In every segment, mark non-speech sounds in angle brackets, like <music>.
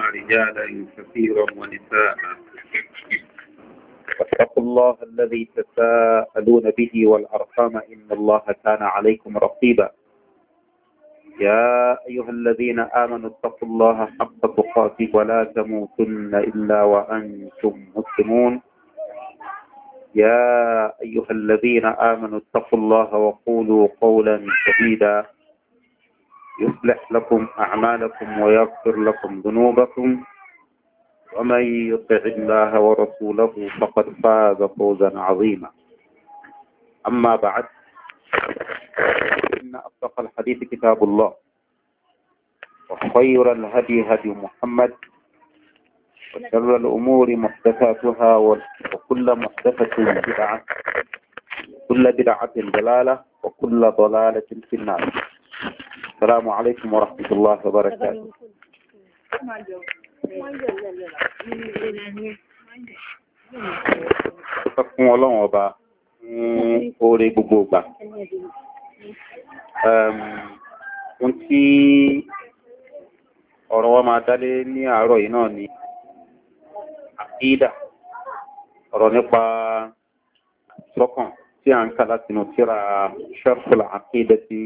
رجالا كثيرا ونساء واتقوا الله الذي تساءلون به والأرحام إن الله كان عليكم رقيبا يا أيها الذين آمنوا اتقوا الله حق تقاته ولا تموتن إلا وأنتم مسلمون يا أيها الذين آمنوا اتقوا الله وقولوا قولا سديدا يصلح لكم أعمالكم ويغفر لكم ذنوبكم ومن يطع الله ورسوله فقد فاز فوزا عظيما أما بعد إن أصدق الحديث كتاب الله وخير الهدي هدي محمد وشر الأمور محدثاتها وكل محدثة بدعة كل بدعة ضلالة وكل ضلالة في النار السلام عليكم ورحمة الله وبركاته fún ọlọ́run ọba oore gbogbo ìgbà ohun tí ọ̀rọ̀ wa máa dálé ní àárọ̀ yìí náà ni àkídà ọ̀rọ̀ nípa sọ́kàn tí a ń kà látinú tíra ṣẹ́fùlà àkídà ti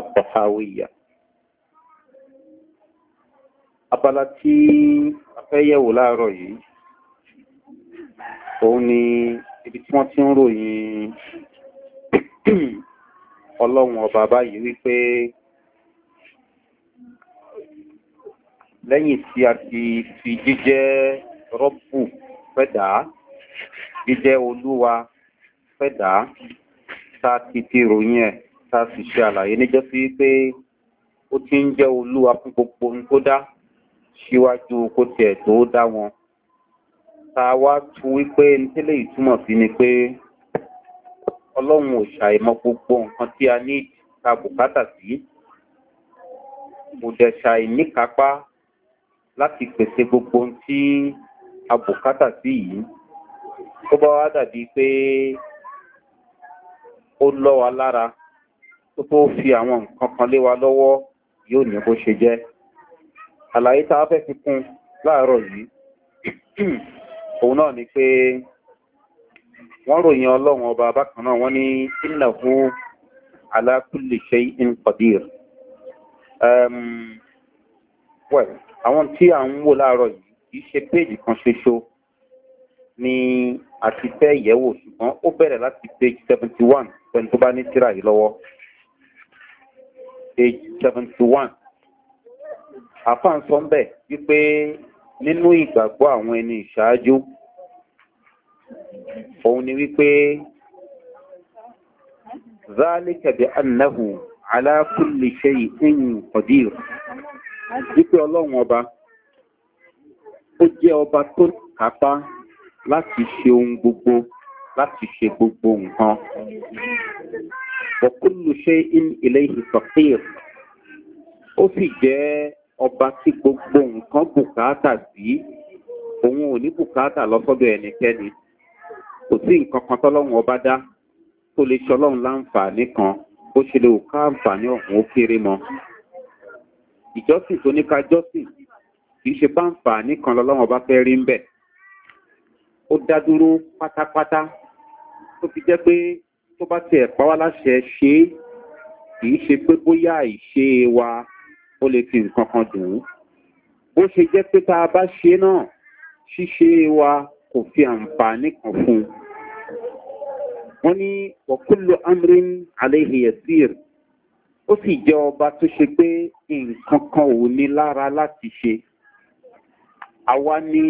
àtọ̀háwìyà abala tí a fẹ́ yẹ̀wò láàárọ̀ yìí òun ni ibi tí wọ́n ti ń ròyìn ọlọ́run ọba báyìí wípé lẹ́yìn tí a ti fi jíjẹ́ rọ́pù fẹ́dà jíjẹ́ olúwa fẹ́dà ta ti ti ròyìn ẹ̀ ta sì ṣe àlàyé níjọ́ sí wípé ó ti ń jẹ́ olúwa fún gbogbo ohun tó dá síwájú kó tiẹ̀ tó dá wọn ta wá tún wípé tẹ́lẹ̀ ìtumọ̀ sí ni pé ọlọ́run ò ṣàìmọ gbogbo nǹkan tí a ní ta bùkátà sí kò dẹ̀ ṣàìníkápá láti pèsè gbogbo ohun tí a bùkátà sí yìí tó bá wá dàbí pé ó lọ́ wa lára tó tó fi àwọn nǹkan kan lé wa lọ́wọ́ yóò ní bó ṣe jẹ́ àlàyé tá a fẹ́ fi kún láàárọ̀ yìí òun náà ni pé wọ́n ròyìn ọlọ́run ọba bákan náà wọ́n ní ìnáwó alákùlẹ̀ṣẹ́ ìpàdír well àwọn tí à ń wò láàárọ̀ yìí kìí ṣe péèjì kan ṣoṣo ni àti fẹ́ yẹ̀wò ṣùgbọ́n ó bẹ̀rẹ̀ láti page seventy one pẹ̀lú tó bá ní tíra yìí lọ́wọ́ page seventy one àfáà ń sọ ń bẹ̀ wípé nínú ìgbàgbọ́ àwọn ẹni ìṣáájú òun ni wípé zálíkà bí annahu alákùnlé ṣe ìhìn ọ̀dìr wípé ọlọ́run ọba ó jẹ́ ọba tó kápá láti ṣe ohun gbogbo láti ṣe gbogbo nǹkan ọkùnlé ṣe ìhìn ilé ó sì jẹ́ ọba tí gbogbo nǹkan bùkátà sí òun ò ní bùkátà lọ́sọ́dọ̀ ẹnikẹ́ni kò sí nǹkan kan tọ́lọ́run ọba dá tó lè ṣe ọlọ́run láǹfààní kan bó ṣe lè ká àǹfààní ọ̀hún ó kéré mọ́ ìjọsìn tó ní ká jọ́sìn kì í ṣe páǹfààní kan lọ́lọ́run ọba fẹ́ rí ń bẹ̀ ó dá dúró pátápátá tó fi jẹ́ pé tó bá tiẹ̀ pa wá láṣẹ ṣe é kì í ṣe pé bóyá àìṣe wa ó lè fi nǹkan kan dùn ún bó ṣe jẹ́ pé tá a bá ṣe náà ṣíṣe wa kò fi àǹfààní kan fún un wọ́n ní wọ́kúlù amrin aléhìyẹsír ó sì jẹ́ ọba tó ṣe pé nǹkan kan ò ní lára láti ṣe àwa ni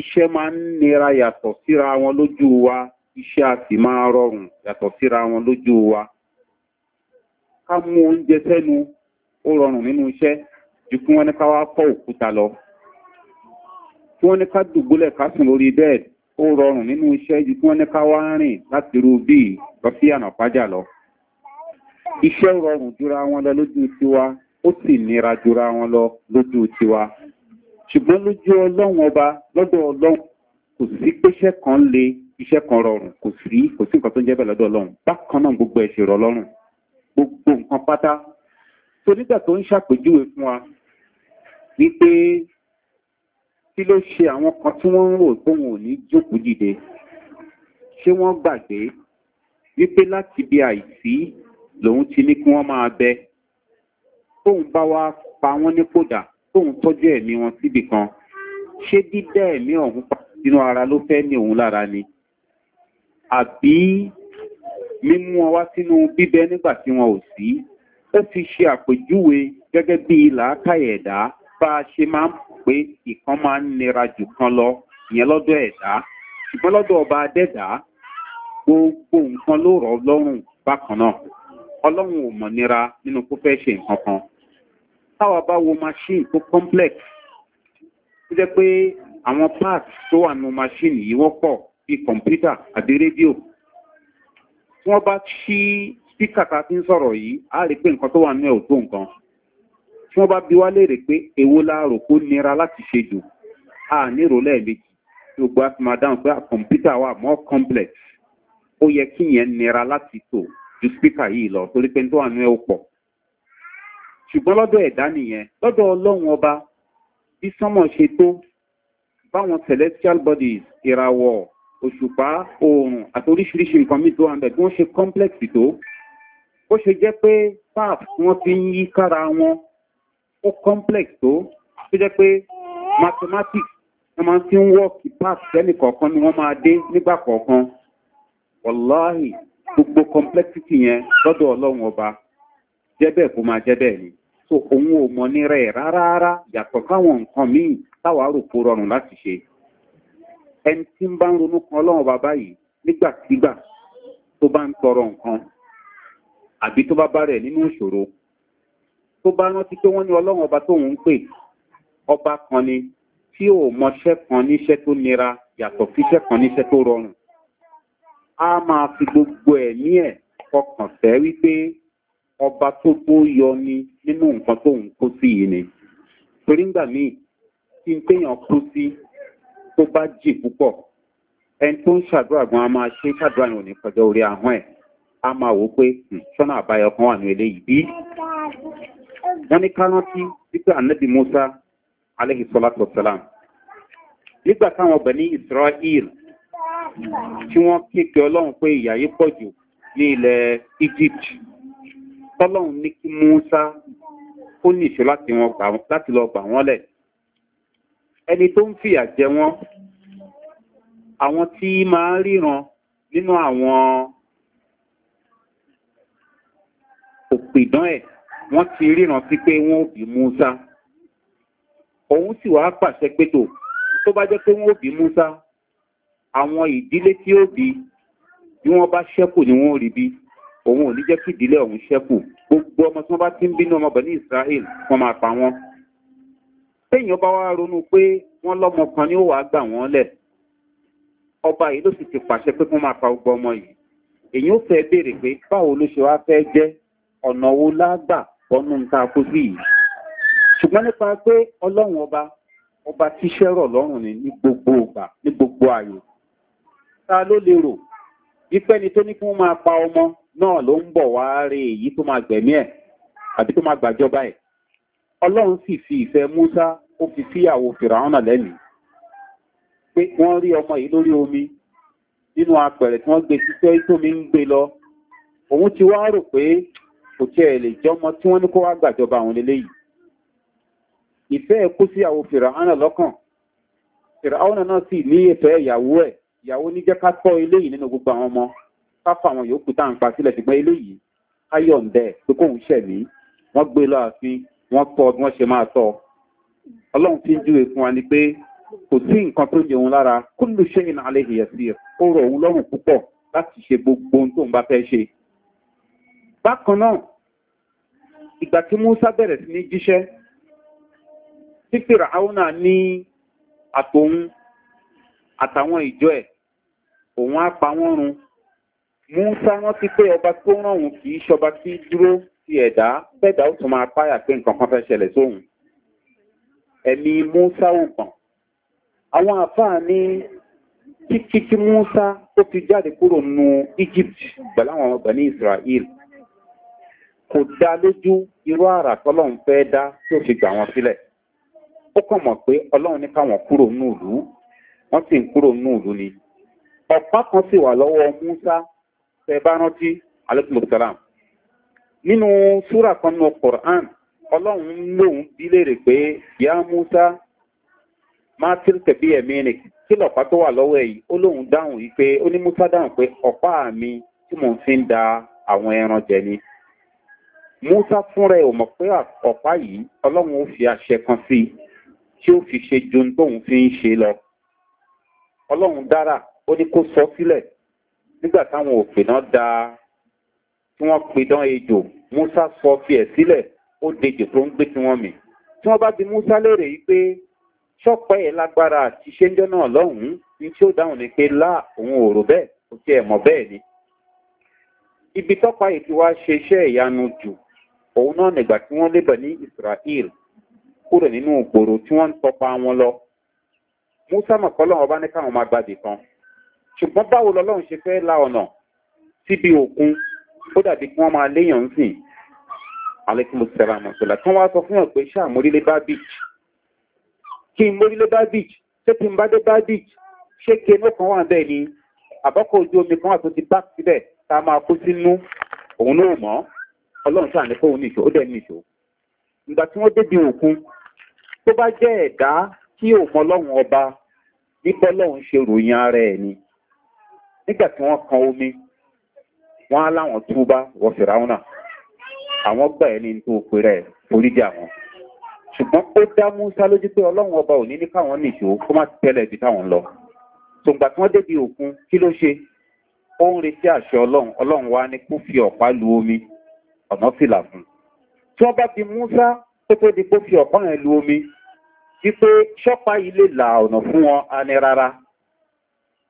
iṣẹ́ máa ń nira yàtọ̀ síra wọn lójú wa iṣẹ́ a sì máa rọrùn yàtọ̀ síra wọn lójú wa ká mú oúnjẹ sẹ́nu ó rọrùn nínú iṣẹ́ ju kí wọ́n ní ká wá kọ́ òkúta lọ kí wọ́n ní ká dùgbólẹ̀ ká sùn lórí bẹ́ẹ̀ ó rọrùn nínú iṣẹ́ ju kí wọ́n ní ká wá rìn láti irú bíi lọ sí ànà pájà lọ iṣẹ́ rọrùn jura wọn lọ lójú tiwa ó sì nira jura wọn lọ lójú tiwa ṣùgbọ́n lójú ọlọ́run ọba lọ́dọ̀ ọlọ́run kò sí péṣẹ́ kan le iṣẹ́ kan rọrùn kò sí kò sí nǹkan tó ń jẹ́ bẹ́ẹ̀ lọ́dọ̀ ọlọ́run bákan náà gbogbo ẹ̀ṣẹ̀ rọ lọ́rùn gbogbo nǹkan pátá so nígbà tó ń ṣàpèjúwe fún wa wípé kí ló ṣe àwọn kan tí wọ́n ń rò tóun ò ní jókòó dìde ṣé wọ́n gbàgbé wípé láti bí àìsí lòun ti ní kí wọ́n máa bẹ tóun bá wá pa wọ́n ní kódà tóun tọ́jú ẹ̀mí wọn síbì kan ṣé dídẹ́ ẹ̀mí ọ̀hún sínú ara ló fẹ́ ní òun lára ni àbí mímú wọn wá sínú bíbẹ nígbà tí wọn ò sí ó fi ṣe àpèjúwe gẹ́gẹ́ bí làákàyè ẹ̀dá bá a ṣe máa ń pè ìkan máa ń nira jù kan lọ ìyẹn lọ́dọ̀ ẹ̀dá ṣùgbọ́n lọ́dọ̀ ọba adẹ́dá gbogbo nǹkan ló rọ̀ lọ́rùn bákan náà ọlọ́run ò mọ̀ nira nínú kó fẹ́ ṣe nǹkan kan táwa bá wo machine tó complex tó jẹ́ pé àwọn parts tó wà nínú machine yìí wọ́pọ̀ bíi kọ̀ǹpútà àbí rédíò tí wọ́n bá ṣí spíkà ta ti ń sọ̀rọ̀ yìí a rí pé nǹkan tó wà nínú ẹ̀ ò nǹkan tí wọ́n bá bi wá léèrè pé èwo la rò kó nira láti ṣe jù a nírò lẹ́ẹ̀mejì tí gbogbo a fi máa dáhùn pé kọ̀ǹpútà wà more complex ó yẹ kí yẹn nira láti tò ju spíkà yìí lọ torí pé tó wà nínú ẹ̀ ṣùgbọ́n lọ́dọ̀ ẹ̀dá nìyẹn lọ́dọ̀ ọlọ́run ọba bí sánmọ̀ ṣe tó báwọn celestial bodies ìràwọ̀ òṣùpá oòrùn àti oríṣiríṣi nǹkan mi tó wà ń bẹ̀ bí wọ́n ṣe complex tó bó ṣe jẹ́ pé pap wọ́n fi ń yí kára wọn ó complex tó tó jẹ́ pé mathematics wọ́n máa fi ń wọ́ọ̀kì pap tẹ́nì kọ̀ọ̀kan ni wọ́n máa dé nígbà kọ̀ọ̀kan wàláhì gbogbo complexity yẹn lọ́dọ̀ ọlọ́run ọba jẹ́bẹ̀ kó máa jẹ́bẹ̀ ni so òun ò mọ ní rẹ̀ rárá yàtọ̀ káwọn nǹkan míì táwa rò kó rọrùn láti ṣe ẹni tí ń bá ń ronú kan ọlọ́run ọba báyìí nígbàkigbà tó bá ń tọrọ nǹkan àbí tó bá bá rẹ̀ nínú ìṣòro tó bá rántí pé wọ́n ní ọlọ́run ọba tóun ń pè ọba kan ni tí ò mọṣẹ́ kan níṣẹ́ tó nira yàtọ̀ fíṣẹ́ kan níṣẹ́ tó rọrùn a máa fi gbogbo ẹ̀ ní ẹ̀ fọkàn fẹ́ wípé ọba tó tó yọ ni nínú nǹkan tóun kó sí yìí ni torí ńgbà míì tí n téèyàn kú sí tó bá jì púpọ̀ ẹni tó ń ṣàdúrà gan a máa ṣe ṣàdúrà yẹn ò ní kọjá orí ahọ́n ẹ̀ a máa wò pé sọ́nà hmm, àbáyọ kan wà ní eléyìí bí wọ́n ní kárántí wípé ànábì musa aléhìsọ́látọ̀ sálàm nígbà táwọn ọbẹ̀ ní israel tí wọ́n kéèké ọlọ́run pé ìyà pọ̀jù pọ̀ jù ní ilẹ̀ egypt tọ́lọ́run ní kí musa ó ní ìṣó láti lọ gbà wọ́n lẹ̀ ẹni tó ń fìyà jẹ wọ́n àwọn tí máa ń ríran nínú àwọn ìdán ẹ̀ wọ́n ti ríran sí pé wọ́n ò bí musa òun sì wá pàṣẹ pé tò tó bá jẹ́ pé wọ́n ò bí musa àwọn ìdílé tí ó bí bí wọ́n bá ṣẹ́kù ni wọ́n rí bí òun ò ní jẹ́ kí ìdílé ọ̀hún ṣẹ́kù gbogbo ọmọ tí wọ́n bá ti ń bínú ọmọ bẹ̀ní israel wọ́n máa pa wọ́n téèyàn bá wá ronú pé wọ́n lọ́mọ kan ni ó wàá gbà wọ́n lẹ̀ ọba yìí ló sì ti pàṣẹ pé kí wọ́n máa pa gbogbo ọmọ yìí èyí ó fẹ́ béèrè pé báwo ló ṣe wá fẹ́ jẹ́ ọ̀nà wo lágbà bọ́nú ta kó sí yìí ṣùgbọ́n nípa pé ọlọ́run ọba ọba tíṣẹ́ rọ̀ lọ́rùn ni ní gbogbo ọgbà ní gbogbo ààyè ta ló lè rò ni tó ní kí wọ́n máa pa ọmọ náà ló ń bọ̀ wá rí èyí tó máa gbẹ̀mí ẹ̀ àti tó máa gbàjọba ẹ̀ ọlọ́run sì fi ìfẹ́ músá ó fi síyàwó fìràhánà lẹ́nu pé wọ́n rí ọmọ yìí lórí omi nínú apẹ̀rẹ̀ tí wọ́n gbé títẹ́ tómi ń gbé lọ òun ti wá rò pé kò tí ẹ̀ lè jọmọ tí wọ́n ní kó wá gbàjọba àwọn lélẹ́yìí ìfẹ́ ẹ̀ kó sí àwọn fìràhánà lọ́kàn fìràhánà náà sì ní ètò ẹ̀yàwó ẹ̀ ìyàwó ní jẹ́ ká tọ́ eléyìí nínú gbogbo àwọn ọmọ ká fà àwọn yòókù tá à ń pa sílẹ̀ ṣùgbọ́n eléyìí káyọ̀ ń bẹ̀ pé kóun ṣẹ̀ mí wọ́n gbé e láàfin wọ́n tọ́ bí wọ́n ṣe máa tọ́ ọlọ́run fi ń júwe fún wa ni pé kò sí nǹkan tó jẹ òun lára kúlù ṣẹ́yìn alẹ́ ìyẹ̀sí ó rọ̀ òun lọ́rùn púpọ̀ láti ṣe gbogbo ohun tóun bá fẹ́ ṣe bákan náà ìgbà tí Musa bẹ̀rẹ̀ sí ní jíṣẹ́ tí Fìràáúnà ní àtòun àtàwọn ìjọ ẹ̀ òun á pa wọ́n run Musa rántí pé ọba tó rán òun kì í ṣọba tí dúró ti ẹ̀dá bẹ́ẹ̀dá ó tún máa páyà pé nǹkan kan fẹ́ ṣẹlẹ̀ sóhun ẹ̀mí Musa ò gbọ̀n àwọn àfáà ní kíkí tí Musa tó fi jáde kúrò nù Egypt pẹ̀lú àwọn ọgbà ní Israel kò dá lójú irú àrà tọ́lọ́run fẹ́ dá tí ó fi gbà wọn sílẹ̀ ó kàn mọ̀ pé ọlọ́run ní káwọn kúrò núùlú wọ́n sì ń kúrò núùlú ni ọ̀pá kan sì wà lọ́wọ́ musa tẹ bá rántí alekumusalaam nínú súrà kan nínú quran ọlọ́run lòun bí léèrè pé ya musa máa tí tẹ̀bí ẹ̀mí ni kí lọ̀pá tó wà lọ́wọ́ ẹ̀yìn ó lóun dáhùn yìí pé ó ní musa dáhùn pé ọ̀pá mi tí mò fi ń da àwọn ẹran jẹ ni musa fúnra ẹ̀ ò mọ̀ pé ọ̀pá yìí ọlọ́run ó fi àṣẹ kan sí i tí ó fi ṣe ju tóun fi ń ṣe lọ ọlọ́run dára ó ní kó sọ sílẹ̀ nígbà táwọn òpè náà da tí wọ́n pe dán ejò musa sọ fi ẹ̀ sílẹ̀ ó dejò tó ń gbé tí wọ́n mì tí wọ́n bá bi musa lérè yìí pé ṣọ́pẹ́ ẹ̀ lágbára àti ṣéńjọ́ náà lọ́hùn-ún ní tí ó dáhùn ni pé láà òun ò bẹ́ẹ̀ kò tiẹ̀ mọ̀ bẹ́ẹ̀ ni ibi tọ́pa ètò wa ṣe iṣẹ́ ìyanu jù òun náà nígbà tí wọ́n lébẹ̀ ní israel kúrò nínú ìgboro tí wọ́n ń tọpa wọn lọ musa mọ̀kọ́lọ́ ọba ní káwọn máa gbàdì kan ṣùgbọ́n báwo lọ́lọ́run ṣe fẹ́ la ọ̀nà síbi òkun ó dàbí kí wọ́n máa léèyàn ń sìn alekimo sara mọ̀sọ̀lá tí wọ́n wá sọ fún yàn pé ṣáà mórílé bá beach kí n mórílé bá beach ṣé kí n bá dé bá beach ṣé kí inú kan wà bẹ́ẹ̀ ni àbọ́kọ̀ ojú omi kan wà tó ti bá síbẹ̀ tá a máa kó sínú òun náà mọ́ ọlọ́run sáà ní kóun nìṣó ó dẹ̀ nìṣó ìgbà tí wọ́n débi òkun tó bá jẹ́ ẹ̀dá tí ò ọlọ́run ọba nígbà lọ́run ṣe ròyìn ara ẹ̀ ni nígbà tí wọ́n kan omi wọ́n á láwọn túbá wọ́n fìrà wọn náà àwọn gbà ẹ́ ní tó pèrè forídìí àwọn ṣùgbọ́n ó dá musa lójú pé ọlọ́run ọba ò ní ní káwọn nìṣó kó má tẹ́lẹ̀ ibi táwọn lọ tòǹgbà tí wọ́n débi òkun kí ló ṣe ó ń retí àṣẹ ọlọ́run ọlọ́run wa ni kó fi ọ̀pá lu omi ọ̀nà fìlà fún tí wọ́n bá fi músá tó tó di pé fi ọ̀pọ̀ yẹn lu omi wípé ṣọ́pá yìí lè là ọ̀nà fún wọn a ní rárá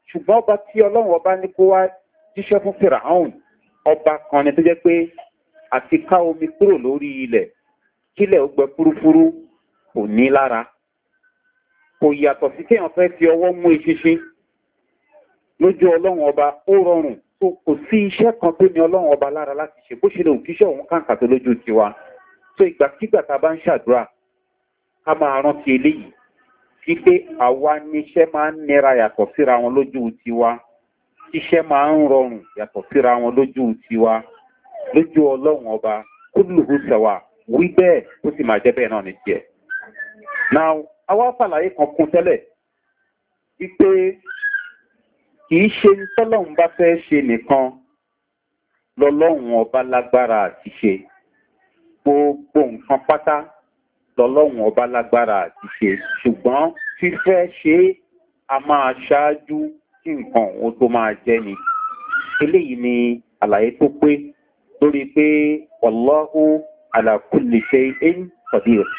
ṣùgbọ́n ọba tí ọlọ́run ọba ní kó wá jíṣẹ́ fún fìràhùn ọba kan ni tó jẹ́ pé àti ká omi kúrò lórí ilẹ̀ kílẹ̀ ó gbẹ fúrúfúrú kò ní lára kò yàtọ̀ sí kéèyàn fẹ́ fi ọwọ́ mú eṣinṣin lójú ọlọ́run ọba ó rọrùn so kò sí iṣẹ́ kan tó ní ọlọ́run ọba lára láti ṣe bó ṣe lè òkíṣẹ́ òun kàǹkà tó lójú tiwa so ìgbàkígbà tá a bá ń ṣàdúrà ká máa rántí eléyìí kí pé àwa níṣẹ́ máa ń nira yàtọ̀ síra wọn lójú tiwa iṣẹ́ máa ń rọrùn yàtọ̀ síra wọn lójú tiwa lójú ọlọ́run ọba kúlùú sẹ̀wà wí bẹ́ẹ̀ ó sì máa jẹ́ bẹ́ẹ̀ náà ní tiẹ̀. now àwa fàlàyé kan kún tẹ́lẹ̀ wípé kìí ṣe tọ́lọ́run bá fẹ́ ṣe nìkan lọ́lọ́run ọba lágbára àti ṣe gbogbo nǹkan pátá lọ́lọ́run ọba lágbára àti ṣe ṣùgbọ́n fífẹ́ ṣe a máa ṣáájú tí nǹkan òun tó máa jẹ́ ni eléyìí ni àlàyé tó pé lórí pé ọlọ́hu àlàkùnlé ṣe ń sọ̀dí rẹ̀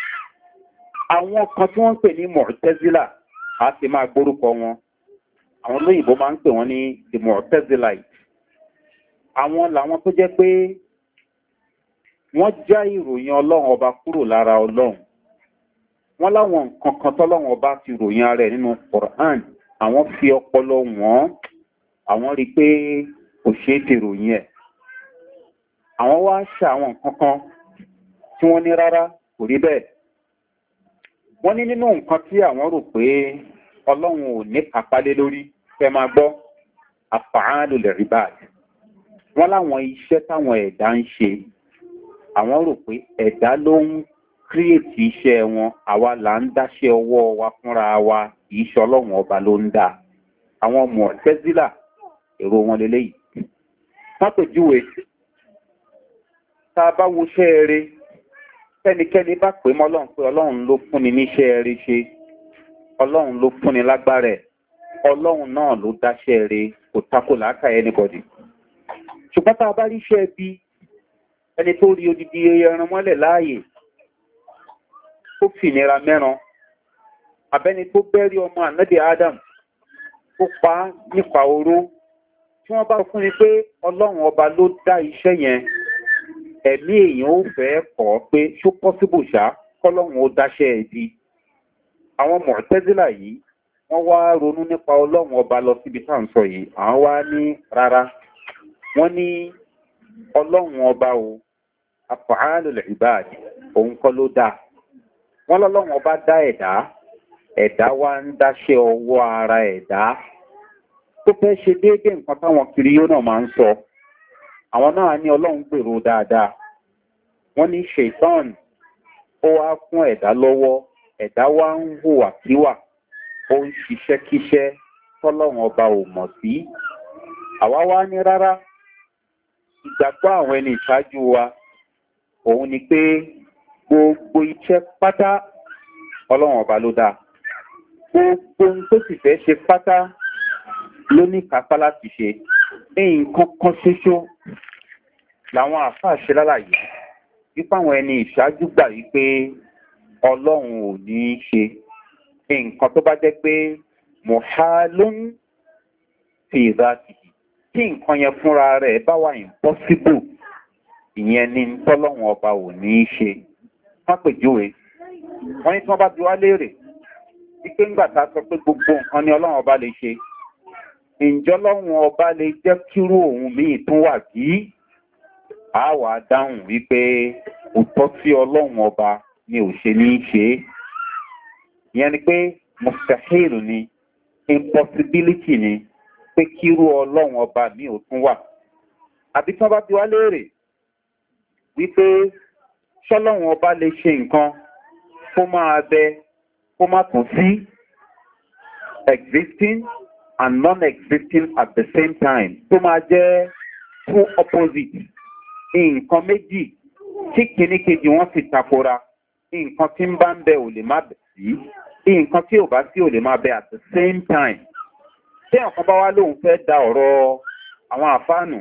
àwọn kan tí wọ́n ń pè ní mọ̀tẹ́zílà á ti máa gbórúkọ wọn àwọn olóyìnbó máa ń pè wọ́n ní the mortezilite àwọn làwọn tó jẹ́ pé wọ́n já ìròyìn ọlọ́run ọba kúrò lára ọlọ́run wọ́n láwọn nǹkan kan tọ́lọ́run ọba ti ròyìn ara ẹ̀ nínú quran àwọn fi ọpọlọ wọ́n àwọn rí i pé kò ṣeé ti ròyìn ẹ̀ àwọn wá ṣe àwọn nǹkan kan tí wọ́n ní rárá kò rí bẹ́ẹ̀ wọ́n ní nínú nǹkan tí àwọn rò pé ọlọ́run ò ní pàpálé lórí fẹ́ máa gbọ́ àfààlù lẹ́rìbáàd wọ́n láwọn iṣẹ́ táwọn ẹ̀dá ń ṣe àwọn rò pé ẹ̀dá ló ń kírètì iṣẹ́ wọn àwa là ń dáṣẹ́ ọwọ́ wa fúnra wa kìí ṣe ọlọ́run ọba ló ń dà àwọn ọmọ tẹ́sílà èrò wọn lélẹ́yìí pápẹ̀júwe tá a bá wo iṣẹ́ eré tẹ́nikẹ́ni bá pè mọ́ ọlọ́run pé ọlọ́run ló fúnni níṣẹ́ eré ṣe ọlọ́run ló fúnni lágbára ẹ̀ ọlọ́run náà ló dáṣẹ́ rẹ kò tako làákà ẹnìbọ̀dì ṣùgbọ́n tá a bá ríṣẹ́ bí ẹni tó rí odidi ẹran mọ́lẹ̀ láàyè tó fìnira mẹ́ran abẹ́ni tó bẹ́rí ọmọ ànádi adam tó pa nípa oró tí wọ́n bá fún ni pé ọlọ́run ọba ló dá iṣẹ́ yẹn ẹ̀mí èèyàn ó fẹ́ kọ̀ pé ṣó pọ́síbù ṣá kọ́lọ́run ó dáṣẹ́ ẹ̀ bíi àwọn mọ̀tẹ́dílà yìí wọ́n wá ronú nípa ọlọ́run ọba lọ síbi tá ń sọ yìí àwọn wá ní rárá wọ́n ní ọlọ́run ọba o àfààlùlẹ̀ ìbáàdì òun kọ́ ló dáa wọ́n lọ́lọ́run ọba dá ẹ̀dá ẹ̀dá wá ń dáṣẹ́ ọwọ́ ara ẹ̀dá tó fẹ́ ṣe déédéé nǹkan táwọn kiri yóò náà máa ń sọ àwọn náà ní ọlọ́run gbèrò dáadáa wọ́n ní ṣètọ́n ó wá fún ẹ̀dá lọ́wọ́ ẹ̀dá wa ń hùwà kíwà ó ń ṣiṣẹ́ kíṣẹ́ tọ́lọ́run ọba ò mọ̀ sí àwa wá ní rárá ìgbàgbọ́ àwọn ẹni ìṣáájú wa òun ni pé gbogbo iṣẹ́ pátá ọlọ́run ọba ló dáa gbogbo ohun tó sì fẹ́ ṣe pátá ló ní kápá láti ṣe nǹkan kan ṣoṣo làwọn àáfàá ṣe lálàyé wípé àwọn ẹni ìṣáájú gbà wípé ọlọ́run ò ní í ṣe nǹkan tó bá jẹ́ pé mohalun fi ìdáàtì tí nǹkan yẹn fúnra rẹ̀ bá wà impossible ìyẹn ni tọ́lọ́run ọba ò ní í ṣe wọ́n pèjúwe wọ́n ní tí wọ́n bá bi wá léèrè wípé ńgbà tá a sọ pé gbogbo nǹkan ni ọlọ́run ọba lè ṣe ìjọlọ́run ọba lè jẹ́ kírú òun míì tún wà kí a wà dáhùn wípé òtọ́ sí ọlọ́run ọba ni ò ṣe ní í ṣe é ìyẹn ni pé mustahil ni impossibility ni pé kírú ọlọ́run ọba mi ò tún wà àbí tí wọ́n bá fi wá léèrè wípé ṣọ́lọ́run ọba lè ṣe nǹkan kó máa bẹ kó má tún sí existing and non-existing at the same time tó máa jẹ́ two opposite nǹkan méjì tí kìíní kejì wọ́n sì takora nǹkan tí ń bá ń bẹ ò lè má bẹ sí nǹkan tí ò bá sí ò lè má bẹ at the same time tí nǹkan bá wá lóun fẹ́ da ọ̀rọ̀ àwọn àfáànù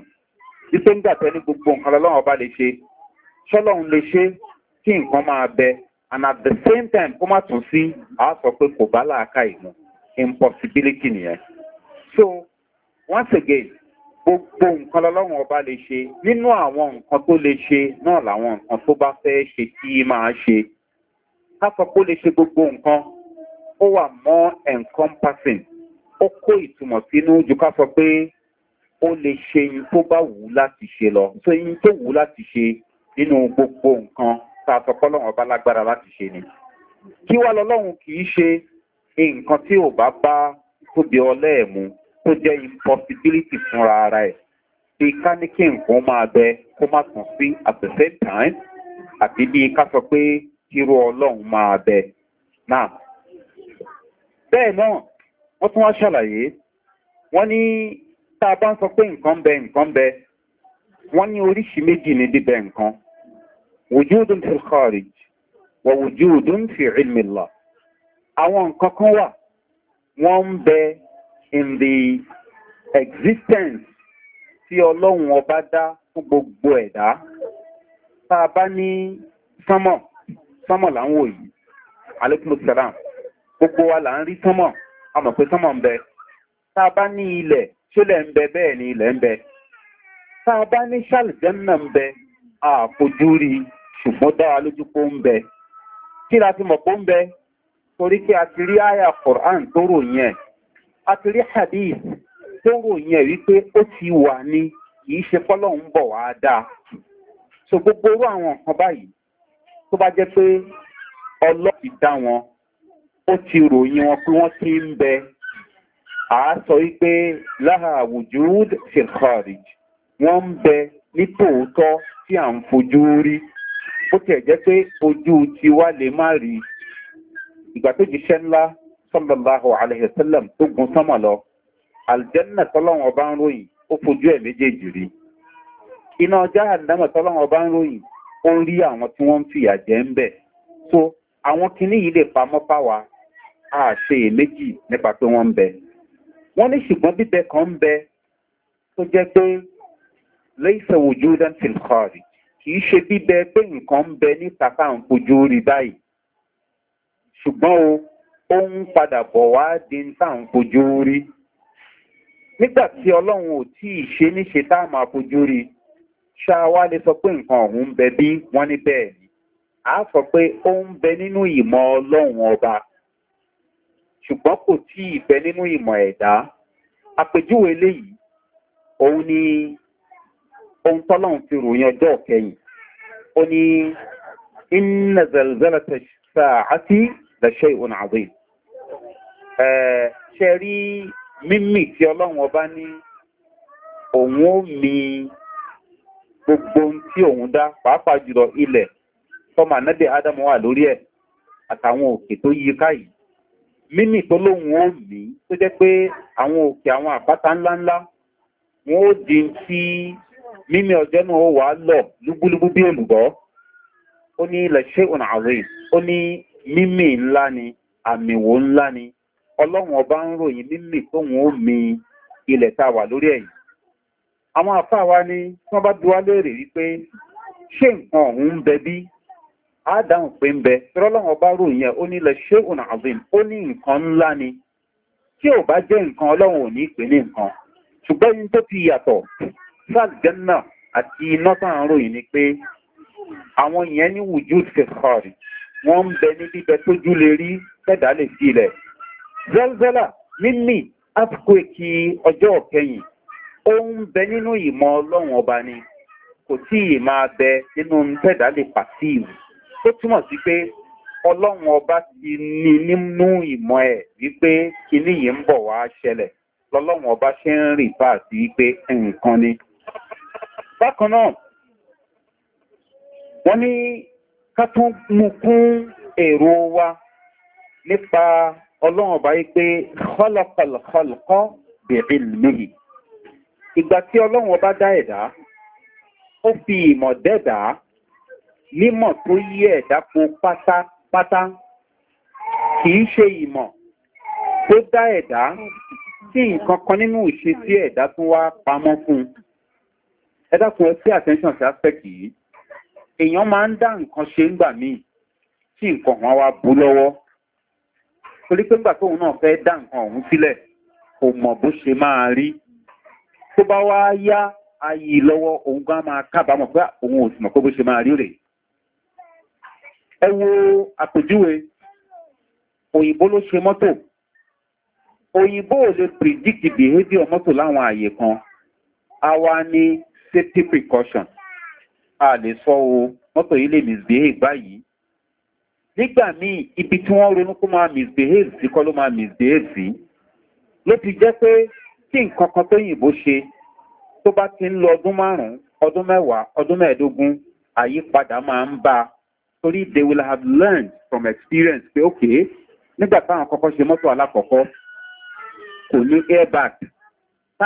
wípé ń gbàtẹ́ ní gbogbo nǹkan lọ́lọ́run ọba lè ṣe ṣọ́lọ́run lè ṣe kí nǹkan máa bẹ and at the same time kó má tún sí a sọ pé kò bá làákà ìmú impossibility nìyẹn so once again gbogbo nǹkan lọ́lọ́run ọba lè ṣe nínú àwọn nǹkan tó lè ṣe náà làwọn nǹkan tó bá fẹ́ ṣe kí máa ṣe káfọ́pọ́ lè ṣe gbogbo nǹkan ó wà mọ́ encompassing ó kó ìtumọ̀ sínú ju káfọ́ pé ó lè ṣe yín tó bá wù ú láti ṣe lọ tó yín tó wù ú láti ṣe nínú gbogbo nǹkan tá a sọpọ́ lọ́wọ́ bá lágbára láti ṣe ni kí wá lọ́lọ́run kì í ṣe nǹkan tí ò bá bá tóbi ọlẹ́ẹ̀mú tó jẹ́ impossibility fúnra ara ẹ̀ bíi ká ní kí nǹkan máa bẹ kó má tàn sí at the same time àti bíi ká sọ pé kíró ọlọ́run máa bẹ náà bẹ́ẹ̀ náà wọ́n tún wá ṣàlàyé wọ́n ní tá a bá ń sọ pé nǹkan bẹ nǹkan bẹ wọ́n ní oríṣi méjì ní bíbẹ nǹkan wùjúdùn fi kharij wà wùjúdùn fi ilmìlá àwọn nǹkan kan wà wọ́n ń bẹ in the existence tí ọlọ́run ọba dá fún gbogbo ẹ̀dá tá a bá ní sánmọ̀ sánmọ̀ là ń wò yìí alekun salam gbogbo wa là ń rí sánmọ̀ a mọ̀ pé sánmọ̀ ń bẹ tá a bá ní ilẹ̀ ṣólẹ̀ ń bẹ bẹ́ẹ̀ ni ilẹ̀ ń bẹ tá a bá ní ṣàlìjẹ́nà ń bẹ a fojú rí ṣùgbọ́n dá wa lójú pé ó ń bẹ kí la ti mọ̀ pé ó ń bẹ torí pé a ti rí àyà quran tó ròyìn ẹ̀ a ti rí hadith tó ròyìn ẹ̀ wípé ó ti wà ní kì í ṣe fọ́lọ́hún bọ̀ wá dáa so gbogbo orú àwọn nǹkan báyìí tó bá jẹ́ pé ọlọ́ọ̀tì dá wọn ó ti ròyìn wọn pé wọ́n ti ń bẹ à á sọ wípé láha àwùjọ filharij wọ́n ń bẹ ní tòótọ́ tí à ń fojú rí ó tiẹ̀ jẹ́ pé ojú tiwa lè má rí ìgbà tó jíṣẹ́ ńlá sọ́lọ́láhùn àlẹ́hẹ̀sẹ́lẹ̀m tó gun sánmà lọ àlìjẹ́nà tọ́lọ́wọ̀n ọba ń ròyìn ó fojú ẹ̀ méjèèjì rí iná ọjà àdámọ̀ tọ́lọ́wọ̀n ọba ń ròyìn ó ń rí àwọn tí wọ́n ń fìyà jẹ́ ń bẹ̀. so àwọn kinní yìí lè pamọ́ fáwa a ṣe èméjì nípa pé wọ́n ń bẹ. wọ́n ní ṣùgbọ́n bíbẹ kan ń bẹ tó jẹ́ pé lẹ́sẹ̀ ojú dantil kọ́ọ̀rì kì í ṣe bíbẹ pé nǹkan ń bẹ níta tá à ń fojú rí báyìí. ṣùgbọ́n o ó ń padà bọ̀ wá di tá à ń fojú rí. nígbà tí ọlọ́run ò tí ṣe níṣe tá à máa fojú rí ṣáwá lè sọ pé nǹkan ọ̀hún ń bẹ bí wọ́n ní bẹ́ẹ̀ ni a sọ pé ó ń bẹ nínú ìmọ̀ ọlọ́run ọba ṣùgbọ́n kò tí ì bẹ nínú ìmọ̀ ẹ̀dá àpèjúwe eléyìí òun ni ohun tọ́lọ́run ti ròyìn ọjọ́ kẹyìn ó ní iná zẹ̀lẹ̀zẹ̀lẹ̀ tẹ̀sà àti lẹ́ṣẹ́ ìwọ̀n àwẹ̀ ṣe rí mímì tí ọlọ́run ọba ní òun ó mi. gbogbo ohun tí òun dá pàápàá jùlọ ilẹ̀ tọ́mọ ànábì ádámù wà lórí ẹ̀ àtàwọn òkè tó yí káyìí mímì tó lóhun ó tó jẹ́ pé àwọn òkè àwọn àpáta ńláńlá wọn ó di tí mímì ọjọ́ náà ó wà lọ lúgbúlúgbú bí olùgbọ́ ó ní ilẹ̀ ṣé ni ńlá ni ọlọ́run ọba ń ròyìn mímì ó ilẹ̀ tá a wà lórí ẹ̀yìn àwọn àfáà wa ni wọ́n bá duwá léèrè wípé ṣé nǹkan ọ̀hún bẹ bí á pé ń bẹ tọ́lọ́wọ́n bá rò yẹn ó nílẹ̀ ṣé ònà àbìm ó ní nǹkan ńlá ni tí ò bá jẹ́ nǹkan ọlọ́run ò ní pè ní nǹkan ṣùgbọ́n ní tó ti yàtọ̀ sàlìjẹ́nà àti iná tá à ń ròyìn ni pé àwọn yẹn ní wùjú fẹ̀fọ̀rì wọ́n ń bẹ ní bíbẹ tójú lè rí tẹ̀dá sílẹ̀ zelzela mímì áfíkò ọjọ́ kẹyìn ó ń bẹ nínú ìmọ̀ ọlọ́run ọba ni kò tí ì máa bẹ nínú tẹ̀dá lè pàṣíìwù tó túmọ̀ sí pé ọlọ́run ọba ti ní nínú ìmọ̀ ẹ̀ wípé kinní yìí ń bọ̀ wá ṣẹlẹ̀ lọ́lọ́run ọba ṣe ń rìn bá àti wípé nǹkan ni. bákan náà wọ́n ní ká tún mú kún èrò wa nípa ọlọ́run ọba yìí pé kọ́lọ́kọ́lọ́kọ́ bẹ̀rẹ̀ lóyìí ìgbà tí ọlọ́run ọba dá ẹ̀dá ó fi ìmọ̀ dẹ́dà nímọ̀ tó yí ẹ̀dá po pátápátá kì í ṣe ìmọ̀ tó dá ẹ̀dá tí nǹkan kan nínú ìṣesí ẹ̀dá tún wá pamọ́ fún ẹ̀dá kan sí attention sí aspect yìí èèyàn máa ń dá nǹkan ṣe ńgbà míì tí nǹkan kan wá bú lọ́wọ́ torí pé ńgbà tóun náà fẹ́ dá nǹkan ọ̀hún sílẹ̀ kò mọ̀ bó ṣe máa rí tó bá wá yá ayé lọ́wọ́ òun gan máa kábàámọ̀ pé òun ò sì mọ̀ pé bó ṣe máa rí rèé ẹ wo àpèjúwe òyìnbó ló ṣe mọ́tò òyìnbó ò lè predict behavior mọ́tò láwọn àyè kan àwa ní safety precaution a lè sọ o mọ́tò yìí lè misbehave báyìí nígbà míì ibi tí wọ́n ronú kó máa misbehave sí kọ́ ló máa misbehave sí ló ti jẹ́ pé tí nǹkan kan tó yìnbó ṣe tó bá ti ń lo ọdún márùn-ún ọdún mẹ́wàá ọdún mẹ́ẹ̀ẹ́dógún àyípadà máa ń bá a torí they will have learned from experience pé ok nígbà táwọn kọ́kọ́ ṣe mọ́tò alákọ̀ọ́kọ́ kò ní airbag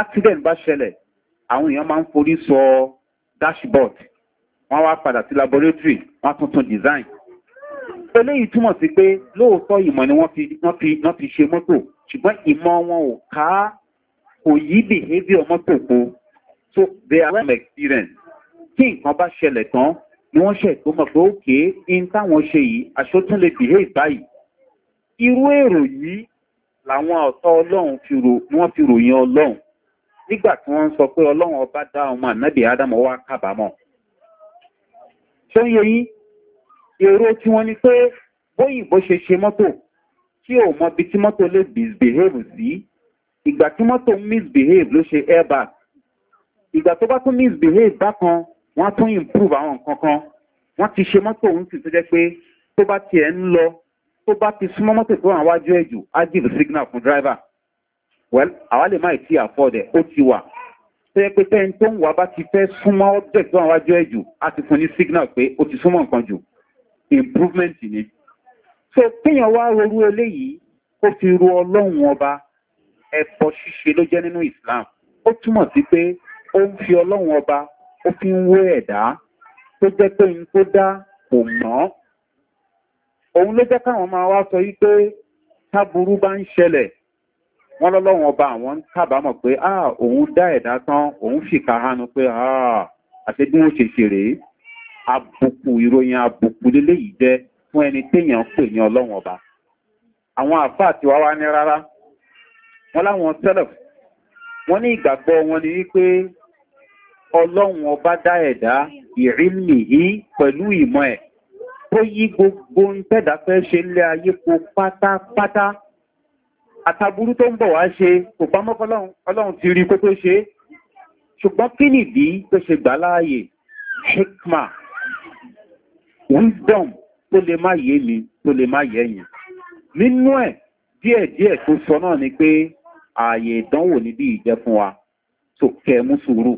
accident bá ṣẹlẹ̀ àwọn èèyàn máa ń forí sọ dashboard wọ́n wá padà sí laboratory wọ́n tuntun design eléyìí túmọ̀ sí pé lóòótọ́ ìmọ̀ ni wọ́n fi ṣe mọ́tò ṣùgbọ́n ìmọ̀ wọn ò ká kò yí behavior mọ́tò po so they are well experienced tí nǹkan bá ṣẹlẹ̀ tán ni wọ́n ṣe tó mọ̀ pé òkè in táwọn ṣe yìí aṣótún lè behave báyìí irú èrò yìí làwọn ọ̀tọ́ ọlọ́run fi rò ni wọ́n fi ròyìn ọlọ́run nígbà tí wọ́n ń sọ pé ọlọ́run ọba dá ọmọ ànábì ádámọ̀ wá kábàámọ̀ ṣó ń yẹ yín èrò tí wọ́n ni pé bóyìnbó ṣe ṣe mọ́tò tí ò mọ bí tí mọ́tò lè behave sí ìgbà tí mọ́tò ń misbehave ló ṣe airbag ìgbà tó bá tún misbehave bákan wọ́n tún improve àwọn nǹkan kan wọ́n ti ṣe mọ́tò òun sì tó jẹ́ pé tó bá tiẹ̀ ń lọ tó bá ti súnmọ́ mọ́tò tó wà wájú ẹ̀jù á give signal fún driver well àwa lè má ì tí afford ẹ̀ ó ti wà tó yẹ pé tẹ́ni tó ń wà bá ti fẹ́ súnmọ́ object tó wà wájú ẹ̀jù á ti fún ní signal pé ó ti súnmọ́ nǹkan jù improvement ni so kéèyàn wá rorú eléyìí ó fi ru ọlọ́run ọba ẹ̀bọ ṣíṣe ló jẹ́ nínú islam ó túmọ̀ sí pé ó ń fi ọlọ́run ọba ó fi ń wé ẹ̀dá tó jẹ́ pé n tó dá kò mọ́ òun ló jẹ́ káwọn máa wá sọ yí pé táburú bá ń ṣẹlẹ̀ wọ́n lọ́lọ́run ọba àwọn ń kábàámọ̀ pé à òun dá ẹ̀dá tán òun fìkà hánu pé àṣẹ bí wọ́n ṣe ṣe rèé abùkù ìròyìn abùkù lélẹ́yìí jẹ́ fún ẹni téèyàn pè ní ọlọ́run ọba àwọn àfáà tiwa wá ní rárá wọ́n láwọn tẹ́lẹ̀ wọ́n ní ìgbàgbọ́ wọn ni wípé ọlọ́run ọba dá ẹ̀dá ìrìnlẹ̀ yìí pẹ̀lú ìmọ̀ ẹ̀ tó yí gbogbo ń tẹ́dà fẹ́ ṣe lé ayé po pátápátá àtàbúrú tó ń bọ̀ wá ṣe kò pamọ́ ọlọ́run ti rí kó tó ṣe ṣùgbọ́n kí nìdí tó ṣe gbà láàyè hikma wisdom tó lè má yé mi tó lè má yé yìn nínú ẹ̀ díẹ̀díẹ̀ tó sọ náà ni pé ààyè ìdánwò níbí ìjẹ́ fún wa tó kẹ mú sùúrù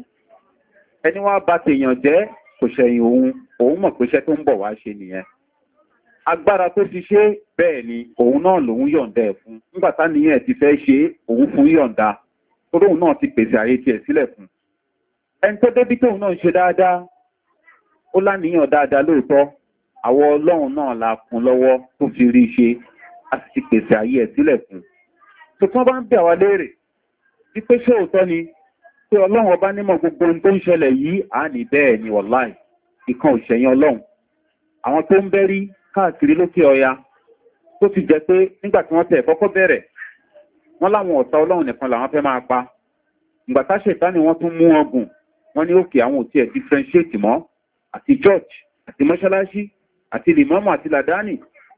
ẹni wá bá tèèyàn jẹ́ kò ṣẹ̀yìn òun òun mọ̀ pé iṣẹ́ tó ń bọ̀ wá ṣe nìyẹn agbára tó ti ṣe bẹ́ẹ̀ ni òun náà lòun yọ̀ǹda ẹ̀ fún nígbà táníyàn ti fẹ́ ṣe òun fún yọ̀ǹda toróun náà ti pèsè àyè tiẹ̀ sílẹ̀ fún ẹni tó débí tóun náà ń ṣe dáadáa ó láníyàn dáadáa lóòótọ́ àwọn ọlọ́run náà la kún lọ́wọ́ tó fi rí ṣe a sì pèsè àyè ẹ̀ sílẹ̀ fún un tó tán bá ń bẹ̀ wá léèrè wípé ṣé òótọ́ ni pé ọlọ́run ọba nímọ̀ gbogbo ohun tó ń ṣẹlẹ̀ yìí à ní bẹ́ẹ̀ ni wọ̀láì ìkan òṣèyàn ọlọ́run àwọn tó ń bẹ́rí káàkiri lókè ọya tó ti jẹ pé nígbà tí wọ́n tẹ̀ kọ́kọ́ bẹ̀rẹ̀ wọ́n láwọn ọ̀tá ọlọ́run nìkan làwọn fẹ́ máa pa ìgbà táṣe ìta ni wọ́n tún mú ọgùn wọ́n ní òkè àwọn òtí ẹ̀ differentiate mọ́ àti george àti mọ́ṣáláṣí àti lèmọ́mọ́ àti làdáni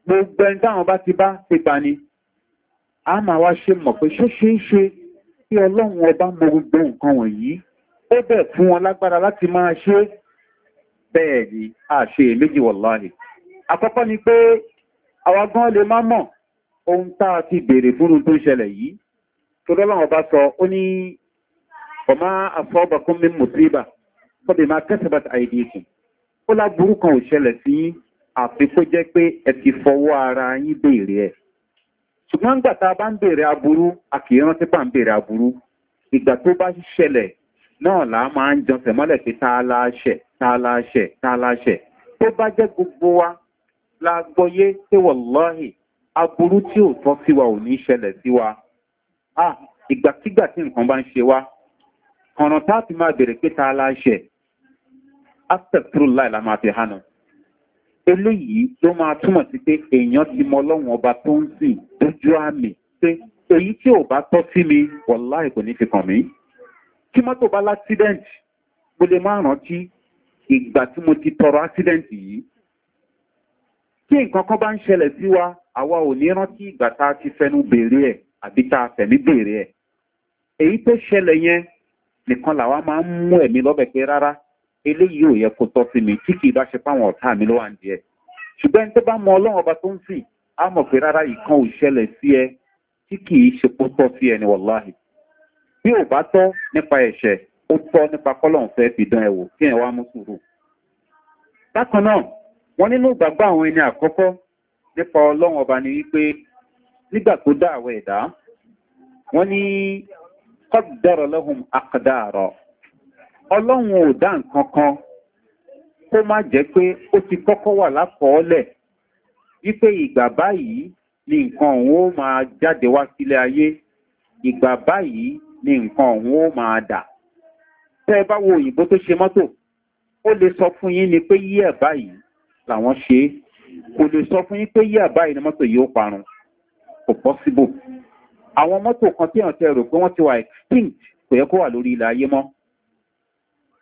gbogbo ẹni táwọn bá ti bá ti pa ni a máa wá ṣe mọ̀ pé ṣó ṣe é ṣe kí ọlọ́run ọba mọ gbogbo nǹkan wọ̀nyí ó bẹ̀ fún wọn lágbára láti máa ṣe bẹ́ẹ̀ ni a ṣe èméjì wọ̀láhì àkọ́kọ́ ni pé àwa gan lè má mọ̀ ohun tá a ti béèrè fúnnu tó ń ṣẹlẹ̀ yìí tó lọ́lọ́run ọba sọ ó ní ọmọ àfọ́bàkún mi mùsíbà tọ́bí máa kẹ́sìbà àìdí ikùn ó láburú kan ò ṣẹlẹ̀ sí àfikún jẹ́ pé ẹ ti fọwọ́ ara yín béèrè ẹ̀ ṣùgbọ́n ìgbà tá a bá ń bèèrè aburú a kì í rántí pa ń bèèrè aburú ìgbà tó bá ṣẹlẹ̀ náà là á máa ń jọsẹ̀ mọ́lẹ̀ pé tá a láṣẹ̀ tá a láṣẹ̀ tá a láṣẹ̀ tó bá jẹ́ gbogbo wa la gbọ́yé pé wọ̀lọ́hì aburú tí ò tọ́ sí wa ò ní ṣẹlẹ̀ sí wa ìgbàkígbà tí nǹkan bá ń ṣe wa ọ̀nà tá a fi máa bèèrè pé tá a after through life la máa fi hànà eléyìí ló máa túmọ̀ sí pé èèyàn ti mọ ọlọ́run ọba tó ń sìn lójú àmì pé èyí tí ò bá tọ́ sí mi wọ̀láì kò ní fi kàn mí. kí mọ́tò bá lásídẹ̀ǹtì mo lè máa rántí ìgbà tí mo ti tọrọ ásídẹ̀ǹtì yìí. tí nǹkan kan bá ń ṣẹlẹ̀ sí wa àwa ò ní rántí ìgbà tá a ti fẹnu béèrè ẹ̀ àbí tá a fẹ̀mí béèrè ẹ̀. èyí tó ṣẹlẹ̀ yẹn nìkan làwa máa ń mú ẹ̀mí lọ́bẹ̀ pé rárá eléyìí ò yẹ kó tọ́ sí mi tí kì í bá ṣe fáwọn ọ̀tá mi ló wà ń jẹ ṣùgbọ́n ẹni tó bá mọ ọlọ́run ọba tó ń sìn á mọ̀ pé rárá ìkan ò ṣẹlẹ̀ sí ẹ tí kì í ṣe kó tọ́ sí ẹni wọ̀láhì bí ò bá tọ́ nípa ẹ̀ṣẹ̀ ó tọ́ nípa kọ́lọ́run fẹ́ fi dán ẹ wò kí ẹ wá mú sùúrù. bákan náà wọn nínú ìgbàgbọ́ àwọn ẹni àkọ́kọ́ nípa ọlọ́run ọba ni wípé nígbà tó dá àwọ̀ ẹ̀dá wọn ní kọ́ ọlọ́run ò dá nǹkan kan kó má jẹ́ pé ó ti kọ́kọ́ wà lákọọ́lẹ̀ wípé ìgbà báyìí ni nǹkan òun ó máa jáde wá sílé ayé ìgbà báyìí ni nǹkan òun ó máa dà tẹ́ ẹ bá wo òyìnbó tó ṣe mọ́tò ó lè sọ fún yín ni pé yíyà báyìí làwọn ṣe é kò lè sọ fún yín pé yíyà báyìí ni mọ́tò yìí ó parun kò possible àwọn mọ́tò kan tí àwọn tẹ rò pé wọ́n ti wà extinct kò yẹ kó wà lórí ilẹ̀ ayé mọ́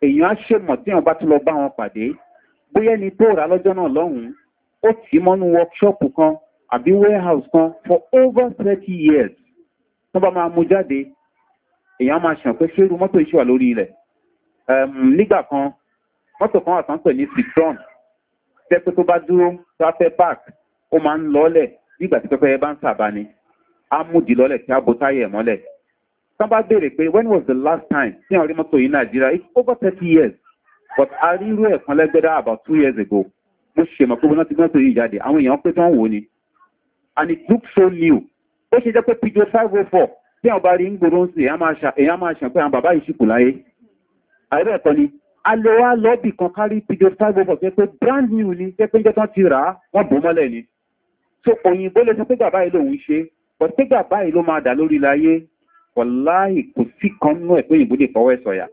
èèyàn á ṣèmọ̀ tí wọ́n bá tún lọ bá wọn pàdé bóyá ẹni tó rà lọ́jọ́ náà lọ́hùn-ún ó tì í mọ́nú wọ́kṣọ́ọ̀pù kan àbí warehouse kan for over thirty years tó bá máa mú jáde èèyàn máa ṣàn pé ṣérú mọ́tò iṣẹ́ wà lórí ilẹ̀ nígbà kan mọ́tò kan àtàn pè ní citron jẹ́ pé tó bá dúró tráfẹ́ park ó máa ń lọ́ọ́lẹ̀ nígbà tí pẹ́pẹ́yẹ bá ń sàbá ni á mú dì lọ́lẹ̀ tí á bo táyà ẹ̀ mọ́lẹ̀ tán bèèrè pé when was the last time tí àwọn rímọ́tò yìí nàìjíríà it's over 30 years but a rí irú ẹ̀kan lẹ́gbẹ́dá about two years ago mo ṣe mọ̀ pé wọ́n ti gbọ́n tó yìí jáde àwọn èèyàn pé tán wò ni and it looks so new ó ṣe jẹ́ pé pj five oh four tí àwọn bá rí ń gbòòrò ń sìn èèyàn máa ṣàn pé àwọn bàbá yìí ṣìkù láyé àìbẹ̀ ẹ̀kọ́ ni a lè wá lọ́ọ̀bì kan kárí pj five oh four jẹ́ pé brand new ni jẹ́ pé ń jẹ́ tán ti rà á wọ́n bò mọ́lẹ̀ ni so òyìnbó lè sọ pé bàbá yìí lòun ṣe but pé bàbá yìí ló máa dà lórí láyé wàláì kò sí kan nú ẹ̀ pé òyìnbó lè fọwọ́ ẹ̀ sọ̀yà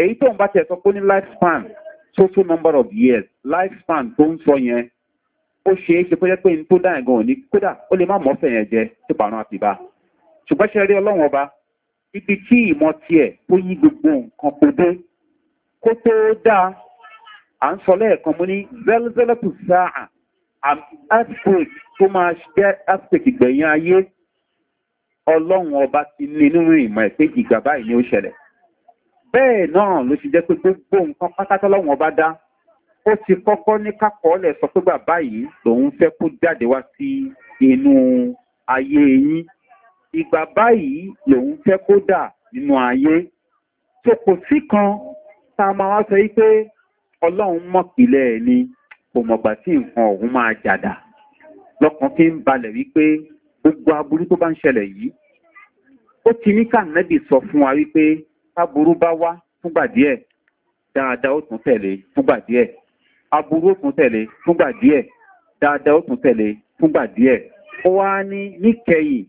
èyí tó ń bá tiẹ̀ sọ pé ní life span total number of years life span tó ń sọ yẹn ó ṣe é ṣe pé pé n tó dá ẹ̀gàn òní kódà ó lè má mọ́fẹ̀ yẹn jẹ tó parun àtìbá ṣùgbọ́n ṣe rí ọlọ́run ọba ibi tí ìmọ̀ tiẹ̀ tó yí gbogbo nǹkan kò dé kó tó dáa à ń sọ lẹ́ẹ̀kan mú ní zelzelatu sáà earthquake tó máa jẹ́ earthquake ìgbẹ̀yìn ayé ọlọ́run ọba ti ní nínú ìmọ̀ ẹ̀ pé ìgbà báyìí ni ó ṣẹlẹ̀ bẹ́ẹ̀ náà ló ti jẹ́ pé gbogbo nǹkan pátátọ́lọ́run ọba dá ó ti kọ́kọ́ ní kákọọ́lẹ̀ sọ pé bàbá yìí lòun fẹ́ kó jáde wá sí inú ayé yín ìgbà báyìí lòun fẹ́ kó dà nínú ayé tó kò sí kan tá a máa wá sọ wípé ọlọ́run mọ̀pìlẹ̀ ni kò mọ̀gbà tí nǹkan ọ̀hún máa jàdà lọ́kàn fi ń balẹ̀ wípé gbogbo aburú tó bá ń ṣẹlẹ̀ yìí ó ti ní kànẹ́bì sọ fún wa wípé aburú bá wá fúngbà díẹ̀ dáadáa ó tún tẹ̀lé fúngbà díẹ̀ aburú ó tún tẹ̀lé fúngbà díẹ̀ dáadáa ó tún tẹ̀lé fúngbà díẹ̀ ó wá ní níkẹyìn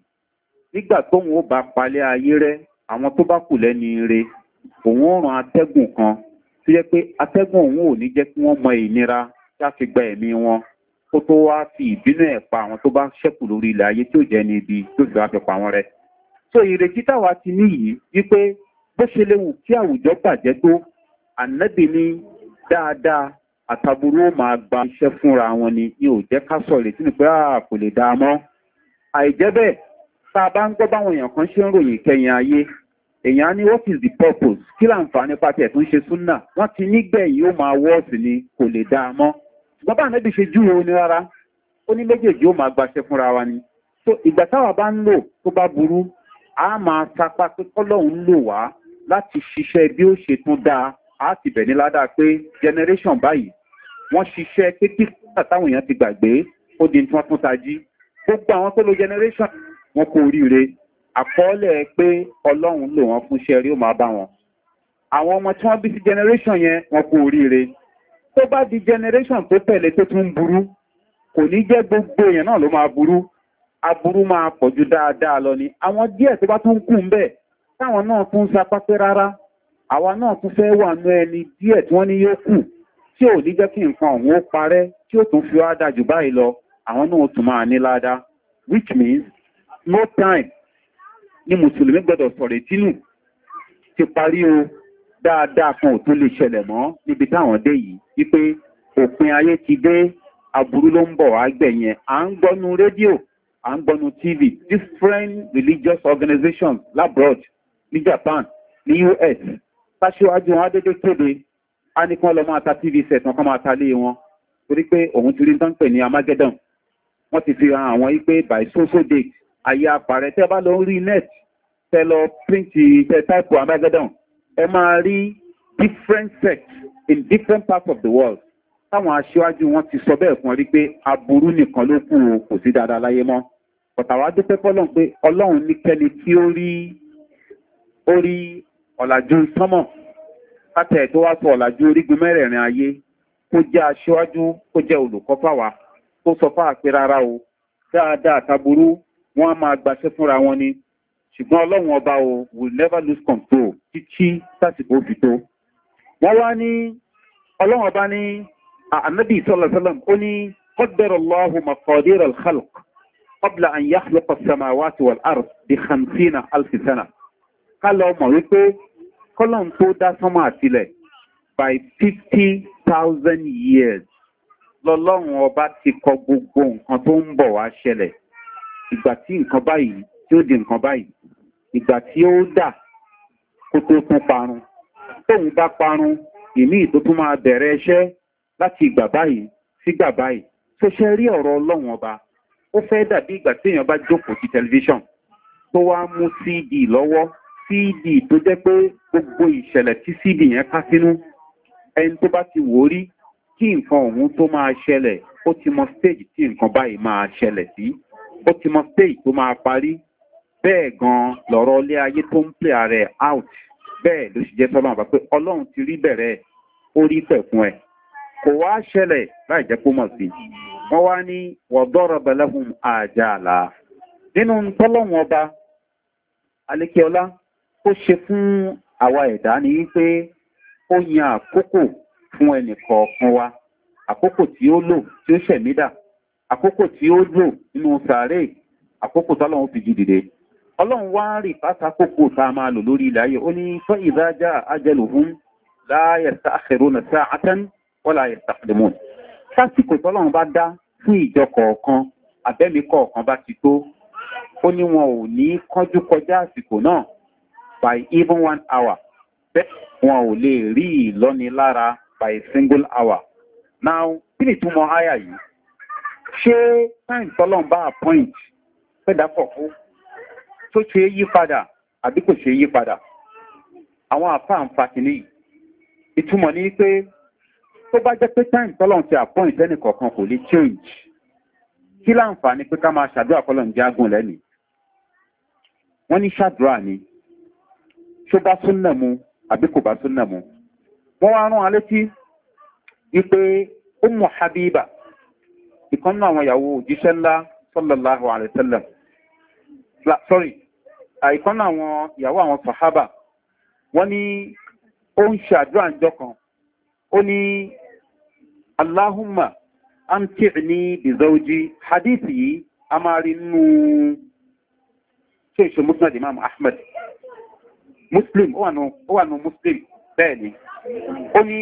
nígbà tóun ó bá palẹ̀ ayé rẹ àwọn tó bá kù lẹ́ni re òun ó ràn atẹ́gùn kan tó jẹ́ pé atẹ́gùn òun ò ní jẹ́ kí wọ́n mọ ìnira tá a fi gba ẹ̀mí wọn kó tó wá fi ìbínú ẹ̀ pa àwọn tó bá ṣẹ́kù lórí ilẹ̀ ayé tí ò jẹ́ ní ibi tó sì wá fi pa wọn rẹ̀ so ìrètí táwa ti ní yìí wípé bó ṣe léwu kí àwùjọ bàjẹ́ tó ànábì ní dáadáa àtàbúrú ó máa gba iṣẹ́ fúnra wọn ni ní ò jẹ́ ká sọ ìrètí nìpé àà kò lè dáa mọ́ àìjẹ́ bẹ́ẹ̀ tá a bá ń gbọ́ báwọn èèyàn kan ṣe ń ròyìn kẹyìn ayé èèyàn ní what is the purpose kí láǹfààní pàtẹ́ tó ń ṣe súnà wọ́n ti nígbẹ̀yìn ó máa wọ́ọ̀sì ni kò lè dáa mọ́ ṣùgbọ́n bá ànábì ṣe júwe ó ní rárá ó ní méjèèjì ó máa gbaṣẹ́ fúnra wa ni so ìgbà táwa bá ń lò tó bá burú a máa sapá pé kọ́lọ́hún lò wá láti ṣiṣẹ́ bí ó ṣe tún dáa a ti bẹ̀ ní ládàá pé generation báyìí wọ́n ṣiṣẹ́ pé kí táwọn èèyàn ti gbàgbé ó di tí wọ́n tún tají gbogbo àwọn tó lo generation wọn kò ríire àkọọ́lẹ̀ pé ọlọ́run lò wọ́n fún iṣẹ́ rí ó máa bá wọn àwọn ọmọ tí wọ́n bí sí generation yẹn wọn kò ríire tó bá di generation tó tẹ̀lé tó tún burú kò ní jẹ́ gbogbo èèyàn náà ló máa burú aburú máa pọ̀jú dáadáa lọ ni àwọn díẹ̀ tó bá tún kùn bẹ́ẹ̀ táwọn náà tún sapá rárá àwa náà tún fẹ́ wà ní ẹni díẹ̀ tí wọ́n ní yóò kù tí ò ní jẹ́ kí nǹkan ọ̀hún ó parẹ́ tí ó tún fi wá dájú báyìí lọ àwọn náà tún máa ní ládá which means no time ni mùsùlùmí gbọ́dọ̀ sọ̀rọ̀ ìtínú ti parí o dáadáa kan ò tún lè ṣẹlẹ̀ mọ́ níbi táwọn dé yìí wípé òpin ayé ti dé aburú ló ń bọ̀ wá gbẹ̀yẹn à ń gbọ́nu rédíò à ń gbọ́nu tv different religious organizations labroad ní japan ní us táṣíwájú wọn adédé kéde á ní kí wọ́n lọ máa ta tv set wọn kán máa ta lé wọn torí pé òun ti rí tán pè ní amageddon wọ́n ti fi hàn àwọn yìí pé by social date ayé apàrẹ tẹ́ bá lọ rí net tẹ́ lọ píntì tẹ́ táìpù amageddon ẹ máa rí different sects in different parts of the world táwọn aṣíwájú wọn ti sọ bẹ́ẹ̀ fún ọ rí pé aburú nìkan ló kù kò sí dáadáa láyé mọ́ ọ̀tàwá dúpẹ́ fọ́lọ́n pé ọlọ́run ní kẹ́ni tí ó rí ó rí ọ̀làjú sánmọ̀ látẹ̀ tó wá sọ ọ̀làjú orígun mẹ́rẹ̀ẹ̀rin ayé kó jẹ́ aṣíwájú kó jẹ́ olùkọ́ fáwa tó sọ fáà pé rárá o dáadáa àtàbúrú wọn á máa gbaṣẹ́ fúnra wọn ni ṣùgbọ́n ọlọ́run ọba o will never lose control títí tásìkò fi tó wọ́n wá ní ọlọ́run ọba ní النبي صلى الله عليه وسلم قني قدر الله مقادير الخلق قبل أن يخلق السماوات والأرض بخمسين ألف سنة قال لهم ويقول قال لهم دا سمعت لي by 50,000 years lọ́lọ́run ọba ti kọ gbogbo nǹkan tó ń bọ̀ wá ṣẹlẹ̀ ìgbà tí nǹkan báyìí tí ó di nǹkan báyìí ìgbà tí ó dà kó tó tún parun tóun bá parun ìmí ìtótún máa bẹ̀rẹ̀ iṣẹ́ láti ìgbà báyìí sígbà báyìí tó ṣe rí ọ̀rọ̀ ọlọ́run ọba ó fẹ́ dàbí ìgbà tí èèyàn bá jókòó sí tẹlifíṣàn tó wá mú cd lọ́wọ́ cd tó jẹ́ pé gbogbo ìṣẹ̀lẹ̀ tí cd yẹn ká sínú ẹni tó bá ti wò ó rí kí nǹkan òun tó máa ṣẹlẹ̀ ó ti mọ stage tí nǹkan báyìí máa ṣẹlẹ̀ sí ó ti mọ stage tó máa parí bẹ́ẹ̀ gan lọ̀rọ̀ ilé ayé tó ń pè ààrẹ out bẹ́ẹ̀ ló sì jẹ́ sọ́lọ́run bá pé ọlọ́run ti rí bẹ̀rẹ̀ ó rí pẹ̀ fún ẹ̀ kò wá ṣẹlẹ̀ láì jẹ́ kó mọ̀ sí wọ́n wá ní wọ̀dọ́rọ̀ bẹ̀lẹ́hùn àjàlá nínú tọ́lọ́hùn ọba alékíọlá ó ṣe fún àwa ẹ̀dá ní wípé ó yan àkókò fún ẹnì kọ̀ọ̀kan wa àkókò tí ó lò tí ó ṣẹ̀mídà àkókò tí ó lò nínú sàárè àkókò tọ́lọ́hùn fi jí dìde ọlọ́run wá ń rì pátákókò tá a máa lò lórí ilẹ̀ ayé ó ní fọ́ ìdájá ajẹlùhún láyẹ̀ sáà kọ́lá ìtàkùnmọ́ sásìkò tọ́lọ́run bá dá fún ìjọ kọ̀ọ̀kan abẹ́mi kọ̀ọ̀kan bá ti tó ó ní wọn ò ní kánjú kọjá àsìkò náà by even one hour bẹ́ẹ̀ wọn ò lè rí ìlọ́nilára by single hour now kí ni túmọ̀ àyà yìí ṣé time tọ́lọ́run bá appoint pẹ́dà pọ̀ fún tó ṣe é yí padà àbí kò ṣe é yí padà àwọn àfáàǹfà kìíní ìtumọ̀ ní pé tó bá jẹ́ pé time tọ́lọ̀n ti appoint ẹnì kọ̀ọ̀kan kò lè change kí láǹfààní pé ká máa ṣàdúrà kọ́lọ̀n jágùn lẹ́nu wọ́n ní ṣàdúrà ni ṣó bá súnnà mu àbí kò bá súnnà mu wọ́n wá rán alẹ́ sí wípé ó mọ̀ habiba ìkan náà àwọn ìyàwó òjíṣẹ́ ńlá sọ́lọ́láhùn àlẹ́sẹ́lẹ̀ sorry àìkan náà àwọn ìyàwó àwọn sàhábà wọ́n ní ó ń ṣe ńjọ kan ó ní aláhùnmá àǹtí ní ìzọ́jí hadith yìí a máa rí nínú ṣe ìṣe muslim imam ahmed muslim ó wà nù muslim bẹ́ẹ̀ ni ó ní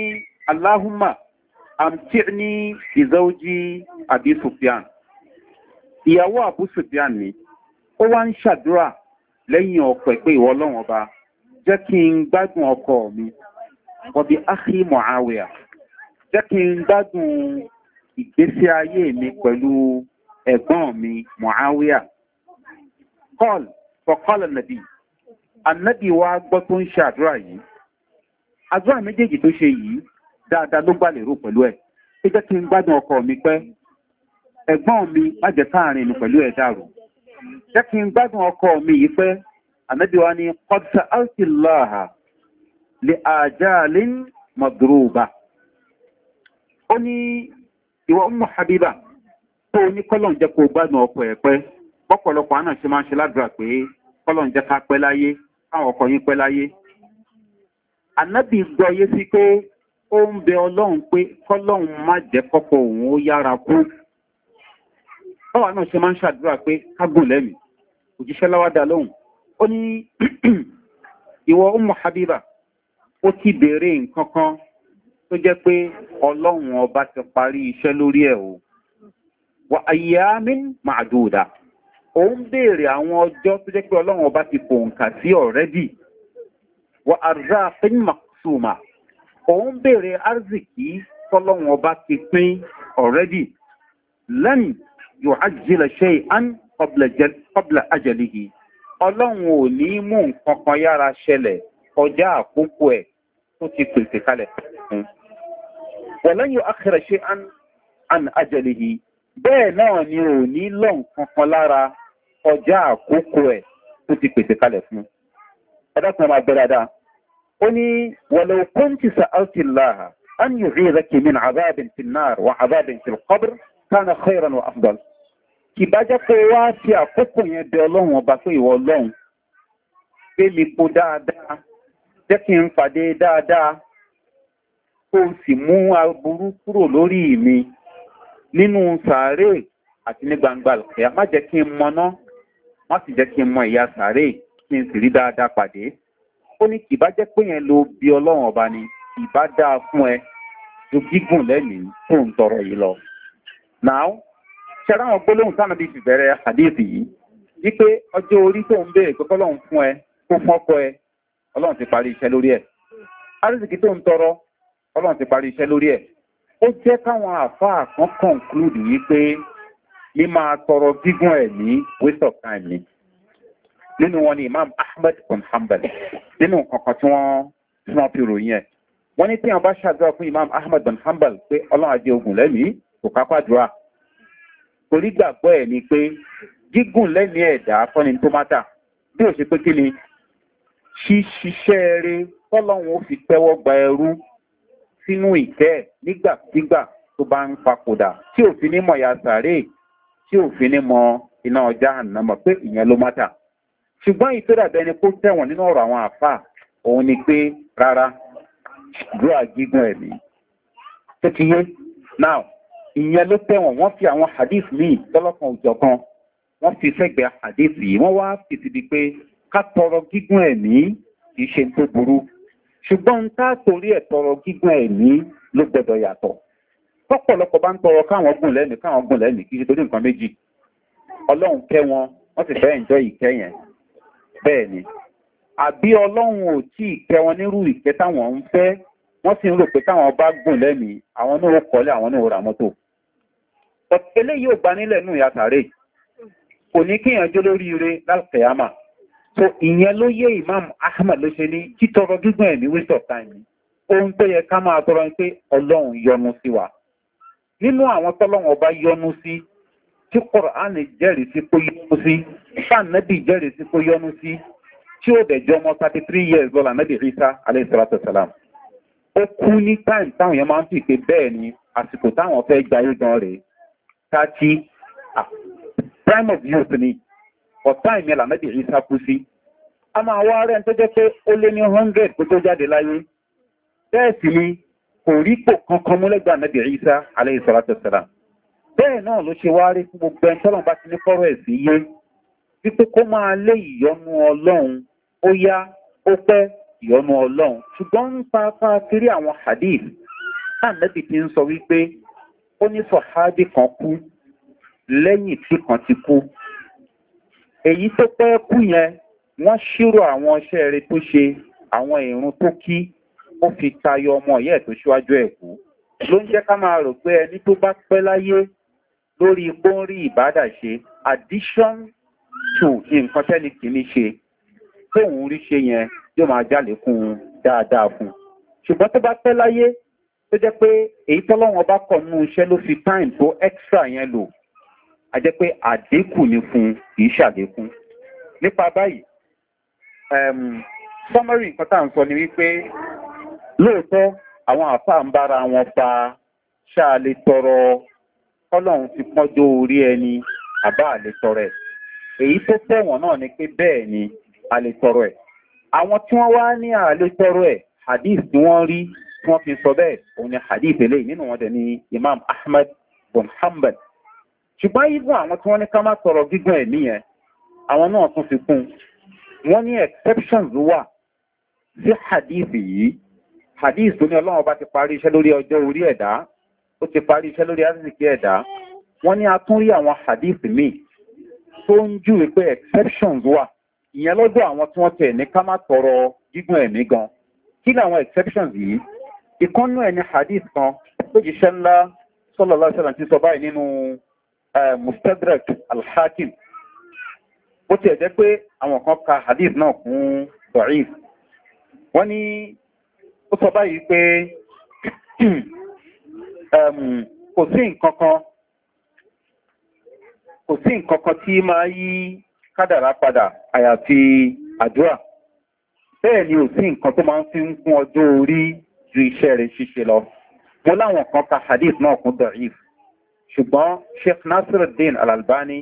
aláhùnmá àǹtí ní ìzọ́jí àbí sufyan ìyàwó àbú sufyan ni ó wá ń ṣàdúrà lẹ́yìn ọ̀pẹ̀ pé ìwọ ọlọ́run jẹ́ kí n gbádùn ọkọ mi wọ̀bí áhì mọ̀háwíà jẹ́ kí n gbádùn ìgbésí ayé mi pẹ̀lú ẹ̀gbọ́n mi mọ̀háwíà kọ́l fọ́kọ́lẹ̀ annabi wa gbọ́ tó ń ṣe àdúrà yìí àdúrà méjèèjì tó ṣe yìí dáadáa ló gbà pẹ̀lú ẹ̀ jẹ́ kí n gbádùn mi pẹ́ ẹ̀gbọ́n mi má jẹ́ káàrin ìlú pẹ̀lú ẹ̀ dàrú jẹ́ kí n gbádùn mi yìí pẹ́ ni lè àjálín madrúbà ó ní ìwọ̀ ọmọ habiba tó ní kọ́lọ̀ jẹ́ kó gbádùn ọkọ̀ ẹ̀pẹ́ pọ́pọ̀lọpọ̀ ṣe máa ń ṣe ládùúrà pé kọ́lọ̀ jẹ́ ká pẹ́ láyé káwọn ọkọ̀ yín láyé bẹ ọlọ́run pé kọ́lọ́run má jẹ́ kọ́kọ́ òun ó yára kú báwa náà ṣe máa ń ṣàdúrà pé kágùn lẹ́mìí òjíṣẹ́ láwádà <clears throat> habiba ó ti bèèrè nǹkan kan tó jẹ́ pé ọlọ́run ọba ti parí iṣẹ́ lórí ẹ̀ o wà àyàmí màdúdà ó ń bèèrè àwọn ọjọ́ tó jẹ́ pé ọlọ́run ọba ti kò nkà sí ọ̀rẹ́dì wà àrzáàfin màṣùmà ó ń bèèrè arzikí tọ́lọ́run ọba ti pín ọ̀rẹ́dì lẹ́yìn yóò ájílẹ̀ ṣe án ọ̀bla àjẹlìhì ọlọ́run ò ní mú nǹkan yára ṣẹlẹ̀ kọjá àkókò ẹ̀ ó ti pèsè kalẹ̀ fún wọ̀n lẹ́yìn akẹrẹ ṣe an ajẹ́lẹ̀ yìí bẹ́ẹ̀ náà ni ò ní lọ́n kankan lára ọjà àkókò ẹ̀ ó ti pèsè kalẹ̀ fún ẹ̀dàkùn ọmọ abẹ́ dáadáa ó ní wọ̀lẹ̀ òkun ti sa altiláha an yóò rí rẹ̀ kìí min àbábin ti náà wà àbábin ti kọ́bìr kánà khairan wa afdal kì bá jẹ́ pé wá sí àkókò yẹn bẹ ọlọ́run ọba pé ìwọ ọlọ́run gbé mi kó dáadáa jẹ́ kí n pàdé dáadáa kó sì mú aburú kúrò lórí mi nínú sàárè àti ní gbangba ìyá má jẹ́ kí n mọná má sì jẹ́ kí n mọ ìyá sàárè kí n sì rí dáadáa pàdé ó ní kì bá jẹ́ pé yẹn lo bí ọlọ́run ọba ni kì bá dáa fún ẹ ju gígùn lẹ́mìí tó ń tọrọ yìí lọ. Now, ṣẹ́rá àwọn gbólóhùn sáà bí fi bẹ̀rẹ̀ àdéhùn yìí wípé ọjọ́ orí tó ń béèrè pé kọ́lọ́hún fún ẹ kó fọ́kọ ẹ ọlọ́run ti parí iṣẹ́ lórí ẹ̀ arísìkí tó ń tọrọ ọlọ́run ti parí iṣẹ́ lórí ẹ̀ ó jẹ́ káwọn àfáà kan conclude wípé ní máa tọrọ gígùn ẹ̀ ní waste of time ni nínú wọn ni imam ahmed bin hanbal nínú kankan tí wọ́n tí wọ́n fi ròyìn ẹ̀ wọ́n ní tí wọ́n bá ṣàdúrà fún imam ahmed bin hanbal pé ọlọ́run ajé ogun lẹ́mìí kò kápá dùrà torí gbàgbọ́ ẹ̀ ni pé gígùn lẹ́mìí ẹ̀dá fọ́ni tó bí ò ṣe pé kí ni ṣíṣiṣẹ́ rẹ tọ́lọ́run ó fi tẹ́wọ́ gba ẹrú sínú ìtẹ́ nígbàkigbà tó bá ń papòdà tí ò fi ní mọ̀ ya sàárè tí ò fi ní mọ iná ọjà àná mọ̀ pé ìyẹn ló mọ́tà ṣùgbọ́n ìtọ́jà bẹni kó tẹ̀wọ̀n nínú ọ̀rọ̀ àwọn àfà òun ni pé rárá dúró àgígùn ẹ̀mí tó ti yé now ìyẹn ló tẹ̀wọ̀n wọ́n fi àwọn hadith míì lọ́lọ́kan òjọ̀ kan wọ́n fi sẹ́gbẹ̀ẹ́ hadith yìí wọ́n wá fìtìdí pé ká tọrọ gígùn ẹ̀mí kì í ṣe tó burú ṣùgbọ́n tá a torí ẹ̀ tọrọ gígùn ẹ̀mí ló gbọdọ̀ yàtọ̀ tọ́pọ̀lọpọ̀ bá ń tọrọ káwọn gùn lẹ́nu káwọn gùn lẹ́nu kì í ṣe torí nǹkan méjì ọlọ́run kẹ́ wọn wọ́n sì fẹ́ ìjọ ìkẹ́ bẹ́ẹ̀ ni àbí ọlọ́run ò tí ìkẹ́ wọn nírú ìkẹ́ táwọn ń fẹ́ wọ́n sì ń rò pé táwọn bá gùn lẹ́mìí àwọn náà kọ́lé àwọn náà ra mọ́tò eléyìí ò gbanílẹ̀ nù yàtàrè kò ní kíyànjú lóríire lálùkẹ́yàmà so ìyẹn ló yé imam ahmed ló ṣe ní títọrọ gígùn ẹ̀mí waste of time ni ohun tó yẹ ká máa tọrọ ni pé ọlọ́run yọnu sí wa nínú àwọn tọ́lọ́run ọba yọnu sí tí quran jẹ́rìí sí kó yọnu sí sanabi jẹ́rìí sí kó yọnu sí tí ó dẹ̀jọ́ ọmọ thirty three years lọ́la nabi isa aleyhisselatu salam ó kú ní time táwọn yẹn máa ń fi pé bẹ́ẹ̀ ni àsìkò táwọn fẹ́ gbáyé gan rèé thirty ah, prime of youth ni ọ̀tá ìmẹ́lá nabi isa kú sí a máa wá rẹ̀ tó jẹ́ pé ó lé ní 100 kó tó jáde láyé bẹ́ẹ̀ sì ni kò rí pò kankan múlẹ́gbà nẹ́bì ìsá aléìsọ́látọ̀sọ́lá bẹ́ẹ̀ náà ló ṣe wá rí fún gbogbo ẹni tọ́lọ̀ bá ti ní fọ́rọ̀ ẹ̀sìn yé wípé kó máa lé lẹ́yìn tí kan ti kú èyí tó pẹ́ kú yẹn wọ́n ṣírò àwọn iṣẹ́ rẹ tó ṣe àwọn ìrún tó kí ó fi tayọ ọmọ ìyá ẹ̀ tó ṣíwájú ẹ̀ kú ló ń jẹ́ ká máa rò pé ẹni tó bá pẹ́ láyé lórí ipò ń rí ìbádà ṣe addition to nǹkan tẹ́ni kìíní ṣe tóun rí ṣe yẹn yóò máa jálèkún dáadáa fún un ṣùgbọ́n tó bá pẹ́ láyé tó jẹ́ pé èyí tọ́lọ́wọ́n bá kọ̀ nínú iṣẹ́ ló fi time tó extra yẹn lò a jẹ́ pé àdínkù ni fún kì í ṣàlékún nípa báyìí sọ́mọ́rì nǹkan tá ni wípé lóòótọ́ àwọn àfa ń bára wọn fa ṣáà lè tọrọ kọ́lọ́hún ti pọ́njó orí ẹni àbá àlè tọrọ ẹ̀ èyí tó tẹ̀wọ̀n náà ni pé bẹ́ẹ̀ ni àlè tọrọ ẹ̀ àwọn tí wọ́n wá ní àlè tọrọ ẹ̀ hadith tí wọ́n rí tí wọ́n fi sọ bẹ́ẹ̀ òun ni hadith eléyìí nínú wọn dẹ̀ imam ahmed bin hanbal ṣùgbọ́n ibùn àwọn tí wọ́n ní ká má tọrọ gígùn ẹ̀mí yẹn àwọn náà tún wọ́n ní exceptions wà sí hadith yìí hadith tó ní ọlọ́run ọba ti parí iṣẹ́ lórí ọjọ́ orí ẹ̀dá ó ti parí iṣẹ́ lórí àtìsíkí ẹ̀dá wọ́n ní a tún rí àwọn hadith míì tó ń júwe pé exceptions wà ìyẹn lọ́dọ̀ àwọn tí wọ́n tẹ̀ ní ká má tọrọ gígùn ẹ̀mí gan kí ni àwọn exceptions yìí ìkọ́nú ẹ̀ ní hadith kan tó jíṣẹ́ ńlá sọ́lọ́lá sẹ́lá ti sọ báyìí nínú eh, mustadrak alhakim bó ti ẹ̀jẹ́ pé àwọn kan ka hadith náà kún dọ̀rif wọ́n ní ó sọ báyìí pé <clears throat> kò sí nǹkan kan kò sí nǹkan kan tí máa yí kádàrá padà àyàfi àdúrà bẹ́ẹ̀ ni ò sí nǹkan tó máa ń fi ń kún ọjọ́ orí ju iṣẹ́ rẹ̀ ṣíṣe lọ mo láwọn kan ka hadith náà kún dọ̀rif ṣùgbọ́n sheikh nasiruddin alalbani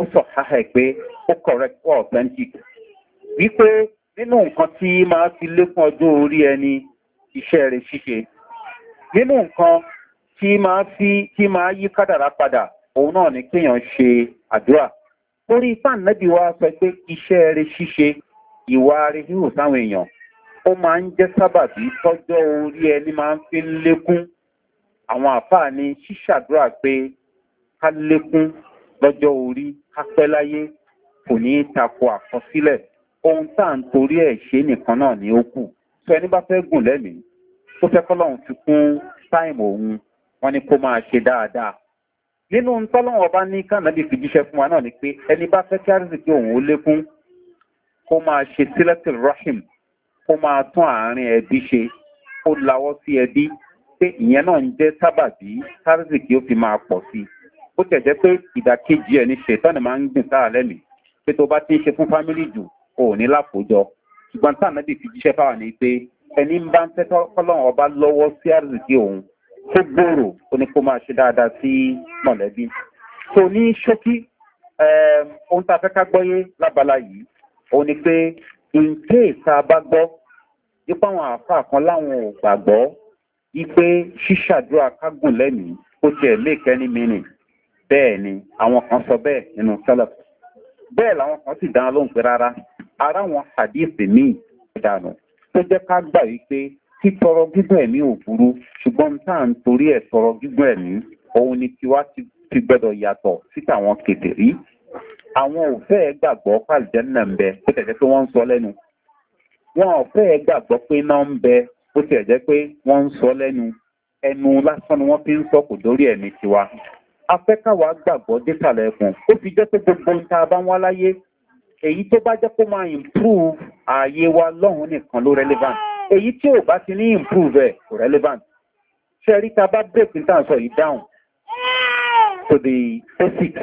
ó sọ háhẹ́ pé ó correct ó authentic wípé nínú nǹkan tí máa fi lékún ọjọ́ orí ẹni iṣẹ́ rẹ̀ ṣíṣe nínú nǹkan tí máa fi tí máa yí kádàrá padà òun náà ni kéèyàn ṣe àdúrà torí fáànẹ́bí wa sọ pé iṣẹ́ rẹ̀ ṣíṣe ìwà rẹ̀ híhù sáwọn èèyàn ó máa ń jẹ́ sábàbí tọ́jọ́ orí ẹni máa ń fi lékún àwọn àfáà ni ṣíṣàdúrà pé ká lékún lọ́jọ́ orí ká pẹ́ láyé kò ní tako àkọsílẹ̀ ohun tá à ń torí ẹ̀ ṣe nìkan náà ni ó kù tó ẹni bá fẹ́ gùn lẹ́mìí tó fẹ́ kọ́lọ́hún fi kún táìmù òun wọn ni kó máa ṣe dáadáa nínú tọ́lọ́wọ́n ọba ní kànáàbì fi fún wa náà ni pé ẹni bá fẹ́ kí àrísìkí òun ó lékún kó máa ṣe sílẹ̀tìl rahim kó máa tún àárín ẹbí ṣe kó lawọ́ sí ẹbí pé ìyẹn náà ń jẹ́ sábàbí àrísìkí ó fi máa pọ̀ sí i ó tẹ̀jẹ́ pé ìdàkejì ẹ̀ ní ṣètọ́nì máa ń gbìn sáà lẹ́mìí pé tó bá ti ṣe fún fámílì jù o ò ní láfojọ ṣùgbọ́n tá ànábì fi jíṣẹ́ fáwọn ni pé ẹni ń bá ń tẹ́tọ́ kọ́lọ́run ọba lọ́wọ́ sí àrùsí òun tó gbòòrò ó ní kó máa ṣe dáadáa sí mọ̀lẹ́bí tó ní ṣókí ohun tá a fẹ́ ká gbọ́yé lábala yìí òun ni pé nké tá a bá gbọ́ nípa àwọn àáfàá kan láwọn ò gbàgbọ́ wípé ṣíṣàdúrà kágùn lẹ́mìí ó tiẹ̀ méèkẹ́ ní mìíràn bẹ́ẹ̀ ni àwọn kan sọ bẹ́ẹ̀ nínú sẹ́lẹ̀kù bẹ́ẹ̀ làwọn kan sì dáná lóhùn pé rárá ara wọn hadith míì dànù tó jẹ́ ká gbà wípé títọrọ gígùn ẹ̀mí ò burú ṣùgbọ́n tá à ń torí ẹ̀ tọrọ gígùn ẹ̀mí òun ni tiwa ti gbẹ́dọ̀ yàtọ̀ sí tàwọn kètèrí àwọn ò fẹ́ gbàgbọ́ pàlìjẹ́nà ń bẹ bó tẹ̀jẹ́ pé wọ́n ń sọ lẹ́nu wọn ò fẹ́ gbàgbọ́ pé iná ń bẹ bó tẹ̀jẹ́ pé wọ́n ń sọ lẹ́nu ẹnu lásán ni wọ́n fi ń sọ kò dórí ẹ̀mí tiwa afẹ́kàwá gbàgbọ́ désàlẹ̀ ẹkùn ó fi jẹ́ pé gbogbo nta bá wá láyé èyí tó bá jẹ́ kó máa improve ààyè wa lọ́hùn nìkan ló relevant èyí tí ò bá ti ní improve ẹ̀ kò relevant ṣe rí ta bá break ní tàn sọ yìí down to the basics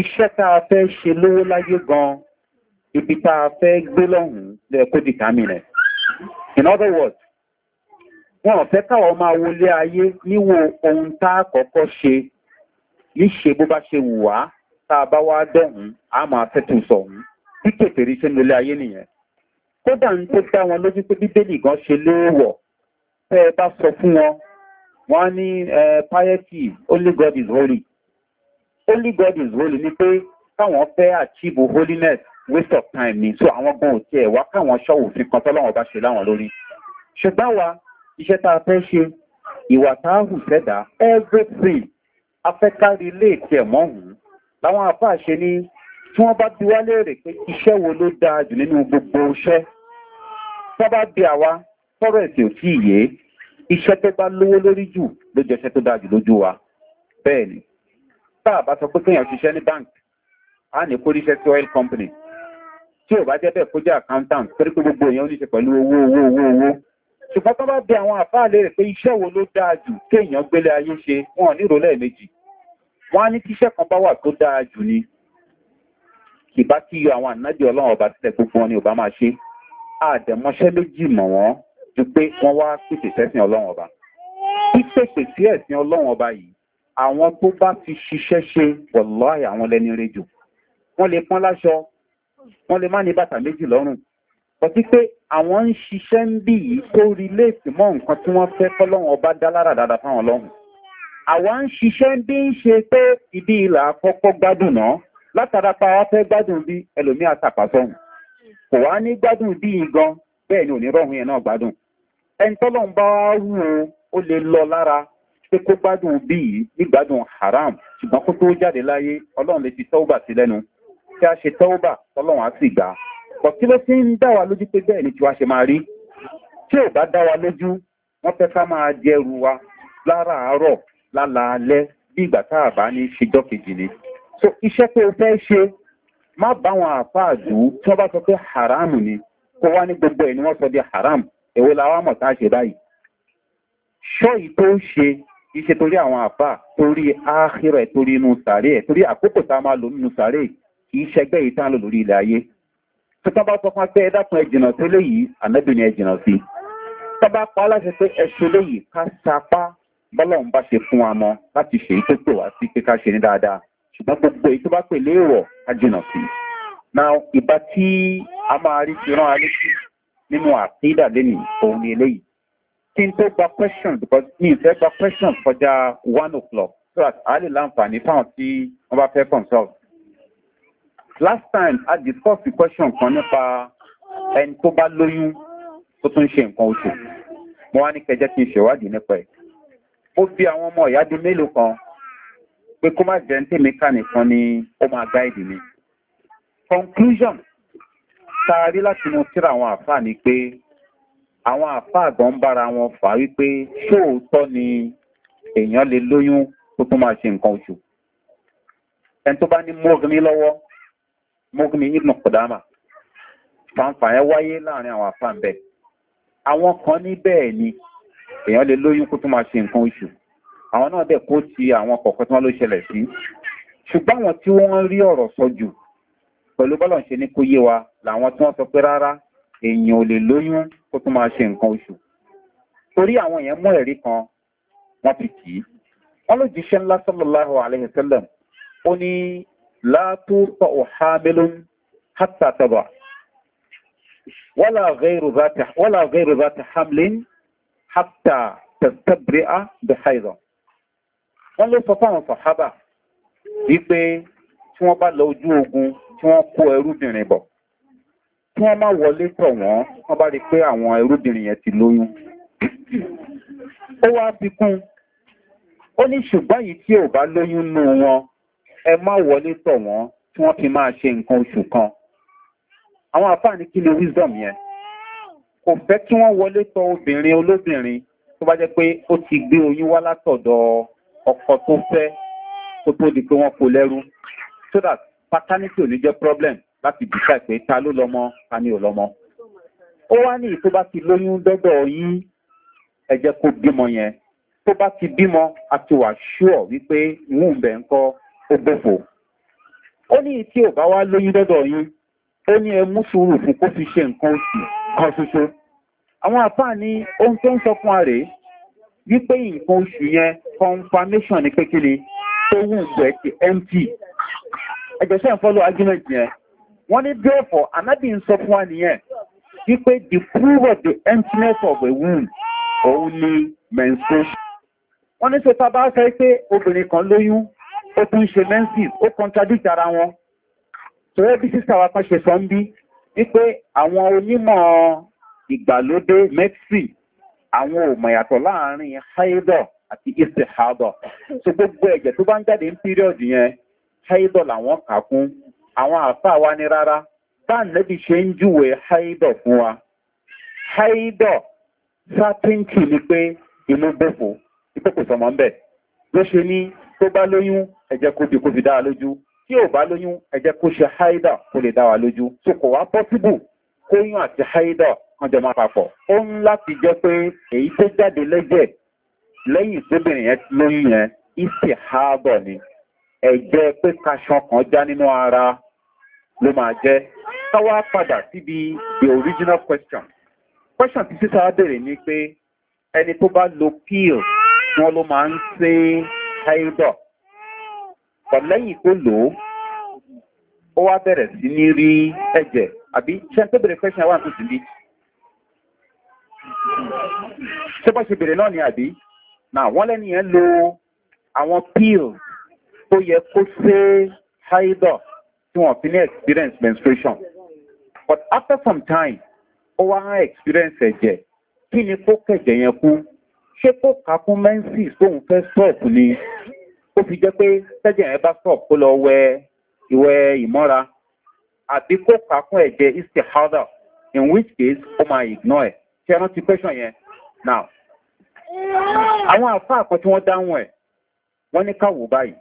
iṣẹ́ tá a fẹ́ ṣe lówó láyé gan ibi tá a fẹ́ gbé lọ́hùn lẹ́ kó determine ẹ̀ in other words wọn ò fẹ́ káwọn máa wọlé ayé níwò ohun tá a kọ́kọ́ ṣe níṣe bó bá ṣe wù wá tá a bá wá dọ̀hún a máa tẹ́tù sọ̀hún bí kèfèrí ṣe ń lọlé ayé nìyẹn kódà ń tó dá wọn lójú pé bíbélì gan ṣe léèwọ̀ tẹ́ ẹ bá sọ fún wọn wọ́n ní piety only god is holy only god is holy ni pé káwọn fẹ́ achieve holiness waste of time ni so àwọn gan òtí ẹ̀ wá káwọn ṣọ́wò fi kan tọ́lọ́wọ́n bá ṣe láwọn lórí ṣùgbọ́n wa iṣẹ́ tá a fẹ́ ṣe ìwà tá a hù everything afẹ́kárí ilé ìtì ẹ̀mọ́ ọ̀hún láwọn àfáà ṣe ní tí wọ́n bá bí wá léèrè pé iṣẹ́ wo ló dáa jù nínú gbogbo iṣẹ́ tó bá bí àwa fọ́rọ̀ ẹ̀sìn òtí ìyé iṣẹ́ tó bá lówó lórí jù ló jẹ́ iṣẹ́ tó dáa jù lójú wa bẹ́ẹ̀ ni tá a bá sọ pé kéèyàn ṣiṣẹ́ ní báńkì á ní kó ríṣẹ́ sí oil company tí ò bá jẹ́ bẹ́ẹ̀ kó jẹ́ accountant torí pé gbogbo èèyàn ó ní ṣe pẹ̀lú owó owó owó owó ṣùgbọ́n tó bá bẹ àwọn àfáà lè rẹ̀ pé iṣẹ́ wo ló dáa jù kéèyàn gbélé ayé ṣe wọn ò nírò lẹ́ẹ̀mejì wọ́n á ní tíṣẹ́ kan bá wà tó dáa jù ni kì bá kí àwọn ànájì ọlọ́run ọba sílẹ̀ gbogbo wọn ni ò bá máa ṣe àdẹ̀mọṣẹ́ méjì mọ̀ wọ́n ju pé wọ́n wá pèsè sẹ́sìn ọlọ́run ọba pípèsè sí ẹ̀sìn ọlọ́run ọba yìí àwọn tó bá fi ṣiṣẹ́ ṣe wọ̀lọ́ọ̀yà àwọn lẹ́ni rẹ̀ jù wọ́n lè pọ́n láṣọ wọ́n lè má ní bàtà méjì lọ́rùn ọtí pé àwọn ń ṣiṣẹ́ ń bì yìí kó rí léèsì mọ́ nǹkan tí wọ́n fẹ́ kọ́lọ́run ọba dá lára dáadáa fáwọn ọlọ́run àwa ń ṣiṣẹ́ bí ń ṣe pé ibi ìlà àkọ́kọ́ gbádùn náà látara pa wá fẹ́ gbádùn bí ẹlòmí àtàpàsọ́hùn kò wá ní gbádùn bí gan bẹ́ẹ̀ ni onírọ̀hún yẹn náà gbádùn ẹni tọ́lọ̀ ń bá wá wù ú ó lè lọ lára pé kó gbádùn bí yìí ní gbádùn haram ṣùgbọ́n kó tó jáde láyé ọlọ́run lè fi tọ́wọ́bà sí lẹ́nu tí a ṣe tọ́wọ́bà tọ́lọ́run á sì gbà á kọ̀ kí ló ti ń dá wa lójú pé bẹ́ẹ̀ ni tiwa ṣe máa rí tí ò bá dá wa lójú wọ́n fẹ́ ká máa jẹrù wa láràárọ̀ lálaalẹ́ bí ìgbà tá a bá ní ṣèjọ́ kejì ni so iṣẹ́ pé o fẹ́ ṣe má báwọn àfáàdù tí wọ́n bá sọ pé haram ni kó wá ní gbogbo ẹ̀ ni wọ́n sọ di haram èwo la wá mọ̀ tá a ṣe báyìí ṣọ́ yìí tó ń ṣe iṣẹ́ torí àwọn àfà torí áhírẹ̀ torí inú sàárẹ̀ torí àkókò tá a máa lò nínú sàárẹ̀ kì í ṣẹgbẹ́ yìí tá a lò lórí ilẹ̀ ayé tọ́tọ́ bá sọpọ̀ pé ẹ̀dàkùn ẹ̀jìnà sí léyìí ànábì ni ẹ̀jìnà sí tọ́bá pa aláṣẹ pé ẹ̀ṣọ́ léyìí ká sapá bọ́lọ́run bá ṣe fún wa mọ́ láti ṣe èyí tó pè wá sí pé ká ṣe ní dáadáa ṣùgbọ́n gbogbo èyí tó bá pè léèwọ̀ ká jìnà sí i na ìbá tí a máa rí ti rán alé sí nínú àkídà lẹ́nu òun ni eléyìí kí n tó gba question because mi ì fẹ́ gba question kọjá one o'clock so that a lè láǹfààní fáwọn tí wọ́n bá fẹ́ consult last time I discuss the question kan nípa ẹni tó bá lóyún tó tún ṣe nǹkan oṣù mo wá ní kẹjẹ kí n ṣèwádìí nípa ẹ ó fi àwọn ọmọ ìyá di mélòó kan pé kó má jẹ́ tèmi ká nìkan ni ó máa gáìdì mi conclusion tá a rí láti mo tíra àwọn àfáà ni pé àwọn àfáà gan ń bára wọn fà á wípé ṣóòótọ́ ni èèyàn lè lóyún tó tún máa ṣe nǹkan oṣù ẹni tó bá ní mọ́ọ̀gì ní lọ́wọ́ mọ́gùnmí ibùnà kọ̀dáàmà fàǹfà yẹn wáyé láàrin àwọn àfáà bẹ́ẹ̀ àwọn kan ní bẹ́ẹ̀ ni èèyàn lè lóyún kó tó máa ṣe nǹkan oṣù àwọn náà dẹ̀ kó ti àwọn kọ̀ọ̀kan tí wọ́n ló ṣẹlẹ̀ sí ṣùgbọ́n àwọn tí wọ́n rí ọ̀rọ̀ sọ jù pẹ̀lú bọ́lọ̀ ṣe ní kó yé wa làwọn tí wọ́n sọ pé rárá èèyàn ò lè lóyún kó tó máa ṣe nǹkan oṣù torí àwọn èèyàn mú ẹ̀rí kan wọ́n ti kì í wọ́n ló jíṣẹ́ ńlá sọ́lọ́láhùn àlẹ́hìnsẹ́lẹ̀m ó ní látúrpọ̀ òhámilún hátàtàbà wọ́lá gẹ́rù bá ti hamlin hátà tàbíà bí haizọ wọ́n ló sọ fáwọn sọ̀hábà wípé tí wọ́n bá lọ ojú ogun tí wọ́n kó ẹrúbìnrin bọ̀ tí wọ́n má wọlé tọ̀ wọ́n wọ́n bá rí pé àwọn ẹrúbìnrin yẹn ti lóyún ó wá fi ó ní ṣùgbọ́n yìí tí ò bá lóyún nù wọn ẹ má wọlé tọ̀ wọ́n tí wọ́n fi máa ṣe nǹkan oṣù kan àwọn àfáà ní kí ni wisdom yẹn kò fẹ́ kí wọ́n wọlé tọ obìnrin olóbìnrin tó bá jẹ́ pé ó ti gbé oyún wá látọ̀dọ̀ ọkọ tó fẹ́ kó tó di pé wọ́n kò lẹ́rú so that paternity ò ní jẹ́ problem láti dìkà pé ta ló lọ́mọ ta ni ò lọ́mọ ó wá ní tó bá ti lóyún dọ́dọ̀ yín ẹ̀jẹ̀ kó bímọ yẹn tó bá ti bímọ a ti wà ṣúọ̀ wípé wúùn bẹ̀ ń kọ́ ògbòfò ó ní tí ò bá wá lóyún dọ́dọ̀ yín ó ní ẹmú sùúrù fún kó fi ṣe nǹkan oṣù kan ṣoṣo àwọn àpá ní ohun tó ń sọ fún ààrẹ wípé nǹkan oṣù yẹn confirmation ní pé kíni tó wù gbẹ̀ ti mt ẹgbẹ̀ṣẹ́ ń follow argument yẹn wọ́n ní therefore anábì ń sọ fún wa nìyẹn wípé the proof of the emptiness of a womb òun ni menstruation wọ́n ní sọ tá bá fẹ́ pé obìnrin kan lóyún ó tún ṣe mensis ó contradict ara wọn tó ẹ́ bí sísà wa kan ṣe sọ ń bí wípé àwọn onímọ̀ ìgbàlódé medicine àwọn òmọ̀ yàtọ̀ láàrin haidọ̀ àti istihadọ̀ so gbogbo ẹ̀jẹ̀ tó bá ń jáde ní period yẹn haidọ̀ làwọn kà kún àwọn àfáà wa ní rárá bá nẹ́bí ṣe ń júwe haidọ̀ fún wa haidọ̀ certainty ni pé inú bẹ́fò ìpẹ́kùsọ̀mọ́ ń bẹ̀ ló ṣe ní tó bá lóyún ẹjẹ́ kó di kó fi dára lójú tí ò bá lóyún ẹjẹ́ kó ṣe haida kó lè dára lójú so kò wá pọ́síbù kóyún àti haida kan jọ máa papọ̀ ó ń láti jẹ́ pé èyí tó jáde lẹ́jẹ̀ lẹ́yìn tóbìnrin yẹn lóyún yẹn ìsì haabọ̀ ni ẹ̀jẹ̀ pé kaṣan kan já nínú ara ló máa jẹ́ káwá padà síbi the original question question ti sísá bèrè ni pé ẹni tó bá lo pill wọn ló máa ń ṣe haida ọ̀lẹ́yìn tó lò ó ó wá bẹ̀rẹ̀ sí ní rí ẹ̀jẹ̀ àbí ṣe tó bèrè fẹ́ṣẹ̀ wà tuntun bí ṣé bọ́ ṣe bèrè náà ni àbí náà wọ́n lẹ́nu yẹn lo àwọn píl tó yẹ kó ṣe haidọ̀ tí wọ́n fi ní experience menstruation but after some time ó wá hàn experience ẹ̀jẹ̀ kí ni kó kẹ̀jẹ̀ yẹn kú ṣé kó kà kún menses tóun fẹ́ sọ́ọ̀kù ni ó fi jẹ́ pé sẹ́jẹ̀ ẹ bá stop kó lọ wẹ ìwẹ ìmọ́ra àbí kó kà á kún ẹ̀jẹ̀ istihada in which case ó máa ignore ẹ̀ ṣe rántí question yẹn now àwọn àfáà kan tí wọ́n dáhùn ẹ̀ wọ́n ní káwò báyìí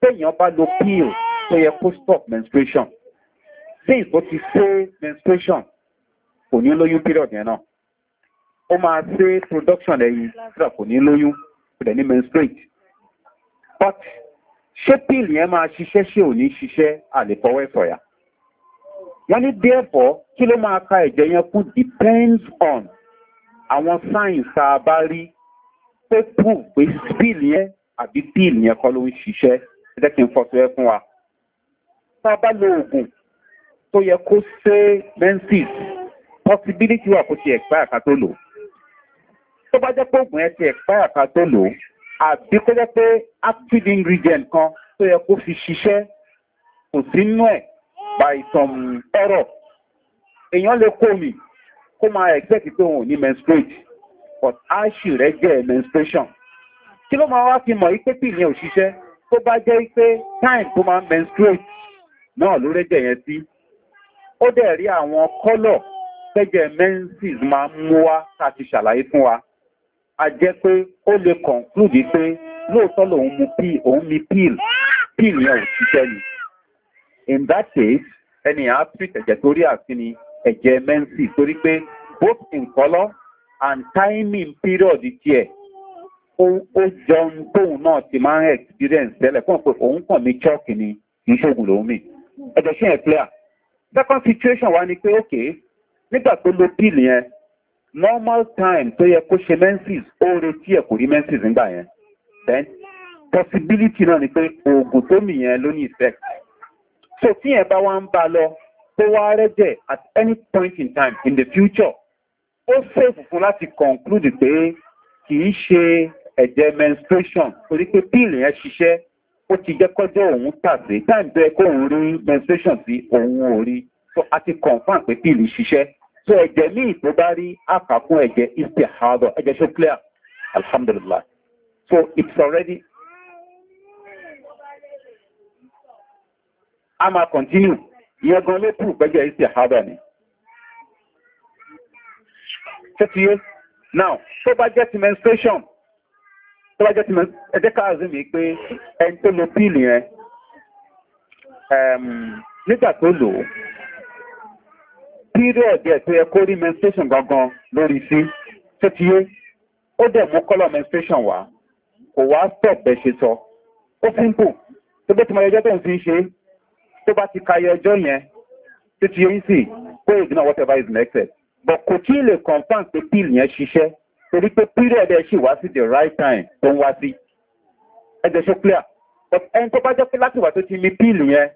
téèyàn bá lo pill tó yẹ kó stop menstruation since ó ti ṣe menstruation kò ní lóyún period yẹn náà ó máa ṣe production ẹ̀yìn kódà kò ní lóyún kò dẹ̀ ní menstruate but ṣé píìlì yẹn máa ṣiṣẹ́ ṣé ò ní ṣiṣẹ́ àlèfọwọ́ ẹ̀fọ̀yà wọ́n ní dẹ́ẹ̀bọ̀ kí ló máa ka ẹ̀jẹ̀ yẹn kún depends on àwọn signs tá a bá rí pé pù pé píìlì yẹn àbí píìlì yẹn kọ́ ló ń ṣiṣẹ́ ẹ jẹ́ kí n fọ́tò ẹ fún wa tá a bá lo oògùn tó yẹ kó ṣe menses possibility wà kó ti expire ká tó lò tó bá jẹ́ pé oògùn yẹn ti expire ká tó lò àbí kó jẹ́ pé active ingredient kan tó yẹ kó fi ṣiṣẹ́ kò sínú ẹ̀ by some error èèyàn lè kó mi kó máa expect pé òun ò ní menstruate but aṣì rẹ̀ jẹ́ menstruation kí ló máa wá fi mọ̀ ipé pì ní òṣìṣẹ́ tó bá jẹ́ pé time tó máa menstruate náà ló rẹ́jẹ̀ yẹn sí ó dẹ̀ rí àwọn kọ́lọ̀ tẹ́jẹ̀ menses máa ń mú wá ká ti ṣàlàyé fún wa a jẹ́ pé ó lè conclude pé lóòótọ́ lòun mu pí òun mi píl píl yẹn ò ṣiṣẹ́ ni in that case ẹni àá treat ẹ̀jẹ̀ torí àfihàn ẹ̀jẹ̀ mẹ́ǹsì torí pé both in colour and timing period tiẹ̀ ó jọun tóun náà ti máa ń experience tẹ́lẹ̀ fún pé òun kàn mí chọ́ọ̀kì ni kì í ṣoògùn lòun mi ẹ̀jẹ̀ ṣe yẹn clear second situation wa ni pé okay nígbà tó lo píl yẹn normal time tó yẹ kó ṣe menses ó retí ẹ̀ kò rí menses nígbà yẹn then possibility náà ni pé oògùn tó mì yẹn ló ní effect so tí yẹn bá wá ń bá lọ tó wá rẹ́jẹ̀ at any point in time in the future ó safe fún láti conclude pé kì í ṣe ẹ̀jẹ̀ menstruation torí pé pill yẹn ṣiṣẹ́ ó ti jẹ́ kọ́jọ́ òun tà time tó yẹ kó òun rí menstruation sí òun ò rí so a ti confam pé pill ṣiṣẹ́ so ẹ̀jẹ̀ ní ìtò bá rí àkàkún ẹ̀jẹ̀ ìsẹ̀ àádọ́ ẹ̀jẹ̀ ṣó clear alhamdulillah so it's already a máa continue ìyẹn gan ló kù pẹ́jẹ̀ ìsẹ̀ àádọ́ ni thirty now tó bá jẹ́ ti menstruation tó bá jẹ́ ti menstruation ẹ̀jẹ̀ káàzí mi pé ẹni tó lo píìlì yẹn nígbà tó lò pírẹ̀dì ẹ̀ tó yẹ kó rí menstruation gangan lórí sí tó ti yé ó dẹ̀ mú kọ́lọ̀ menstruation wá kò wá stop bẹ́ẹ̀ ṣe sọ ó simple tó bẹ́ẹ̀ tí mo yẹjọ́ tó ń fi ṣe tó bá ti kayọ ẹjọ́ yẹn tó ti yé sí kó ìgbìnà whatever is next but kò tí ì lè confam pé pill yẹn ṣiṣẹ́ torí pé period ẹ ṣì wá sí the right time tó ń wá sí ẹjẹ ṣó clear but ẹni tó bá jẹ́ pé láti wà tó ti mi pill yẹn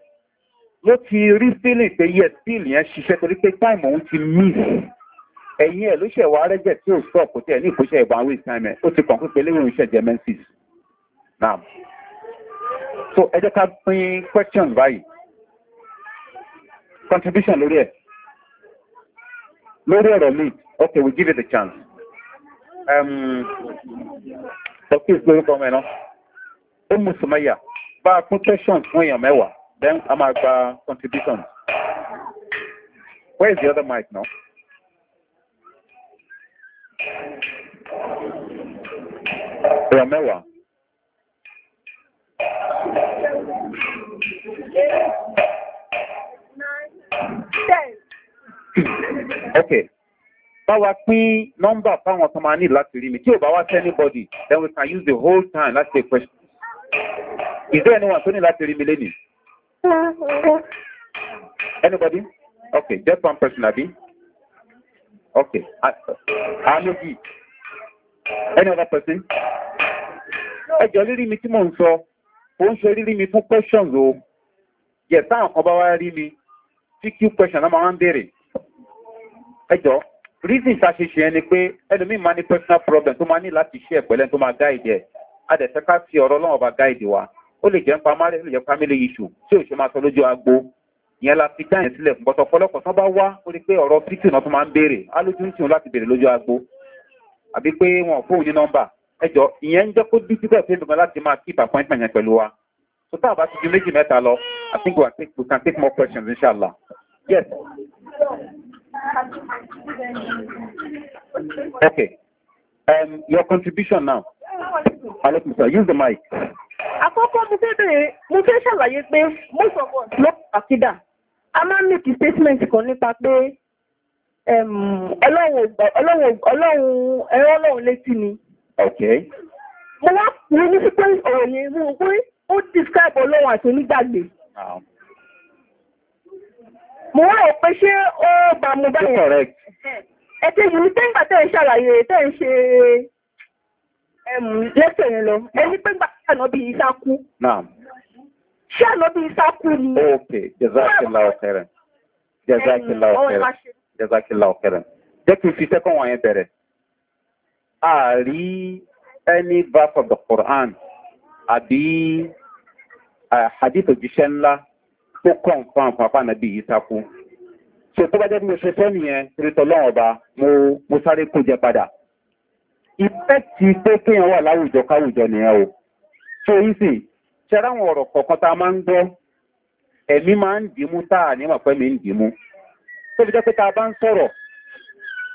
ló ti rí fílì pé yẹ fílì yẹn ṣiṣẹ́ torí pé táìmù òun ti miss ẹ̀yìn ẹ̀ ló ṣẹ̀ wá rẹ́jẹ̀ tí ò sọ kò tẹ̀ ní ìkóṣẹ́ ìbọn àwọn ìsìn ó ti kàn pípé léwé oníṣẹ́ germansis now so ẹ jẹ́ ká pín question. báyìí contribution lórí ẹ̀ lórí ọ̀rọ̀ mi okay we give you the chance ọkùnrin gbórúkọ ọmọ ẹ̀ náà ó mú sùmáyà bá a pín questions fún èèyàn mẹ́wàá. Then I'm at uh, contributions. Where is the other mic now? Ramewa. okay. Bá wa pín nọ́mbà fáwọn tó máa ní láti rí mi. Tí ò bá wá sí anybody, then we can use the whole time láti ṣe question. Is there anyone tó ní láti rí mi lénìí? Anybody? Okay, just one person, Abby. Okay, I, Anugi. Any other person? Ẹjọ́ rírí mi tí mò ń sọ, ó ń ṣe questions o. Yes, táwọn kan bá wá rí question náà máa ń béèrè. Ẹjọ́, reason ta ṣe ṣe ẹni pé ẹlòmíì máa ní personal problem tó máa ní láti ṣe ẹ̀pẹ̀lẹ́ tó máa gáìdì ẹ̀. A dẹ̀ fẹ́ ká fi ọ̀rọ̀ ọlọ́run ọba gáìdì wa ó lè jẹ́ pamari ó lè jẹ́ pamili iṣu tí ò máa sọ lójú agbo ìyẹn la fi dáyẹn sílẹ̀ fún bọ́tọ̀ ọ̀pọ̀lọpọ̀ tán bá wá ó rí pé ọ̀rọ̀ fíìtì náà tó máa ń béèrè alójú ń tì láti béèrè lójú agbo àbí pé wọn ò fóun ní nọ́mbà ẹjọ́ ìyẹn ń jẹ́ kó bí síbẹ̀ pé nìkan láti máa keep appointment yẹn pẹ̀lú wa tó tá a bá ti ju méjì mẹ́ta lọ i think we, can take more questions inshallah yes. okay um, your contribution now. Alex, use the mic. Àkọ́kọ́ mo fẹ́ bèèrè, mo fẹ́ ṣàlàyé pé most of us ló àkídà. A máa ń make statement kan nípa pé ọlọ́run ẹ̀rọ ọlọ́run létí ni. Mo wá mo ní sí pé ọ̀rọ̀ yẹn mú un pé ó describe ọlọ́run àti onígbàgbé. Mo wá rò pé ṣé ó bá mo bá yẹn. Ẹ̀kẹ́ yìí tẹ́ǹgbà tẹ́ ń ṣàlàyé tẹ́ ń ṣe lẹ́sẹ̀ yẹn lọ. Ẹni pé gbà ànábì isa kú. ṣé ànábì isa kú ni. ok jazakila ọkẹrẹ jazakila ọkẹrẹ jazakila ọkẹrẹ jẹ́ kí n fi sẹ́kọ̀n wọ̀nyẹn bẹ̀rẹ̀ àárí any verse of the quran àbí hadith òjíṣẹ́ ńlá tó kàn fún àǹfààní ànábì isa kú so tó bá jẹ́ mo ṣe sẹ́ni yẹn torítọ́ lọ́wọ́ ọba mo sáré kó jẹ padà ìfẹ́ ti pé kéèyàn wà láwùjọ káwùjọ nìyẹn o so easy ṣẹ́ráwọn ọ̀rọ̀ kọ̀ọ̀kan ta máa ń gbọ́ ẹ̀mí máa ń dìímú táà ní màpẹ́ mi ń dìímú tó fi jẹ́ pé bá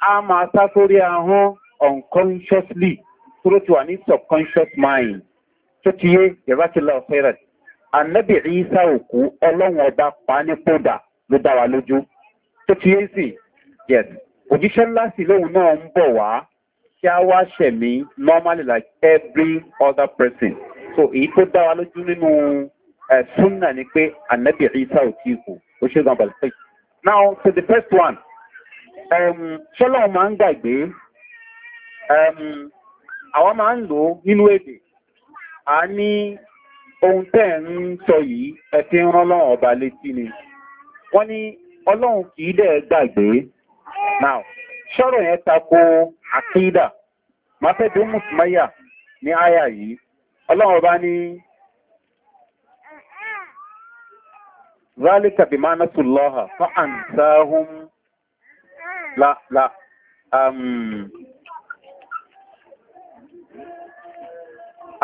a máa sá sórí ahọ́n unconsciously tó to ti wà ní subconscious mind tó ti yé ìrákìlá ọ̀fẹ́rẹ̀ ànábì ìsá òkú ọlọ́run ọba pa ní kódà ló dá wa yes òjíṣẹ́ ńlá sí lóun náà ń bọ̀ wá kí a wá ṣẹ̀mí normally like every other person. so èyí tó dá wa lójú nínú eh, sunna ni pé anabi isa ò tí kù ó ṣe gan balẹ̀ now to the first one ehm, ṣọlọ́wọ́ máa ń gbàgbé ehm, àwa máa ń lò ó nínú èdè a ní ohun tẹ́ ń sọ yìí ẹ fi ń rán lọ́wọ́ ọba létí ni wọ́n ní ọlọ́run kì í dẹ̀ gbàgbé now ṣọ́rọ̀ yẹn tako àkídà máa fẹ́ bí ó ní àyà yìí ọlọ́run ọba ní rálíkà bí máa násù lọ́ha fún àǹtáhùn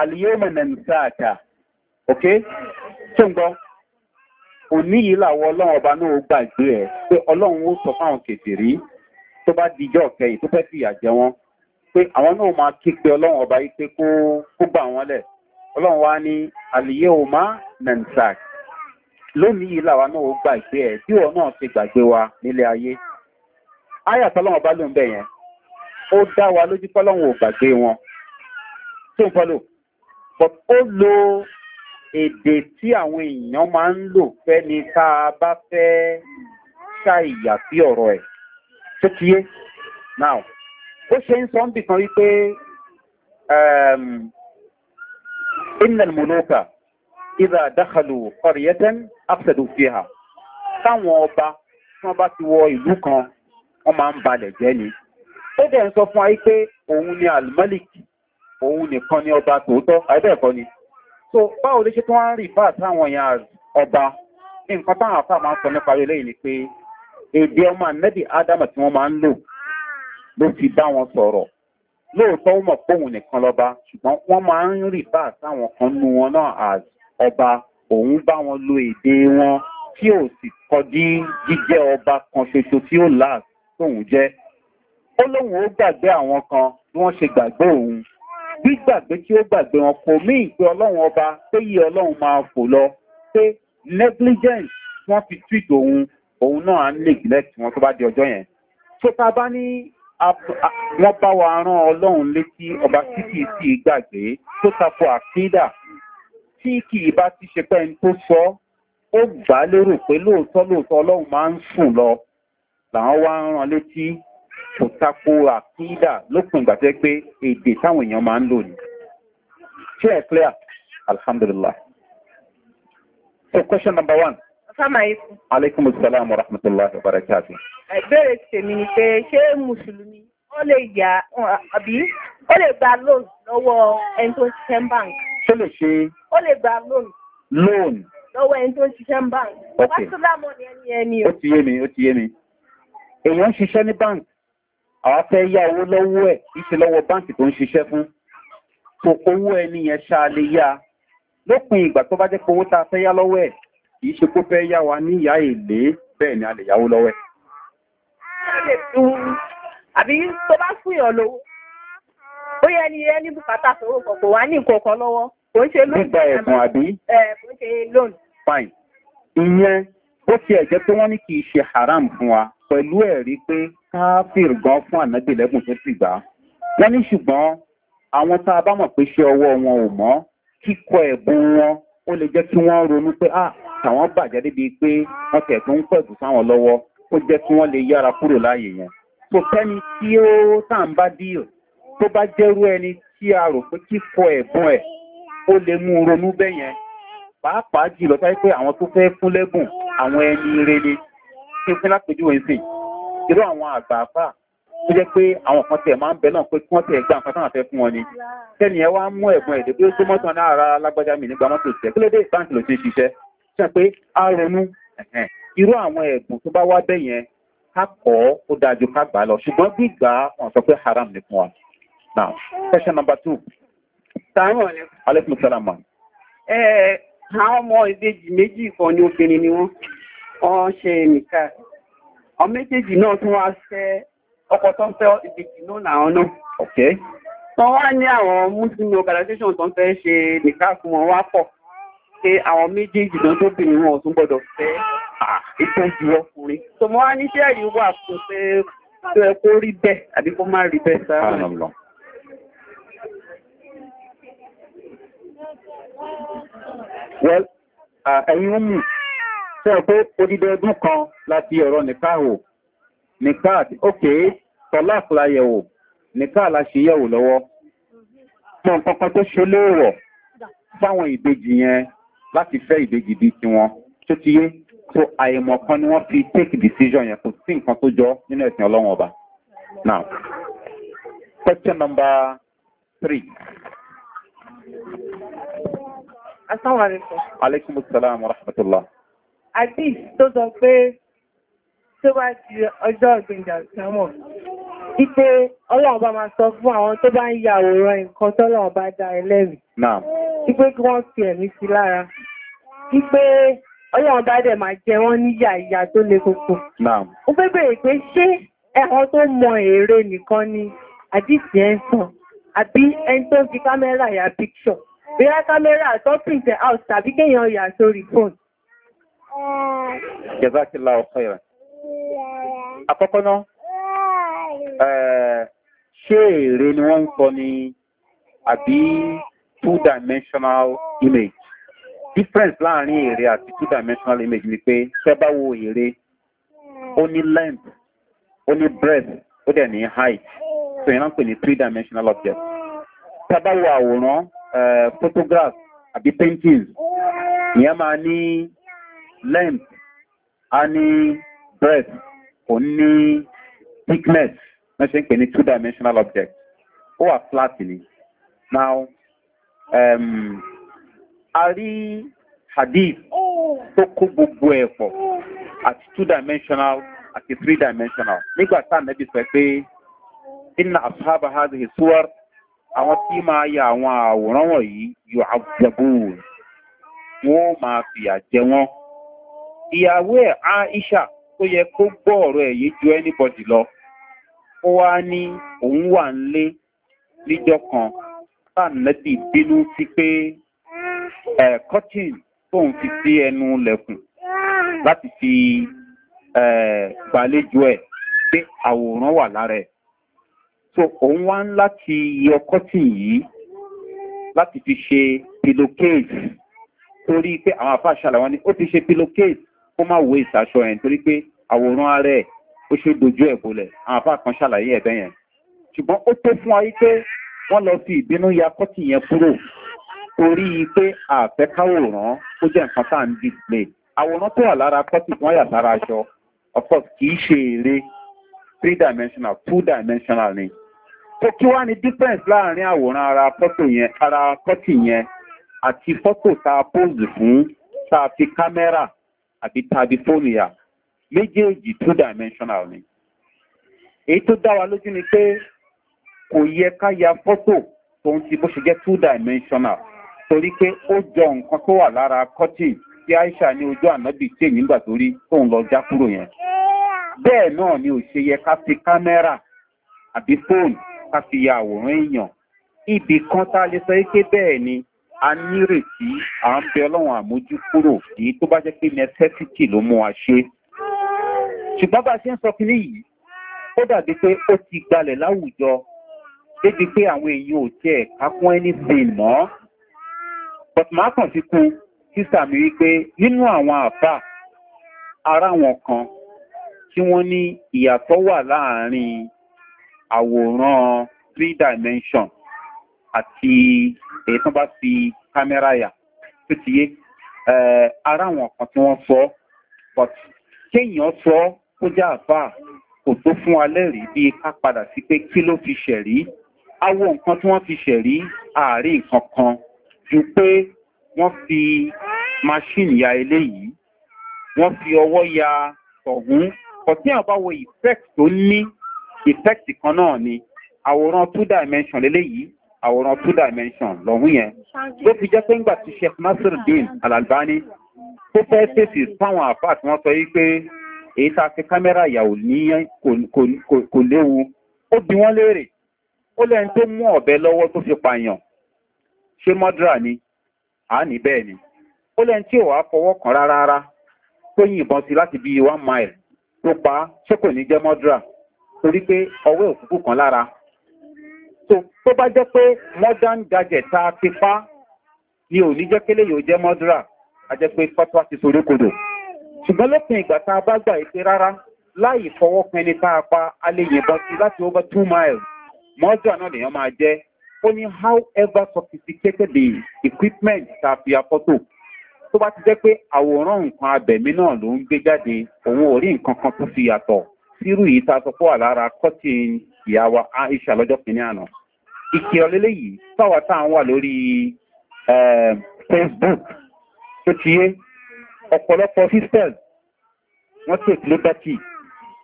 àlìyémà nà ń sáàkà ok tó ń gbọ́ òní yìí làwọ ọlọ́run ọba náà gbàgbé ẹ̀ pé ọlọ́run ó sọ fáwọn kèfèrí tó bá dijọ́ kẹyìn tó fẹ́ fìyà jẹ wọn pé àwọn náà máa kí pé ọlọ́run ọba yìí pé kó gbà wọn lẹ̀ ọlọ́run wá ní àlìyé òmá nansak lónìí yìí làwa náà ó gbàgbé ẹ̀ tí wọn náà ti gbàgbé wa nílé ayé áyà tọ́lọ́wọ́n bá ló ń bẹ̀ yẹn ó dá wa lójú fọ́lọ́wọ́n ò gbàgbé wọn tó ń fọ́lò but ó lo èdè tí àwọn èèyàn máa ń lò fẹ́ni tá a bá fẹ́ ṣàìyà sí ọ̀rọ̀ ẹ̀ tó kíyé now ó ṣe ń sọ ń bìkan wípé um, inna al-muluka idha dakhalu qaryatan afsadu fiha táwọn ọba tí wọ́n bá ti wọ ìlú kan wọ́n máa ń balẹ̀ jẹ́ ni ó dẹ̀ ń sọ fún ayé pé òun ni al-malik òun nìkan ni ọba tòótọ́ àìbẹ́ẹ̀kọ́ ni so báwo ló ṣe tó wá ń rí bá àtàwọn èèyàn ọba ní nǹkan táwọn àfà máa ń sọ nípa ni pé èdè ọmọ ànẹ́bì ádámà tí wọ́n máa ń lò ló fi bá wọn sọ̀rọ̀ lóòótọ́ wọ́n mọ̀ póun nìkan lọ́ba ṣùgbọ́n wọ́n máa ń rì bá sáwọn kan nu wọn náà as ọba òun bá wọn lo èdè wọn tí ò sì kọjú jíjẹ́ ọba kan ṣoṣo tí ó láàs tóun jẹ́ ó lóun ó gbàgbé àwọn kan bí wọ́n ṣe gbàgbé òun gbígbàgbé tí ó gbàgbé wọn kò mí ìpè ọlọ́run ọba pé yí ọlọ́run máa fò lọ pé negligence wọ́n fi tweet òun òun náà á neglect wọn tó bá di ọjọ́ yẹn tó ta bá ní wọ́n bá wa rán ọlọ́run létí ọba tí kìí sí ìgbàgbé tó tapo àkídà tí kìí bá ti ṣe pẹ́ ní tó sọ ó gbà á lérò pé lóòótọ́ lóòótọ́ ọlọ́run máa ń sùn lọ làwọn wá ń rán létí kò tapo àkídà lópin ìgbà tẹ́ pé èdè táwọn èèyàn máa ń lò ní. ṣé ẹ clear alhamdulilah. so question number one. asalaamualeykum. aleykum salaam wa rahmatulahi wa barakatuh ìbéèrè tèmi ni pé ṣé mùsùlùmí ó lè yà àbí ó lè gba loan lọ́wọ́ ẹni tó ń ṣiṣẹ́ ń bank. ṣé lè ṣe. ó lè gba loan. loan. lọ́wọ́ ẹni tó ń ṣiṣẹ́ ń bank. ok wàásùlámù ni ẹni ẹni o. ó ti yé mi ó ti yé mi èèyàn ń ṣiṣẹ́ ní bank àwọn fẹ́ yá owó lọ́wọ́ ẹ̀ ìṣe lọ́wọ́ báǹkì tó ń ṣiṣẹ́ fún so owó ẹni yẹn ṣáà lè yá lópin ìgbà tó bá jẹ́ pé owó tá a fẹ́ yá lọ́wọ́ ẹ̀ kì í ṣe kó fẹ́ yá wa ní ìyá èlé bẹ́ẹ̀ ni a lè yáwó lọ́wọ́ ẹ̀ lè fún àbí tó bá fún yàn lówó ó yẹ ni ẹni bùkátà sọ̀rọ̀ kan kò wá ní nǹkan kan lọ́wọ́ kò ń ṣe lónìí. nípa ẹ̀bùn àbí. ẹ̀ kò ń ṣe lónìí. fine ìyẹn ó ti ẹ̀jẹ̀ pé wọ́n ní kì í ṣe haram fún wa pẹ̀lú ẹ̀rí pé káfíìr gan fún ànábì lẹ́gùn tó sì gbà wọ́n ní ṣùgbọ́n àwọn tá a bá mọ̀ pé ṣe ọwọ́ wọn ò mọ́ kíkọ ẹ̀bùn wọn ó lè jẹ́ kí wọ́n ronú pé ah tàwọn bàjẹ́ débi pé wọ́n tẹ̀ tó ń pẹ̀bù sáwọn lọ́wọ́ ó jẹ́ kí wọ́n lè yára kúrò láàyè yẹn tó fẹ́ni tí ó tàn bá díò tó bá jẹ́rú ẹni tí a rò pé kíkọ ẹ̀bùn ẹ̀ ó lè mú ronú bẹ́yẹn pàápàá jùlọ táyé pé àwọn tó fẹ́ fún lẹ́bùn àwọn ẹni rere tí ó fẹ́ lápèjúwe sí irú àwọn àgbààfà tó jẹ́ pé àwọn kan tẹ̀ máa ń bẹ náà pé kí wọ́n tẹ̀ gbà nǹkan táwọn fẹ́ fún wọn ni tẹ́ni ẹ wá mú ẹ̀gbọ́n ẹ̀dẹ́ pé ó tó mọ́tàn náà ara lágbájá mi nígbà mọ́tò tẹ̀ kí ló dé ìbáǹkì ló ti ṣiṣẹ́ ṣe pé a ronú irú àwọn ẹ̀bùn tó bá wá bẹ́ yẹn ká kọ́ ó dáa ju ká gbà á lọ ṣùgbọ́n gbígbà wọn sọ pé haram ni fún wa. now question number two. sàmọ̀ ni. aleykum salaam ma. ẹ ẹ àwọn ọmọ ìbejì méjì kan ní obìnrin ni wọn wọn ṣe nìkan ọ méjèèjì náà tún wá fẹ ọkọ tó ń fẹ ìbejì náà làwọn náà. ok. wọ́n wá ní àwọn muslim organization tó ń fẹ́ ṣe nìkan fún wọn wá pọ̀ pé àwọn méjèèjì náà tó bìnrin wọn ò tún gbọ́dọ̀ fẹ́ ìkejì ọkùnrin tó mọ́ wá ní ṣé ẹ̀rí wà fún pé tó ẹ kó rí bẹ́ẹ̀ àbí kó má rí bẹ́ẹ̀ sáà Well, ẹ̀yin ọmọ sọ pé odidi ọdún kan láti ọ̀rọ̀ nìkáàwò nìkáàdì ókè tọ́láàfìláyẹ̀wò nìkáàlá ṣe yẹ̀wò lọ́wọ́ mọ́ nǹkan tó ṣe lóòrọ̀ fáwọn ìbejì yẹn láti fẹ́ ìbejì bí tiwọn tó ti yé so àìmọ̀ kan ni wọ́n fi take decision yẹn kò sí nǹkan tó jọ nínú ẹ̀sìn ọlọ́wọ́n ọba now question number three. asalaamualeykum. aleykum salaam wa rahmatulah. àdìs tó sọ pé tó bá di ọjọ́ ìgbìyànjú àtàwọn wípé ọlọ́ọ̀bá máa sọ fún àwọn tó bá ń ya àwòrán nǹkan tọ́lọ́ọ̀bá dá ẹlẹ́rìí. náà. wípé kí wọ́n fi ẹ̀mí sí lára. wípé. Ọlọ́run bá dẹ̀ máa jẹ wọ́n níyà ìyà tó le koko. Ó fẹ́ bèèrè pé ṣé ẹ̀họ́n tó mọ èrè nìkan ni àdìsí ẹ̀ ń sàn àbí ẹni tó fi kámẹ́rà ya píkṣọ̀. Bíra kámẹ́rà tó print out tàbí kéèyàn yà sórí fóònù. Jazakallahu khairan. Àkọ́kọ́ náà, eh, ṣé èrè ni wọ́n ń sọ ni àbí two-dimensional image? difference láàrin èrè àti two dimensional image ni pé tẹ́ wo èrè ó ní length ó ní breadth ó dẹ̀ ní height so yẹn ń pè ní three dimensional object tẹ́ wo àwòrán eh, photograph àbí paintings ìyẹn máa ní length a ní breadth kò ní thickness wọ́n ṣe ń pè ní two dimensional object ó wà flat ni now um, a rí hadith oh. tó kó gbogbo ẹ̀ àti two dimensional àti three dimensional nígbà tá à nẹ́bí sọ pé inna asahaba hadhihi suwar àwọn tí máa ya àwọn àwòrán wọ̀nyí yóò àjẹbùn wọn máa fìyà jẹ wọn ìyàwó ẹ̀ aisha tó yẹ kó gbọ́ ẹ̀yí ju anybody lọ ó wá ní òun wà ń lé níjọ kan tá nẹ́bí bínú sí pé kọ́tìn tóun fi sí ẹnu lẹ̀kùn láti fi gbàlejò ẹ̀ pé àwòrán wà lára ẹ̀ so òun wá ń láti yọ kọ́tìn yìí láti fi ṣe pillowcase torí pé àwọn àfáà ṣàlàyé wọn ni ó ti ṣe pillowcase kó má wo ìsàṣọ yẹn torí pé àwòrán ara ẹ̀ ó ṣe dojú ẹ̀ bolẹ̀ àwọn àfáà kan ṣàlàyé ẹ̀bẹ̀ yẹn ṣùgbọ́n ó tó fún wa pé wọ́n lọ fi ìbínú ya kọ́tìn yẹn kúrò torí pé àfẹ́káwòrán ó jẹ́ nǹkan tá à ń display àwòrán tó wà lára kọ́tì tí wọ́n yà sára aṣọ of course kì í ṣe eré three dimensional two dimensional ni so kí wá ni difference láàrin àwòrán ara fọ́tò yẹn ara kọ́tì yẹn àti fọ́tò tá a pose fún tá a fi kámẹ́rà àbí tàbí fóònù yà méjèèjì two dimensional ni èyí tó dá wa lójú ni pé kò yẹ ká ya fọ́tò tó ń ti bó ṣe jẹ́ two dimensional torí pé ó jọ nǹkan tó wà lára kọ́tì tí aisha ní ojú ànábì tí èyí nígbà tó rí tóun lọ já kúrò yẹn bẹ́ẹ̀ náà ni ò ṣe yẹ ká fi kámẹ́rà àbí fóònù ká fi ya àwòrán èèyàn ibì kan tá a lè sọ pé bẹ́ẹ̀ ni a nírètí à ń bẹ ọlọ́run àmójú kúrò èyí tó bá jẹ́ pé necessity ló mú wa ṣe ṣùgbọ́n bá a ṣe ń sọ kínní yìí ó dàbí pé ó ti gbalẹ̀ láwùjọ débi pé àwọn èèyàn ò tiẹ̀ kákún anything mọ́ but máa kàn sí kún sísà mi wípé nínú àwọn àfà ara wọn kan tí wọ́n ní ìyàtọ̀ wà láàárín àwòrán three dimension àti èyí tó bá fi kámẹ́rà yà tó ti yé ara wọn kan tí wọ́n sọ but kéèyàn sọ ó jẹ́ àfà kò tó fún wa lẹ́rìí bí ká padà sí pé kí ló fi ṣẹ̀rí awo nǹkan tí wọ́n fi ṣẹ̀rí àárín nǹkan kan ju pé wọ́n fi machine ya eléyìí wọ́n fi ọwọ́ ya tọ̀hún kọ̀tí àbá wo effect tó ní effect kan náà ni àwòrán two dimension léléyìí àwòrán two dimension lọ́hún yẹn ló fi jẹ́ pé ńgbà tí sheikh nasiruddin alalbani tó fẹ́ fèsì táwọn àfáà tí wọ́n sọ yí pé èyí tá a fi kámẹ́rà yàwó ní kò léwu ó bí wọ́n léèrè ó lẹ́ni tó mú ọ̀bẹ lọ́wọ́ tó fi pààyàn se mọ́dúrà ni a bẹ́ẹ̀ ni ó lẹ́ni tí kan rárá rárá tó yìnbọn sí láti one mile ló pa ṣé kò ní jẹ́ mọ́dúrà torí pé kan lára tó bá jẹ́ pé modern gadget tá ti pa ni ò ní jẹ́ kélé yóò jẹ́ mọ́dúrà a jẹ́ pé fọ́tíwá ti sorí ṣùgbọ́n lópin ìgbà tá a a pa a lè yìnbọn sí two miles mọ́dúrà náà lèèyàn máa jẹ́ ó ní however sophisticated the equipment tá a fi afọ́tò tó bá ti jẹ́ pé àwòrán nǹkan abẹ̀mí náà ló ń gbé jáde òun ò rí nǹkan kan tó fi yàtọ̀ sírù yìí tá a sọ pé wà lára kọ́tìn ìyàwó aisha lọ́jọ́ kìíní àná ìkìlọ̀ lélẹ́yìí táwa tá à ń wà lórí eh, facebook tó ti yé ọ̀pọ̀lọpọ̀ sisters wọ́n tètè ló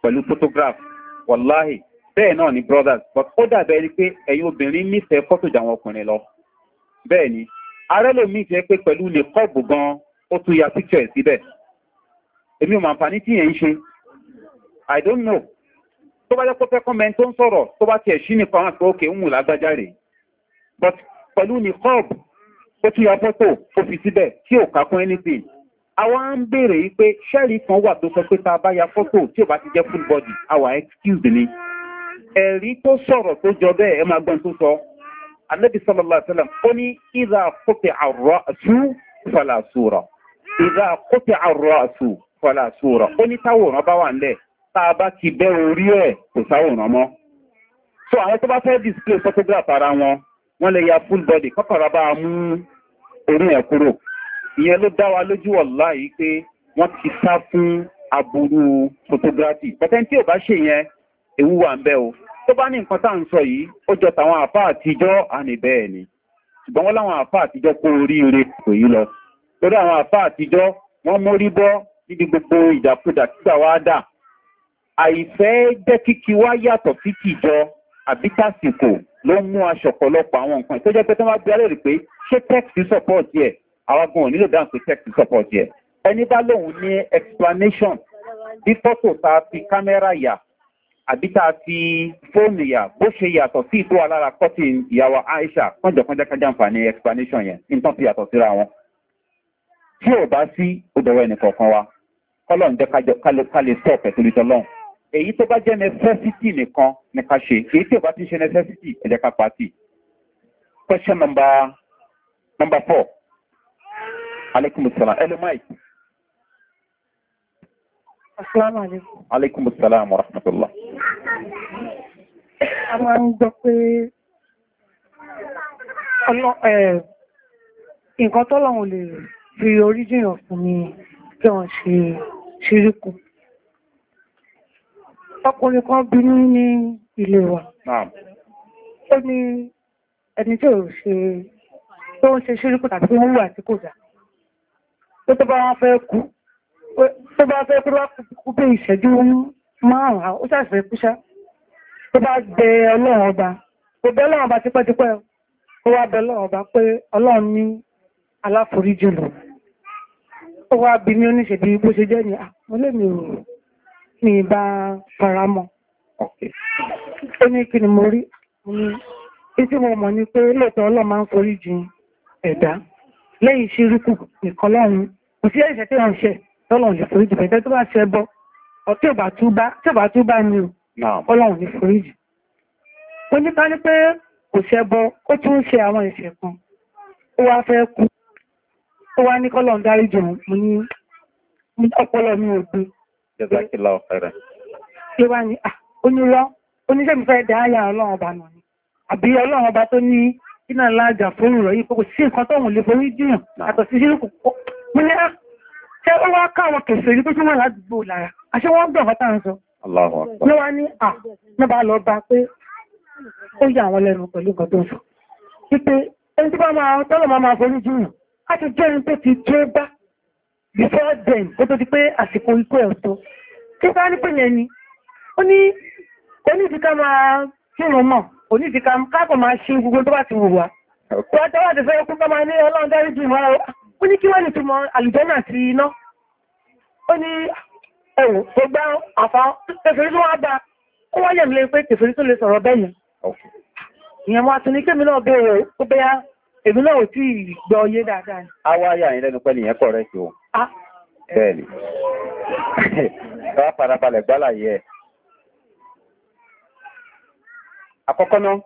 pẹ̀lú photograph wàláhì bẹ́ẹ̀ náà ni brothers but ó dàbẹ̀ ni pé ẹ̀yin obìnrin nífẹ̀ẹ́ fọ́tòjà àwọn ọkùnrin lọ bẹ́ẹ̀ ni arẹ́lòmíì jẹ́ pé pẹ̀lú lè kọ́ọ̀bù gan ó tún ya picture ẹ̀ síbẹ̀ èmi ò mọ àǹfààní tí yẹn ń ṣe i don't know tó bá jẹ́ pé fẹ́ kọ́mẹ́ntì tó ń sọ̀rọ̀ tó bá tiẹ̀ ṣí nìkan àti òkè ń wù lágbájá rèé but pẹ̀lú ní kọ́ọ̀bù ó tún ya fọ́tò ó fi síbẹ̀ tí ò ká anything àwa ń béèrè yìí pé ṣẹ́ẹ̀rì kan wà tó sọ pé tá a bá ya fọ́tò tí ò bá ti jẹ́ full body our excuse ni ẹ̀rí tó sọ̀rọ̀ tó jọ bẹ́ẹ̀ ẹ máa gbọ́n tó sọ anabi sallallahu alayhi wa sallam ó ní ìdá kópè àrọ́ àṣù fàlàṣùrọ̀ ìdá kópè àrọ́ àṣù fàlàṣùrọ̀ ó ní táwòrán bá wà nílẹ̀ tá a bá ti bẹ́ orí ẹ̀ kò sáwòrán mọ́ so àwọn tó bá fẹ́ display photograph ara wọn wọ́n lè ya full body kọ́kọ̀rọ̀ bá mú orí ẹ̀ kúrò ìyẹn ló dá wa lójú ọ̀la yìí pé wọ́n ti sá fún aburú photography pẹ̀tẹ́ ò bá ṣe ewu wà ń bẹ́ o tó bá ní nǹkan tá à ń sọ yìí ó jọ tàwọn àfa àtijọ́ àní bẹ́ẹ̀ ni ṣùgbọ́n wọ́n láwọn àfa àtijọ́ kó oríire kò yí lọ lórí àwọn àfa àtijọ́ wọ́n mórí bọ́ níbi gbogbo ìdàkudà kígbà wá dà àìfẹ́ jẹ́ kíkí wá yàtọ̀ sí tìjọ àbí tásìkò ló ń mú aṣọ ọ̀pọ̀lọpọ̀ àwọn nǹkan tó jẹ́ pé tó máa bí alẹ́ rè pé ṣé tẹ́ẹ̀kì sọ́pọ̀ọ̀tì ẹ̀ àwa gan ò nílò dáhùn pé tẹ́ẹ̀kì sọ́pọ̀ọ̀tì ẹ̀ ẹni bá lóun ní explanation bí fọ́tò ta fi kámẹ́rà yà àbí tá a fi fóònù yà bó ṣe yàtọ̀ sí ìtò alára kọ́tìn ìyàwó aisha kọ́njọ̀kọ́njọ́kọ́jà nfààní explanation yẹn nǹkan fi yàtọ̀ síra wọn. tí ò bá sí òdòwò ẹnìkọ̀ọ̀kan wa kọ́lọ̀ ń jẹ́ ká lè sọ ọ̀pẹ̀ torí tọ́lọ́hùn. èyí tó bá jẹ́ necessity nìkan ni ká ṣe èyí tí ò bá ti ṣe necessity ẹ jẹ́ ká pa tì. question number number four aleykum salaam hello mike. asalaamualeykum. aleykum salaam wa rahmatulah a máa ń gbọ́ pé nǹkan tọ́lọ̀wọ̀n lè fi orí jìyàn fún mi kí wọ́n ṣe ṣíríkù ọkùnrin kan bínú ní ilé wa ó ní ẹni tí ò ṣe tó ń ṣe ṣíríkù tàbí wọ́n wà tí kò dá tó tó bá fẹ́ kú tó bá fẹ́ kú bí ìṣẹ́jú márùn-ún ó sàfẹ́ kúṣá tó bá gbẹ ọlọ́run ọba kò bẹ́ ọlọ́run ọba tipẹ́tipẹ́ ó wá bẹ ọlọ́run ọba pé ọlọ́run ní aláforíjì lò ó wá bí ní oníṣẹ́bí bó ṣe jẹ́ ní àmọ́lẹ́mì ah, ò ní ìbá faramọ́ ó ní kí ni mo rí ní tí mo mọ̀ ní pé lóòtọ́ ọlọ́run máa ń foríjì ẹ̀dá lẹ́yìn ṣírúkù nìkan lọ́run kò sí ẹ̀ṣẹ̀ tí wọ́n ṣe tọ́lọ̀ ìforíjì pẹ̀tẹ́ tó bá ṣe bọ́ ọ̀tí ò bá túbá ni o ọlọ́run ní foríjì ó ní ká ní pé kò ṣẹbọ ó tún ń ṣe àwọn ẹ̀ṣẹ̀ kan ó wá fẹ́ kú ó wá ní kọ́lọ̀ ń dárí jùun mú ní ọpọlọ mi ò gbé lọ́wọ́ ni onírọ́ oníṣẹ́ mi fẹ́ dá àyà ọlọ́run ọba nù ni àbí ọlọ́run ọba tó ní iná láàjà fún ìrọ̀ yìí kò sí nǹkan tóhun lè forí jìyàn àtọ̀ sí sí kòkó múlẹ́ ṣé ó wá káwọn kèsè rí tó tún wà ládùúgbò lára àṣẹ wọ́n gbọ̀n fátà ń sọ ní wá ní à ah, mẹ́bàá lọ bá pé ó yà àwọn lẹ́nu pẹ̀lú nǹkan tó ń sọ wípé ẹni tí bá máa tọ́lọ̀ máa máa forí jùyàn á ti jẹ́ ẹni tó ti jẹ́ bá before then kó tó ti pé àsìkò ikú ẹ̀ tó tí bá ní pé yẹn ni ó ní onídìíká máa kírun mọ̀ onídìíká káàkọ̀ máa ṣe gbogbo tó bá ti wù wá tó wá tẹ́wà ti fẹ́ kú bá máa ní ọlọ́run dárí jù mọ́ra kí ẹ̀wọ̀n tó gbá àfá kẹfìrí tó wá bá ó wáyẹ̀ mi lè pé kẹfìrí tó lè sọ̀rọ̀ bẹ́yìn ìyẹn wá tún ní kémi náà bẹ̀rẹ̀ ó bẹ́yà èmi náà tí gbọ́ yé dáadáa a wá yà yín lẹ́nu pẹ́lú ìyẹn kọ̀ rẹ̀ sí o bẹ́ẹ̀ni bá farabalẹ̀ gbálà yẹ àkọ́kọ́ náà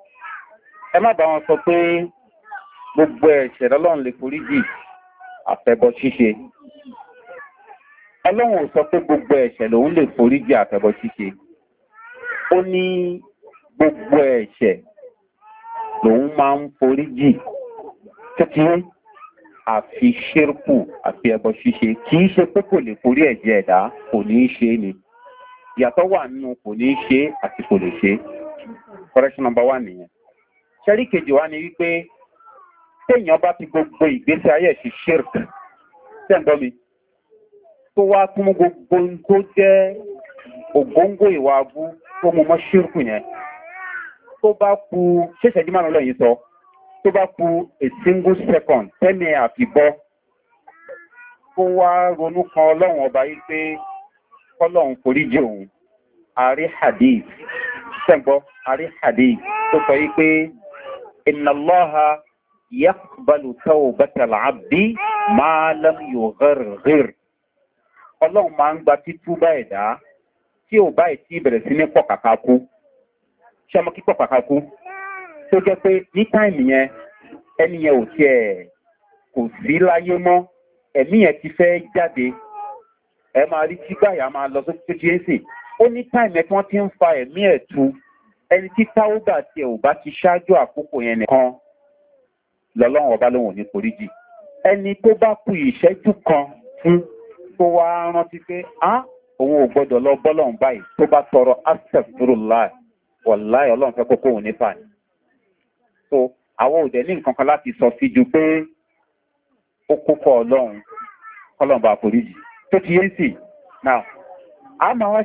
ẹ má bá wọn sọ pé gbogbo ẹ̀ṣẹ̀ lọ́lọ́run lè forí ọlọ́run ò sọ pé gbogbo ẹ̀ṣẹ̀ lòun lè forí jẹ àtẹ̀bọ ṣíṣe ó ní gbogbo ẹ̀ṣẹ̀ lòun máa ń forí jì kékeré àfi ṣírkù àfi ẹbọ ṣíṣe kì í ṣe pé kò lè forí ẹ̀jẹ̀ ẹ̀dá kò ní í ṣe ni ìyàtọ̀ wà nínú kò ní í ṣe àti kò lè ṣe correction number one nìyẹn ṣẹ́rí kejì wá ni wípé téèyàn bá ti gbogbo ìgbésí ayé ẹ̀ ṣe ṣírkù tẹ́ ń gbọ́ mi tó wá kún gbogbo tó jẹ́ ògóńgó ìwà abú tó mú mọ́ ṣírkù yẹn tó bá ku ṣẹ̀ṣẹ̀ dí márùn-ún lẹ́yìn sọ tó bá ku a single second tẹ́mi àfibọ́ kó wá ronú kan ọlọ́run ọba yìí pé kọ́lọ́run foríjì òun àrí hadith sẹ́gbọ́ àrí hadith tó sọ yìí pé ìnàlọ́ha yẹ́kùbálù tẹ́wọ̀ bẹ́tẹ̀lá bí máa lẹ́mú yóò gẹ́rẹ́rẹ́ ọlọ́run máa ń gba títú bá ẹ̀dá tí ò bá ìtí ìbẹ̀rẹ̀ sí ní pọ̀ kàkà kú ṣọmọ kí pọ̀ kàkà kú tó jẹ́ pé ní táìmì yẹn ẹni yẹn ò tiẹ̀ kò sí láyé mọ́ ẹ̀mí yẹn ti fẹ́ jáde ẹ máa rí tí gbàyà máa lọ sókè tó tiẹ̀ sìn ó ní táìmì ẹ̀ tí wọ́n ti ń fa ẹ̀mí ẹ̀ tu ẹni tí táwọ́gbà tiẹ̀ ò bá ti ṣáájú àkókò yẹn nìkan lọ́lọ́run ọba lòun ò ní foríjì ẹni tó bá ku ìṣẹ́jú kan fún kó wá rántí pé á òun ò gbọdọ̀ lọ bọ́lọ̀n báyìí tó bá tọrọ asef dúró láì wọ̀láì ọlọ́run fẹ́ kókó òun nípa ni. so àwọn òdẹ ní nǹkan kan láti sọ sí ju pé ó kókó ọlọ́run kọ́lọ́n bá foríjì tó ti yé sí now a máa à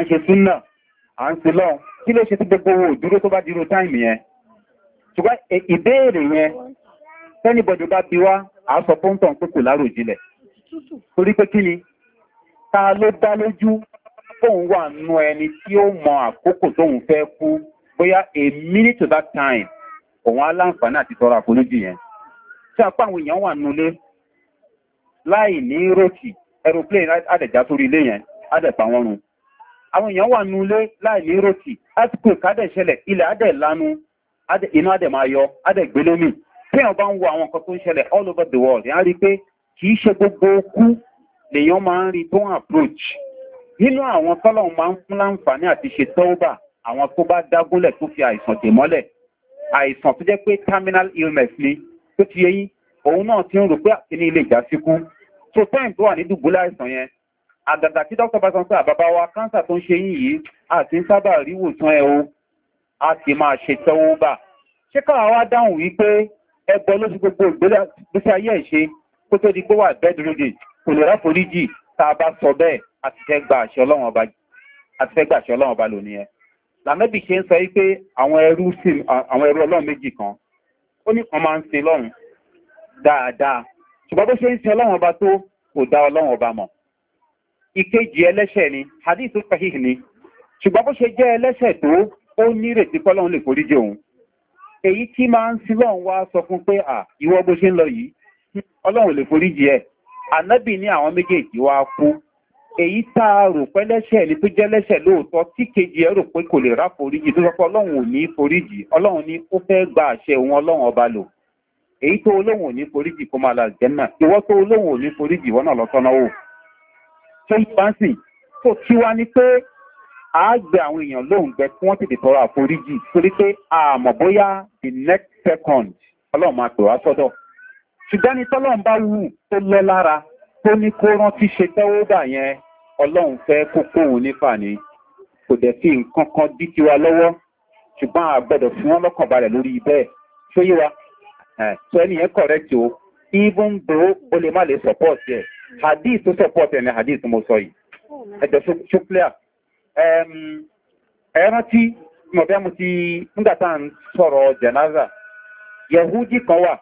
ń ṣe súnà à ń ṣe lọ́n kí ló ṣe tí gbogbo òdúró tó bá dirú táìmì yẹn ṣùgbọ́n e, ìbéèrè yẹn tẹ́nibọ̀dù bá bí wá àásọ pọ́ntàn pé kò lárò jílẹ̀ torí pé kí ni ta ló dá lójú tóun wà nú ẹni tí ó mọ àkókò tóun fẹ́ kú bóyá a minute to that time òun aláǹfààní àti tọrọ àforíjì yẹn tí apá àwọn èèyàn wà nulé láì ní ròkì aeroplane àdẹ̀já sórí ilé yẹn àdẹ̀pà wọn run àwọn èèyàn wà nulé láì ní ròkì earthquake àdẹ̀ṣẹlẹ̀ ilẹ̀ àdẹ̀ lanu iná àdẹ̀ máa yọ àdẹ̀ gbé lómi téèyàn bá ń wo àwọn nǹkan tó ń ṣẹlẹ̀ all over the world yẹn á rí i pé kì í ṣe gbogbo okú lèèyàn máa ń rí tó ń approach nínú àwọn tọ́lọ́run máa ń fún láǹfààní àti ṣe tọ́wọ́bà àwọn tó bá dágúnlẹ̀ tó fi àìsàn tè mọ́lẹ̀ àìsàn tó jẹ́ pé terminal illness ni tó ti yẹyí òun náà ti ń rò pé àkíní ilé ìjà síkú so time tó wà ní dùbúlẹ̀ àìsàn yẹn àgàgà tí dókítà bá sọ pé àbábá wa káńsà tó ń ṣe yín yìí àti ń sábà rí wòsàn ẹ o a sì máa ṣe tẹ́wọ́ bà ṣé káà wá dáhùn wípé ẹgbọ́ ló fi gbogbo ìgbésí ayé ẹ̀ ṣe kó tó di pé wà bẹ́ẹ̀dúródì kò lè ráforíjì tá a bá sọ bẹ́ẹ̀ a ti fẹ́ gba àṣẹ ọlọ́run ọba lónìí ẹ làmẹ́bì ṣe ń sọ wípé àwọn ẹrú ọlọ́run méjì kan ó ní kan máa ń sin lọ́run dáadáa ṣùgbọ́n bó ṣe ń sin ọlọ́run ọba tó kò dá ọlọ́run ọba mọ̀ ìkejì ẹlẹ́ṣẹ̀ ni hadith fahim ni ṣùgbọ́n bó ṣe jẹ́ ẹlẹ́ṣẹ̀ tó ó nírètí pọ́lọ́run lè forí jẹ òun èyí tí máa ń sí lọ́run wá sọ fún pé à ìwọ bó ṣe ń lọ yìí ọlọ́run lè forí jẹ ẹ̀ ànábì ní àwọn méjèèjì wá kú èyí tá a rò pé lẹ́sẹ̀ ni tó jẹ́ lẹ́sẹ̀ lóòótọ́ tí kejì ẹ rò pé kò lè rá foríjì tó sọ pé ọlọ́run ò ní foríjì ọlọ́run ní ó fẹ́ gba àṣẹ òun ọlọ́run ọba lò èyí tó olóhùn ò ní foríjì kó máa la jẹ́nà ìwọ́ tó olóhùn ò ní foríjì ìwọ́ náà lọ́tọ́náwó tó yí bá ń sìn a gbé àwọn èèyàn lóhùn gbẹ kí wọ́n tètè tọrọ àforíjì torí pé àmọ̀ bóyá the next second ọlọ́run máa pè wá sọ́dọ̀ ṣùgbọ́n ní tọ́lọ́run bá wù tó lọ lára tó ní kó rántí ṣe tẹ́wọ́dà yẹn ọlọ́run fẹ́ kókó òun nífà ni kò dẹ̀ fi nǹkan kan dí tiwa lọ́wọ́ ṣùgbọ́n a gbọ́dọ̀ fi wọ́n lọ́kàn balẹ̀ lórí bẹ́ẹ̀ ṣó yé wa sọ ẹni yẹn correct o even though o lè má lè support yẹ hadith tó support yẹ ni hadith mo sọ yìí ẹ̀jọ̀ ṣó clear ẹran tí mọ̀fẹ́ mú ti ńgbàtà ń sọ̀rọ̀ jẹ̀náza yẹ̀húdí kan wà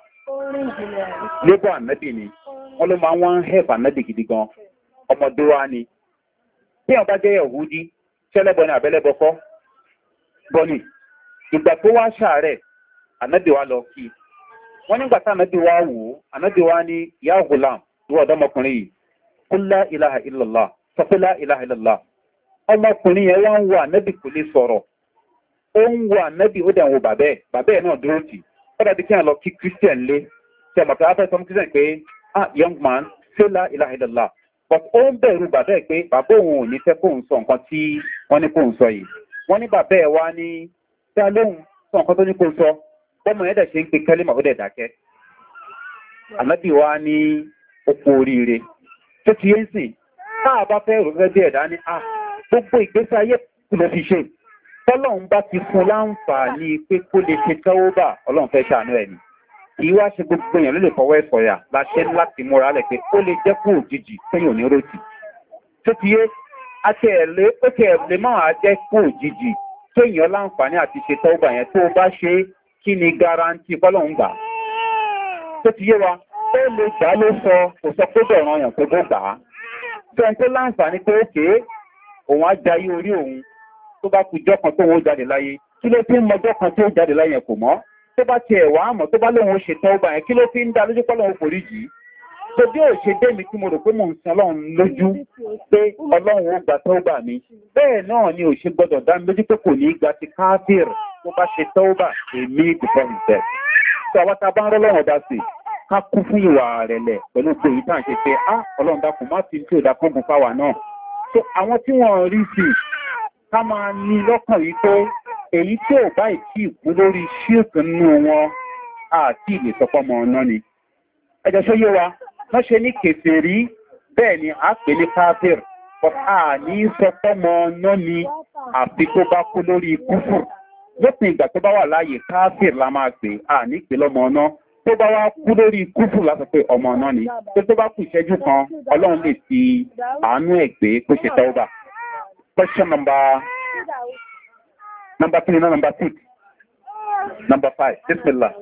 lébọ̀ ànẹ́bì ni wọ́n ló máa wọ́n gidi gan ọmọdé ni bí wọ́n bá jẹ́ yẹ̀húdí tẹ́lẹ́bọ ni àbẹ́lẹ́bọ kọ́ bọ́ni ìgbà tó wá ṣàárẹ̀ ànẹ́bì wa lọ kí wọ́n nígbà tá ànẹ́bì wa wò ànẹ́bì wa ọmọkùnrin yẹn wá ń wo ànábì kò lè sọ̀rọ̀ ó ń wo ànábì ó dẹ̀ ń wo bàbá ẹ̀ bàbá ẹ̀ náà dúró tì ó dàbí kí n lọ kí christian lé ṣe àmọ̀tá afẹ́ sọmọ christian pé ah young man fela ilahidala but ó ń bẹ̀rù bàbá ẹ̀ pé bàbá òun ò ní fẹ́ kóun sọ nǹkan tí wọ́n ní kóun sọ yìí wọ́n ní bàbá ẹ̀ wá ní dá lóhùn sọ nǹkan tó ní kóun sọ bọ́mọ yẹn dẹ̀ ṣe ń pe kẹ́lẹ́mà ó dẹ̀ dákẹ́ ànábì wá ní oko oríire tó ti yé ń sìn táà bá fẹ́ rò fẹ́ bí ẹ̀dá ní ah gbogbo ìgbésẹ̀ ayé ló fi ṣe tọ́lọ́run bá ti fún láǹfààní pé kó lè ṣe tẹ́wọ́bà ọlọ́run fẹ́ ṣàánú ẹ̀ ni kì í wá ṣe gbogbo èèyàn ló lè fọwọ́ ẹ̀ sọ̀yà láṣẹ láti múra lẹ̀ pé ó lè jẹ́ kó òjijì sẹ́yìn òní ròtì tó ti yé àti ẹ̀lẹ́ ó ti ẹ̀lẹ́ máa jẹ́ kó òjijì sẹ́yìn láǹfààní àti ṣe tẹ́wọ́bà yẹn tó bá ṣe kí ni garanti fọ́lọ́run gbà tó ti yé wa ó lè gbà ló sọ kò sọ pé bẹ̀rẹ̀ ọ̀yàn pé kó gbà á òun á jayé orí òun tó bá kujọ́ kan tó wọ́n jáde láyé kí ló fi ń mọjọ́ kan tó jáde láyé yẹn kò mọ́ tó bá tiẹ̀ wá mọ̀ tó bá lóun ṣe tán ọba yẹn kí ló fi ń dá lójú pọ́ lóun forí jì í tó bí ò ṣe dé mi tí mo rò pé mò ń san ọlọ́run lójú pé ọlọ́run ó gbà tó gbà mí bẹ́ẹ̀ náà ni ò ṣe gbọ́dọ̀ dá mi lójú pé kò ní í gba ti káfíìr tó bá ṣe tó bà èmi before ká kú fún ìwà rẹ̀ lẹ̀ pẹ̀lú pé èyí ṣe pé ah ọlọ́run dákun má fi ń tí ò dá kọ́gùn fáwa náà so àwọn tí wọ́n rí sí ká máa ní lọ́kàn wípé èyí tí ò bá ìtí ìkú lórí ṣíkù nínú wọn àti ìlè sọpọ́mọ ọ̀nà ni ẹjọ́ ṣó yé wa wọ́n ṣe ní kèfèrí bẹ́ẹ̀ ni a pè ní káfíìr ọ̀tá ní sọpọ́mọ ọ̀nà ni àfi tó bá kú lórí kúfù lópin ìgbà tó bá wà láàyè káfíìr la máa pè à ní ìpínlọ́mọ ọ̀nà tó bá wá kú lórí kúfù láti pé ọmọ náà ni tó tó bá kù ìṣẹ́jú kan ọlọ́run lè fi àánú ẹ̀ gbé pé ṣe tẹ́ ó question number number three na number six number five bismillah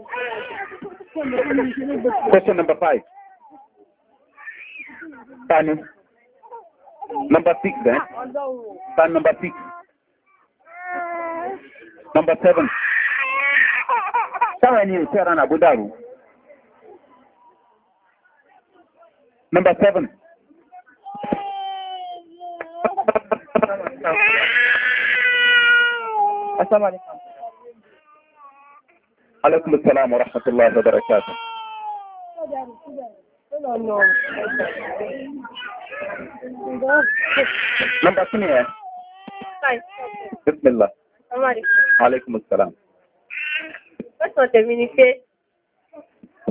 question number five tani number six then tani number six number seven sáwọn ẹni ìṣẹ́ ara nàgbó Number seven. Assalamu alaikum. Alaikum assalam wa rahmatullahi wa barakatuh. Number three. Hi. Bismillah. Assalamu alaikum. Alaikum assalam. What's not the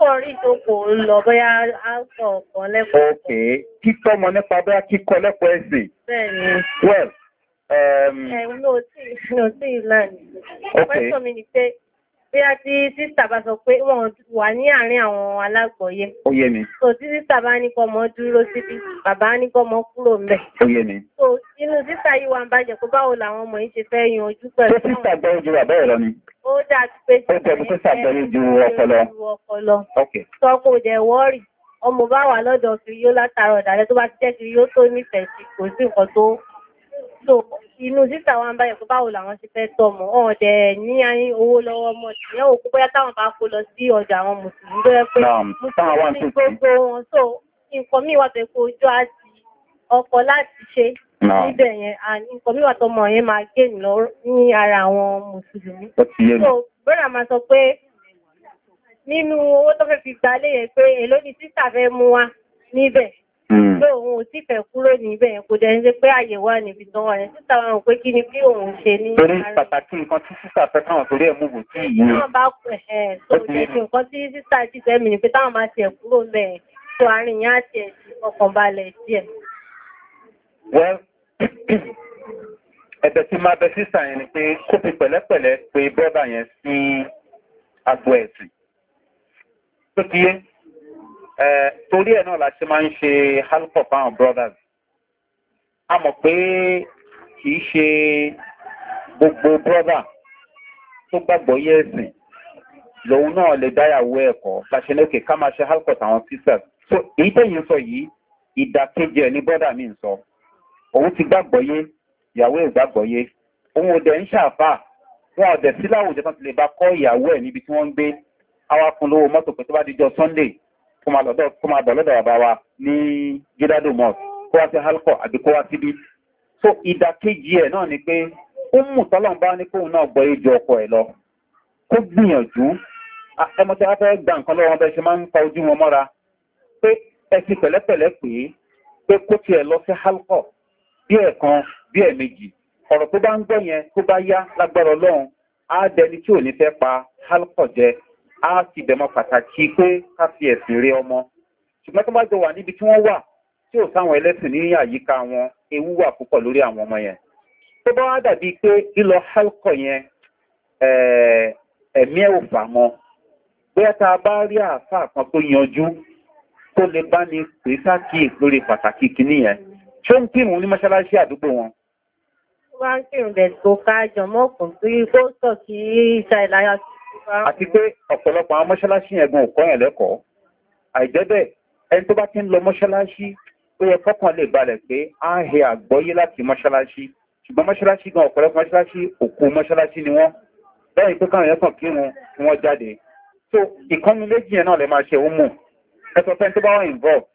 kọ̀ rí tó kò ń lọ bóyá á sọ ọ̀kan lẹ́kọ̀ọ́. ok kíkọ́ mọ nípa bóyá kíkọ́ lẹ́kọ̀ọ́ ẹ̀sìn. bẹ́ẹ̀ni. well. Um, ẹ̀ ń lò tí ì lò tí ì lánìí. ok pẹ́sọ̀ mi ni pé bóyá tí sísà bá sọ pé wọ́n wà ní àárín àwọn alágbọ̀yé. ó yé mi. so tí sísà bá ní kọ́ ọmọ dúró síbí bàbá ní kọ́ ọmọ kúrò ńbẹ̀. ó yé mi. so inú sísà yìí wà ń bàjẹ́ pé báwo làwọn ọmọ yìí ṣe fẹ́ yan ojú pẹ̀lú. ṣé sísà gbẹ́rù ju bàbá ẹ̀ lọ ni. ó dà pé sísà gbẹ́rù ju ọkọ lọ. sọ kò dẹ̀ wọ́ọ̀rì ọmọ bá wà lọ́dọ̀ kiri yóò látàrọ̀ ọ̀dàlẹ́ tó bá ti jẹ́ kiri yóò tó nífẹ̀ẹ́ sí kò sí nǹkan tó so inú sísà wa ń báyẹ̀ pé báwo làwọn ṣe fẹ́ tọmọ ọ̀dẹ̀ ní owó lọ́wọ́ ọmọ ìyẹn òkú bóyá táwọn bá kó lọ sí ọjà àwọn mùsùlùmí tó pé mùsùlùmí gbogbo wọn so nǹkan míì wà fẹ́ kó ojú àti ọkọ̀ láti ṣe níbẹ̀ yẹn nǹkan míì wà tọmọ yẹn máa gé lọ ní ara àwọn mùsùlùmí so bóyá máa sọ pé nínú owó tó fẹ́ fi gbalẹ̀ yẹn pé èló ni sísà fẹ́ mú wa níbẹ̀ pé òun ò tí fẹ́ kúrò níbẹ̀ kò dẹ̀ ń ṣe pé àyè wà níbi tán wà yẹn sísà pé kí ni bí òun ṣe ní. torí pàtàkì nǹkan tí sísà fẹ́ káwọn torí ẹ̀ múgùn tí ìyí. wọ́n bá ẹ̀ tó jẹ́ sí nǹkan tí sísà ti fẹ́ mi ni pé táwọn máa tiẹ̀ kúrò mẹ́ẹ̀ tó àárín yẹn àti ẹ̀ ọkàn balẹ̀ díẹ̀. <clears throat> ẹ̀bẹ̀ tí máa bẹ sísà yẹn ni pé kó pẹ̀lẹ́pẹ̀lẹ́ pé bọ́ọ̀bà yẹn sí agbo ẹ̀sìn tó ti yé torí ẹ̀ náà la ṣe máa ń ṣe halkọ̀ fáwọn brothers a mọ̀ pé kì í ṣe gbogbo brother tó gbàgbọ́ yé ẹ̀sìn lòun náà lè dáyàwó ẹ̀kọ́ láṣẹ lókè ká máa ṣe halkọ̀ táwọn sisters so èyí tẹ̀yìn sọ yìí ìdàkejì ẹ̀ ní brother mi ń sọ òun ti gbàgbọ́ yé ìyàwó ẹ̀ gbàgbọ́ yé òun ò dẹ̀ ń ṣàfà wọn ò dẹ̀ sí láwùjọ tán ti lè bá kọ́ ìyàwó ẹ̀ níbi tí wọ́n ń gbé awakùn lówó mọ́tò pé bá dijọ́ sunday kó máa bọ̀ lọ́dọ̀ bàbá wa ní gídádò mosque kó wá sí halkọ àbí kó wá síbí. so ìdàkejì ẹ̀ náà ni pé ó mú tọ́lọ́mbá ní kóun náà gbọ́ ejò ọkọ̀ ẹ̀ lọ kó gbìyànjú a tí a fẹ́ gba nǹkan lọ́wọ́ wọn bẹ́ẹ̀ ṣe máa ń pa ojú wọn mọ́ra pé ẹ ti pẹ̀lẹ́pẹ̀lẹ́ pé pé kó tiẹ̀ lọ sí halkọ bí ẹ̀kan bí ẹ̀mejì ọ̀rọ̀ tó bá ń gbọ́ yẹn tó bá yá lágbára ọlọ́run á dẹni tí ò ní fẹ́ pa halkọ jẹ á fi bẹ̀mọ̀ pàtàkì pé ká fi ẹ̀sìn rí ọmọ ṣùgbọ́n tó bá jọ wà níbi tí wọ́n wà tí ò sáwọn ẹlẹ́sìn ní àyíká wọn ewu wà púpọ̀ lórí àwọn ọmọ yẹn tó bá wá dàbí pé lílọ halkọ yẹn ẹ̀mí ẹ̀ ò fà mọ́ bóyá tá a bá rí àáfàá kan tó yanjú tó lè bá ní pè sákì lórí pàtàkì kìíní yẹn ṣé ń kírun ní mọ́ṣáláṣí àdúgbò wọn wá ń kírun bẹ̀ tó ká jọmọ́ kùn sọ kí ìṣàìláyà àti pé ọ̀pọ̀lọpọ̀ àwọn mọ́ṣáláṣí ẹ̀gbọ́n ò kọ́yàn lẹ́kọ̀ọ́ àìjẹ́bẹ̀ ẹni tó bá ti ń lọ mọ́ṣáláṣí ó yẹ kọ́kàn lè balẹ̀ pé á he àgbọ́yé láti mọ́ṣáláṣí ṣùgbọ́n mọ́ṣáláṣí gan ọ̀pọ̀lọpọ̀ mọ́ṣáláṣí òkú mọ́ṣáláṣí ni wọ́n lẹ́yìn pé káwọn yẹn kàn kírun kí wọ́n jáde so ìkànnì méjì yẹn náà lè máa ṣe ó mù ẹ sọ fẹ́ni tó bá wà involve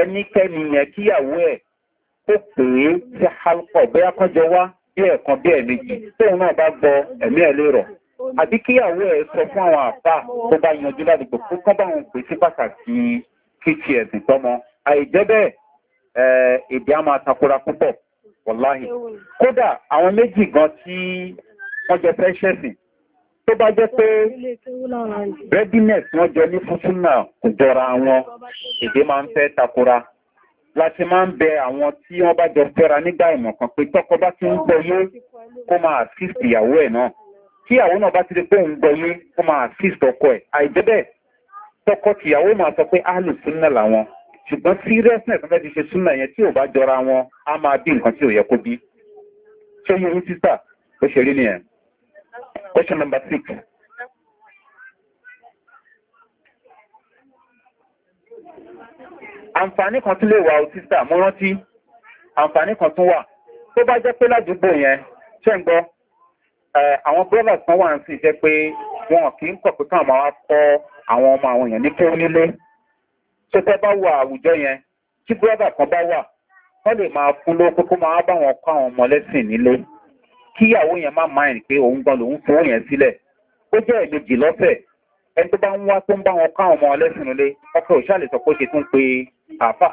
ẹnikẹ́ni yẹn kíyàwó ẹ̀ ó pè é sí halkọ̀ bóyá kọjọ wá bí ẹ̀kan bí ẹ̀mejì tóun náà bá gbọ́ ẹ̀mí ẹ̀ lérò àbí kíyàwó ẹ̀ sọ fún àwọn àfà tó bá yanjú ládùúgbò kó kán bá wọn pè sí pàtàkì fífi ẹ̀sìn tọ́mọ àìjẹ́ bẹ́ẹ̀ èdè á máa takora púpọ̀ wọ̀láhì kódà àwọn méjì gan tí wọ́n jẹ fẹ́ tó bá jẹ́ pé readiness wọ́n jọ ní náà kò jọra wọn èdè máa ń fẹ́ takora láti máa ń bẹ àwọn tí wọ́n bá jọ fẹ́ra nígbà ìmọ̀ kan pé tọ́kọ bá ti ń gbọ́ yé kó máa assist ìyàwó ẹ̀ náà tí àwọn náà bá ti rí pé ń gbọyé ó máa assist ọkọ ẹ̀ àìjẹ́bẹ̀ tọkọ tìyàwó máa sọ pé áàlù súnà làwọn ṣùgbọ́n seriousness fẹ́ fi ṣe súnà yẹn tí ò bá jọra wọn á máa bí nǹkan tí ò yẹ kó bí ṣé yín sísà ó ṣe rí nìyẹn question number six. àǹfààní kan tún lè wà ó sísà mo rántí àǹfààní kan tún wà tó bá jẹ́ pé ládùúgbò yẹn ṣẹ́ ń gbọ́ àwọn brothers kan wà ń sìn jẹ́ pé wọn kì í kọ̀ pé káwọn máa kọ́ àwọn ọmọ àwọn èèyàn ní kí ó nílé tó fẹ́ bá wà àwùjọ yẹn tí brother kan bá wà wọ́n lè máa fún ló kókó máa bá wọn kọ́ àwọn ọmọ lẹ́sìn nílé kíyàwó yẹn má máa rìn pé òun gan lòun fowó yẹn sílẹ̀ ó jẹ́ ìbejì lọ́fẹ̀ẹ́ ẹni tó bá ń wá tó ń bá wọn kọ́ àwọn ọmọ ọlẹ́sìn nílé ọkọ̀ òṣàlẹ̀ sọ pé ó ṣe tún pé àáfà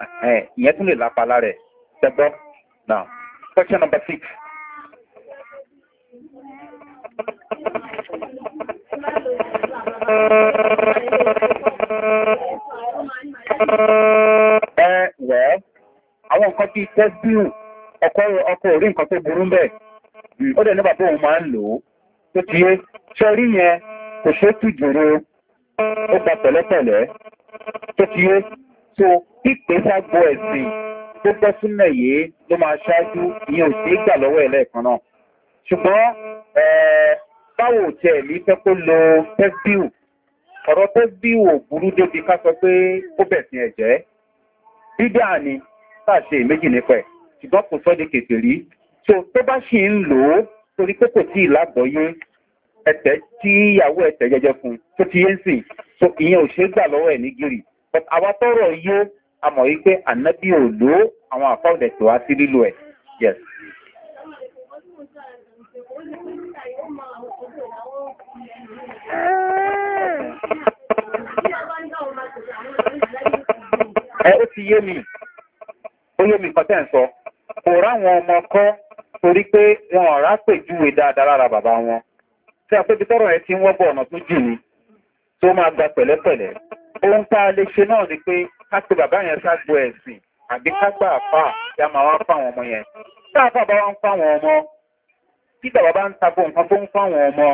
ìyẹn tún lè lápa lára ẹ̀ ṣẹgbọ́ now question number six. Ẹ wẹ̀ àwọn nǹkan tí tẹ́síù ọkọ̀ ọkọ̀ orí nǹkan tó burú bẹ̀. Ó dẹ̀ nígbà tó òun máa ń lò ó. Tó ti yé, ṣe rí yẹn kò ṣe tù jùrú ó gba pẹ̀lẹ́pẹ̀lẹ́. Tó ti yé, so pípé ságbó ẹ̀sìn tó gbọ́ súnmọ̀ yìí ló máa ṣáájú ìyẹn ò sí gbà lọ́wọ́ ẹ̀ lẹ́ẹ̀kan náà ṣùgbọ́n báwo tẹ̀ ní fẹ́ kó lo pẹ́bíù ọ̀rọ̀ pẹ́bíù ò burú débi ká sọ pé ó bẹ̀sìn ẹ̀jẹ́ dídá ni sáàṣe méjì nípa ẹ̀ ṣùgbọ́n kò sọ́ di kètè rí tó tó bá ṣì ń lò ó torí pé kò tí ì lágbọ́yé ẹ̀tẹ́ tí ìyàwó ẹ̀tẹ́ jẹjẹ fún tó ti yé ń sìn so ìyẹn ò ṣe gbà lọ́wọ́ ẹ̀ ní gírì but àwa tọrọ yó a mọ̀ wípé ànábì ò lò àwọn àfáwọ̀dẹ̀ tó wá sí lílo ẹ̀ yes. Ẹ ó ti yé mi, ó yé mi kan tẹ́ ń sọ, kò ráwọn ọmọ kọ́ torí pé wọn ọ̀rá pèjúwe dáadáa lára bàbá wọn. Tí a tọ́rọ̀ ẹ ti ń wọ́bọ̀ ọ̀nà tó jù ni, tó máa gba pẹ̀lẹ́pẹ̀lẹ́. Ohun tá a lè ṣe náà ni pé ká pe bàbá yẹn ságbo ẹ̀sìn àbí ká gbà fà kí a máa wá fáwọn ọmọ yẹn. Tá a fà ń fáwọn ọmọ tí bàbá bá ń tako nǹkan tó ń fún àwọn ọmọ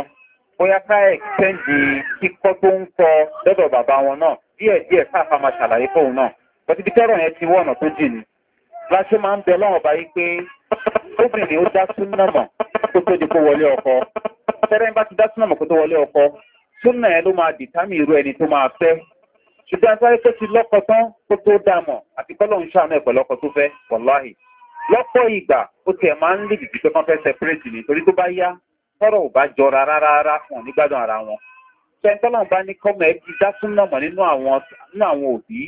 bóyá ká ẹ̀kẹ́ǹdì kíkọ́ tó ń kọ lọ́dọ̀ bàbá wọn náà díẹ̀ díẹ̀ káàfà máa ṣàlàyé fóun náà bọ́tí bí tọ́rọ̀ yẹn ti wọ́ tó jìn ní. láṣẹ máa ń bẹ lọ́wọ́ báyìí pé obìnrin ó dá súnà mọ̀ kó tó di kó wọlé ọkọ fẹ́rẹ́ bá ti dá súnà mọ̀ kó tó wọlé ọkọ súnà yẹn ló máa dìtámì irú ṣùgbọ́n sáré tó ti lọ́kọ tán kó tó dá mọ̀ àti kọ́lọ́ ṣàánú ẹ̀pẹ̀lọ́kọ tó fẹ́ wọ̀láhì lọ́pọ̀ ìgbà ó tiẹ̀ máa ń lè dìbì pé wọ́n fẹ́ sẹpẹ́rẹ́tì ni torí tó bá yá tọ́rọ̀ ò bá jọra rárá rárá wọn nígbàdàn ara wọn. sẹ́ńtọ́lọ̀ bá ní kọ́mọ ẹ ti dá súnmọ̀ mọ̀ nínú àwọn òbí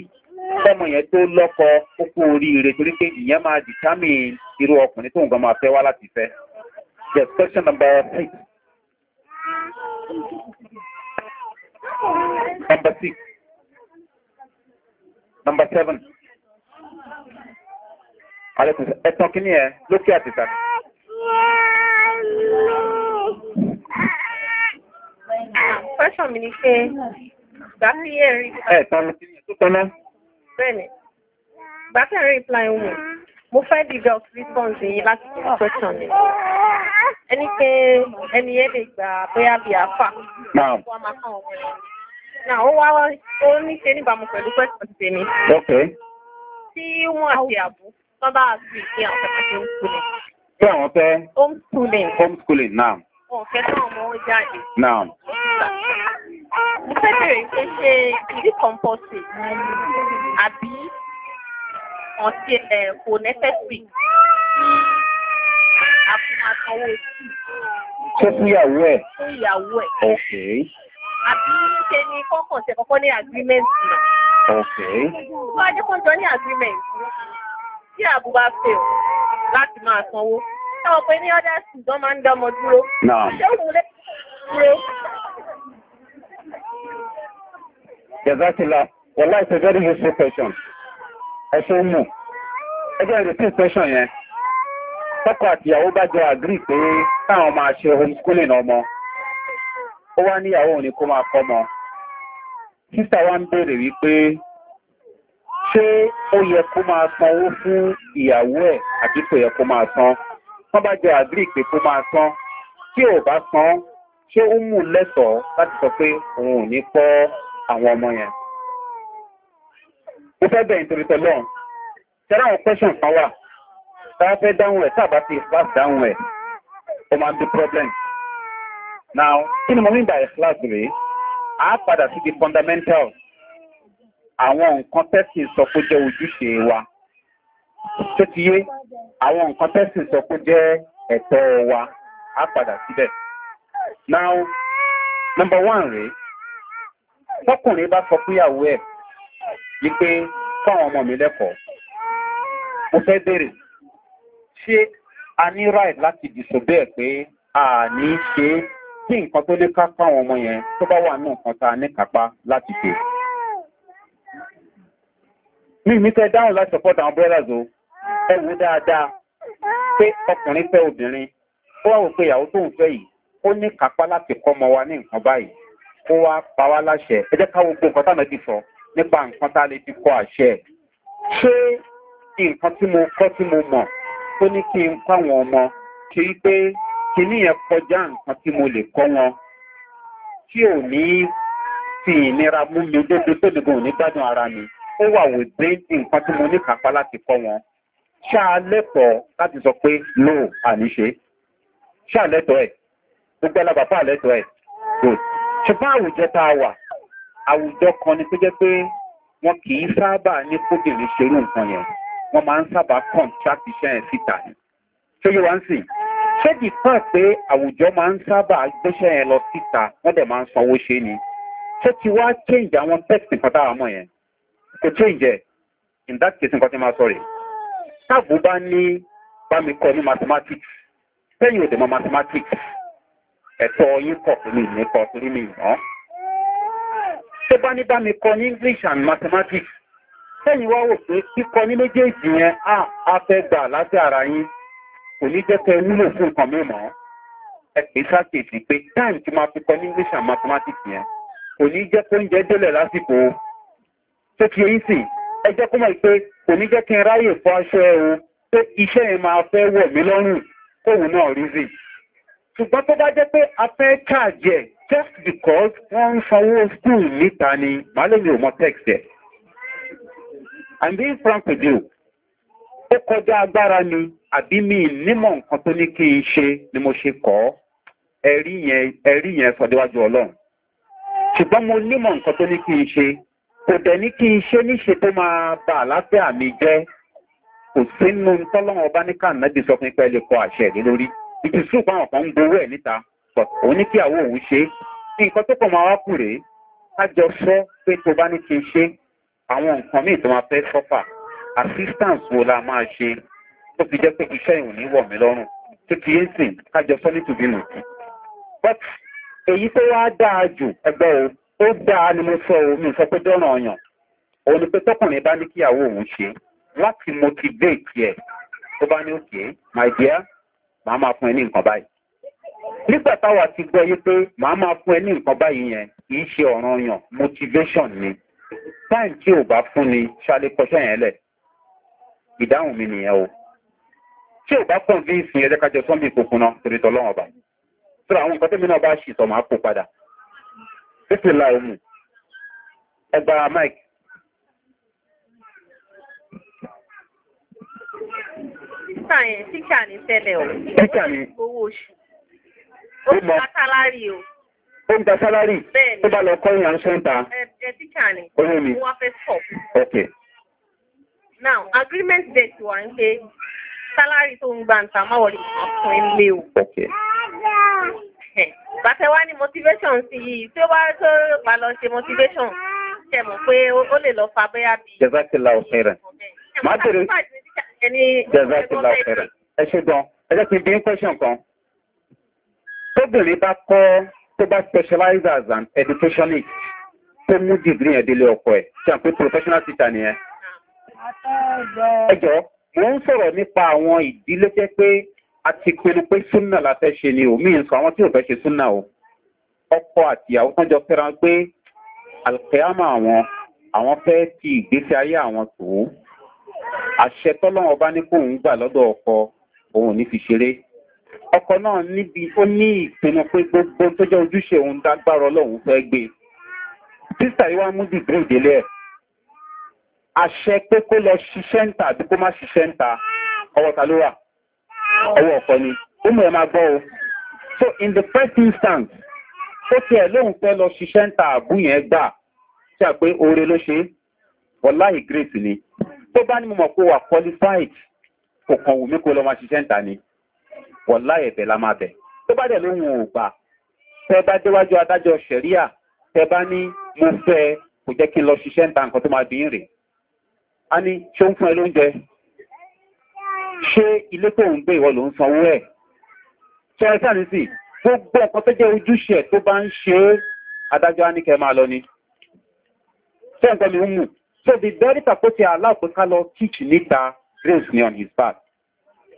kọ́mọ yẹn tó lọ́kọ kókó oríire torí pé ìyẹn máa dìtámì irú ọkùnrin tó ń gan máa fẹ́ wá láti fẹ́. yes question number six. number six. number seven. Àlékún ẹ̀tàn kí ní ẹ lókè àtìta. Pẹ́ṣọ̀ reply woman, mo fẹ́ develop response yìí láti kí ah. question mi. Ẹni pé ẹni yẹn lè gbà bóyá bí àfà. Náà. Wọ́n máa kàn wọ́n. Náà ó wá ó ní ṣe níbàámu pẹ̀lú question tèmi. Ok. Tí wọ́n àti àbú wọ́n bá àgbì ní àwọn ọmọ homeschooling. Pé àwọn fẹ́. Homeschooling. Homeschooling náà. Wọ́n fẹ́ kí ọmọ wọn jáde. Náà. Mo fẹ́ bèrè pé ṣé ìdí compulsory àbí ọ̀sẹ̀ ẹ̀ kò nẹ́fẹ̀sì kí àfúnmásanwó sí. Ṣé fún ìyàwó ẹ̀? Fún ìyàwó ẹ̀. Ok. Àbí ṣe ni kọ́kọ́ kọ́kọ́ ní agreement. Ok. Wọ́n á jẹ́ kó jọ ní agreement tí àbú bá fẹ́ o láti máa sanwó táwọn pé ní ọ́dá sùn máa ń dá dúró ṣé òun lè dúró. jazakila wọlá it's a very useful question ẹ mu. ń mú ẹ jẹ́ repeat question yẹn tọkọ àtìyàwó bá jọ àgírí pé táwọn máa ṣe homeschooling ọmọ ó wá níyàwó òní kó máa kọ́ mọ sísà wa ń béèrè wípé ṣé ó yẹ kó máa sanwó fún ìyàwó ẹ̀ àbí kò yẹ kó máa san wọ́n bá jẹ́ àgírí pé kó máa san tí ò bá san ṣé ó mú lẹ́tọ̀ọ́ láti sọ pé òun ò ní pọ́ àwọn ọmọ yẹn. mo fẹ́ bẹ̀rẹ̀ nítorí tọ́lọ́run tẹ́lá àwọn question kan wà tá a fẹ́ dáhùn ẹ̀ tá a bá ti bá dáhùn ẹ̀ ó máa ń problem. now kí ni mo mean by class rèé a padà sí the fundamentals àwọn nǹkan tẹ́sìn sọ pé jẹ́ ojúṣe wa tó ti yé àwọn nǹkan tẹ́sìn sọ pé jẹ́ ẹ̀tọ́ wa á padà síbẹ̀. now number one rèé tọkùnrin bá sọ fúnyàwó ẹ̀ wípé fáwọn ọmọ mi lẹ́kọ̀ọ́ mo fẹ́ bèrè ṣé a ní right láti dìsọ bẹ́ẹ̀ pé a ní ṣe kí nǹkan tó lè ká fáwọn ọmọ yẹn tó bá wà ní nǹkan tá a ní kápá láti ṣe mi mi fẹ́ dáhùn láti support àwọn brothers o ẹ̀wù dáadáa pé ọkùnrin fẹ́ obìnrin ó wà wò pé ìyàwó tó ń fẹ́ yìí ó ní kápá láti kọ́ ọmọ wa ní nǹkan báyìí kó wá pa wá láṣẹ ẹ jẹ́ ká gbogbo nǹkan táwọn ti sọ nípa nǹkan tá a lè fi kọ́ àṣẹ ṣé nǹkan tí mo kọ́ tí mo mọ̀ tó ní kí n fáwọn ọmọ kì í pé kìíní yẹn kọjá nǹkan tí mo lè kọ́ wọn tí ò ní fi ìnira mú mi débi tó dìgbò ní gbádùn ara mi ó wà within nǹkan tí mo ní kápá láti kọ́ wọn ṣáà láti sọ pé no àníṣe ṣáà lẹ́tọ̀ọ́ ẹ̀ gbogbo alábàápá lẹ́tọ̀ọ́ ẹ̀ kò ṣùgbọ́n àwùjọ tá a wà àwùjọ kan ni tó jẹ́ pé wọn kì í sábà ní kóbìnrin ṣerú nǹkan yẹn wọn máa ń sábà contract iṣẹ́ yẹn síta ni ṣé yóò wá ń sìn ṣé kì í pọ̀ pé àwùjọ máa ń sábà gbéṣẹ́ yẹn lọ síta wọ́n dẹ̀ máa ń sanwó ṣe ni ṣé ti wá change àwọn text nǹkan táwọn mọ̀ yẹn kò tó eh? in that case nǹkan tí máa sọ rẹ̀ táàbù bá ní bá mi kọ ní mathematics sẹ́yìn òdèmọ̀ mathematics ẹ̀tọ́ yín kọ̀ fún mi ní kọ̀ fún mi ìná tó bá ní bá mi kọ ní english and mathematics sẹ́yìn wá wò pé kíkọ ní méjèèjì yẹn á fẹ́ gbà láti ara yín kò ní jẹ́ pé wúlò fún nǹkan mímọ́ ẹ pè sákèjì pé time tí máa fi kọ ní english and mathematics yẹn kò ní jẹ́ pé oúnjẹ délẹ̀ lásìkò tó ti yẹyí sì ẹ jẹ́ kó mọ̀ pé kò ní jẹ́ kí n ráyè fọ aṣọ ẹ̀ o pé iṣẹ́ yẹn máa fẹ́ wọ̀ mí lọ́rùn kóhun náà rí sí ṣùgbọ́n tó bá jẹ́ pé a fẹ́ ṣáàjẹ̀ just because wọ́n ń sanwó school níta ni màálèmí ò mọ text ẹ̀ i'm being frank with you ó kọjá agbára ni àbí mi nímọ̀ nǹkan tó ní kí n ṣe ni mo ṣe kọ́ ẹ̀rí yẹn sọdíwájú ọlọ́run ṣùgbọ́n mo nímọ̀ nǹkan tó ní kí n ṣe kò dẹ̀ ní kí n ṣe níṣe tó máa ba àlàáfíà mi jẹ́ kò sínú tọ́lọ́wọ́n bá ní kànáàbì sọ fún ipẹ́ lè kọ àṣẹ rí lórí ìtì sùn fáwọn kan ń gbowó ẹ̀ níta òun ní kí àwọn òun ṣe nǹkan tó kọ̀ máa wá kù rèé ká jọ sọ pé tó bá ní kí n ṣe àwọn nǹkan míì tó máa fẹ́ sọ́fà assistance wo la máa ṣe tó fi jẹ́ pé iṣẹ́ ìwò ní wọ̀ mí lọ́rùn tó ti yé sìn ká jọ sọ nítòbí nù. but èyí tó wá dáa jù ẹgbẹ́ o ó dáa ni mo sọ omi sọ pé dọ́ràn ọyàn òun ni pé tọkùnrin bá ní kíyàwó òun ṣe láti motivate ẹ tó bá ní òkè my dear màá máa fún ẹ ní nǹkan báyìí nígbà táwa ti gbọ́ yí pé màá máa fún ẹ ní nǹkan báyìí yẹn kì í ṣe ọ̀ràn ọyàn motivation ni táìm tí ò bá fún ni ṣáálé kọṣẹ́ yẹn lẹ̀ ìdáhùn mi nìyẹn o tí ò bá convince yẹn lẹ́ka jọ sọ́ńbì kòkun náà torí tọ́lọ́wọ́n ọba tí àwọn nǹkan tẹ́mi náà bá ṣì sọ máa kó padà títí láìmù ẹgbàrá mike tíṣà ní tẹ́lẹ̀ ọ̀ tíṣà ní owó oṣù ó ń gba o ó ń gba sálárì tó bá lọ kọ́ ìyàn sẹ́ńtà ẹ tíṣà ní oyún ok now agreement debt wà ń pé sálárì tó ń gba nǹkan máwọ̀lì kan o bàtẹ wá ní motivation sí yìí tí ó bá tó bá lọ ṣe motivation ṣe mọ̀ pé ó lè lọ fa bóyá bí. jẹ́sàkìlá òfin rẹ̀ má bèrè jẹ́sàkìlá òfin rẹ̀ ẹ ṣe gan ẹ jẹ́ kí n bí ń question kan tóbìnrin bá kọ́ tó bá specialize as an educationist tó mú degree yẹn délé ọkọ ẹ̀ ṣe àpé professional teacher nìyẹn. ẹ ah. jọ mo ń sọ̀rọ̀ nípa àwọn ìdílé jẹ́ pé àti pinnu pé súnà la fẹ́ ṣe ni o mí n sọ àwọn tí ò fẹ́ ṣe súnà o ọkọ àtìyàwó tán jọ fẹ́ra pé alkeyama àwọn àwọn fẹ́ ti ìgbésí ayé àwọn tó àṣẹ tọ́lọ́wọ́n bá ní kó òun gbà lọ́dọ̀ ọkọ òun ò ní fi ṣeré ọkọ náà níbi ó ní ìpinnu pé gbogbo tó jẹ́ ojúṣe òun dágbára ọlọ́run fẹ́ gbé sísà yìí wá mú dìgírì délé ẹ̀ àṣẹ pé kó lọ ṣiṣẹ́ ń àbí kó má ṣiṣẹ́ ń ọwọ́ ta ló wà ọwọ́ ọ̀kọ́ ni ó mú ẹ máa gbọ́ o so in the first instance ó ti ẹ̀ lóhun fẹ́ lọ ṣiṣẹ́ ń ta àbú yẹn gbà tí a pé oore ló ṣe wọláhì grace ni tó bá ní mo mọ̀ pé wà qualified kò kàn wù mí kó lọ máa ṣiṣẹ́ ń ta ni wọláhì ẹ̀bẹ̀ la máa bẹ̀ tó bá dẹ̀ lóhun ò gbà tẹ bá déwájú adájọ́ sẹ̀ríà tẹ bá ní mo fẹ́ kò jẹ́ kí n lọ ṣiṣẹ́ ń ta nǹkan tó máa bí ń rè á ní ṣé ó ń fún ẹ lóúnjẹ ṣé ilé tó ń gbé ìwọ ló ń sanwó ẹ̀ ṣe ẹ sáà nísì gbogbo ọ̀kan tó jẹ́ ojúṣe ẹ̀ tó bá ń ṣe é adájọ́ á ní kẹ máa lọ ni ṣé nǹkan mi ń mú so the very tapoti aláàpẹ́ká lọ kíkì níta on his back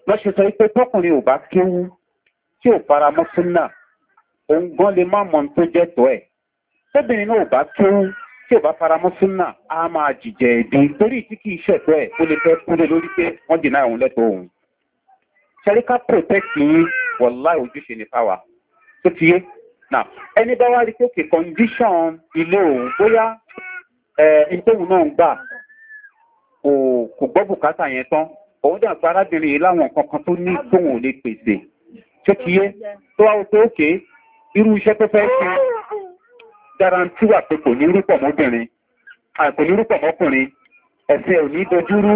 lọ́ṣẹ sọ pé tọkùnrin ò bá kéwú tí ò fara mọ́ súnà òun gan lè má mọ tó jẹ́ tọ́ ẹ̀ tóbìnrin náà ò bá tí ò bá faramọ́ súnà á máa jìjẹ ẹ̀bí torí tí kìí ṣẹ̀tọ́ ẹ̀ ó lè fẹ́ kúrò lórí pé wọ́n dènà òun lẹ́tọ̀ọ́ òun. ṣẹ́ríkà protect yín wọ̀lá ojúṣe ní fáwa tó ti yé. ẹni bá wá rí pé òkè condition ilé òun bóyá ìtòhùn náà ń gbà kò gbọ́ bùkátà yẹn tán òun dà gba arábìnrin yìí láwọn nǹkan kan tó ní tóun ò lè pèsè tó ti yé tó wá wọ pé òkè irú iṣẹ́ tó fẹ́ ṣe garanti wà pé kò ní rúpọ̀ mọ́bìnrin kò ní rúpọ̀ mọ́kùnrin ẹ̀sẹ̀ ò ní dojúrú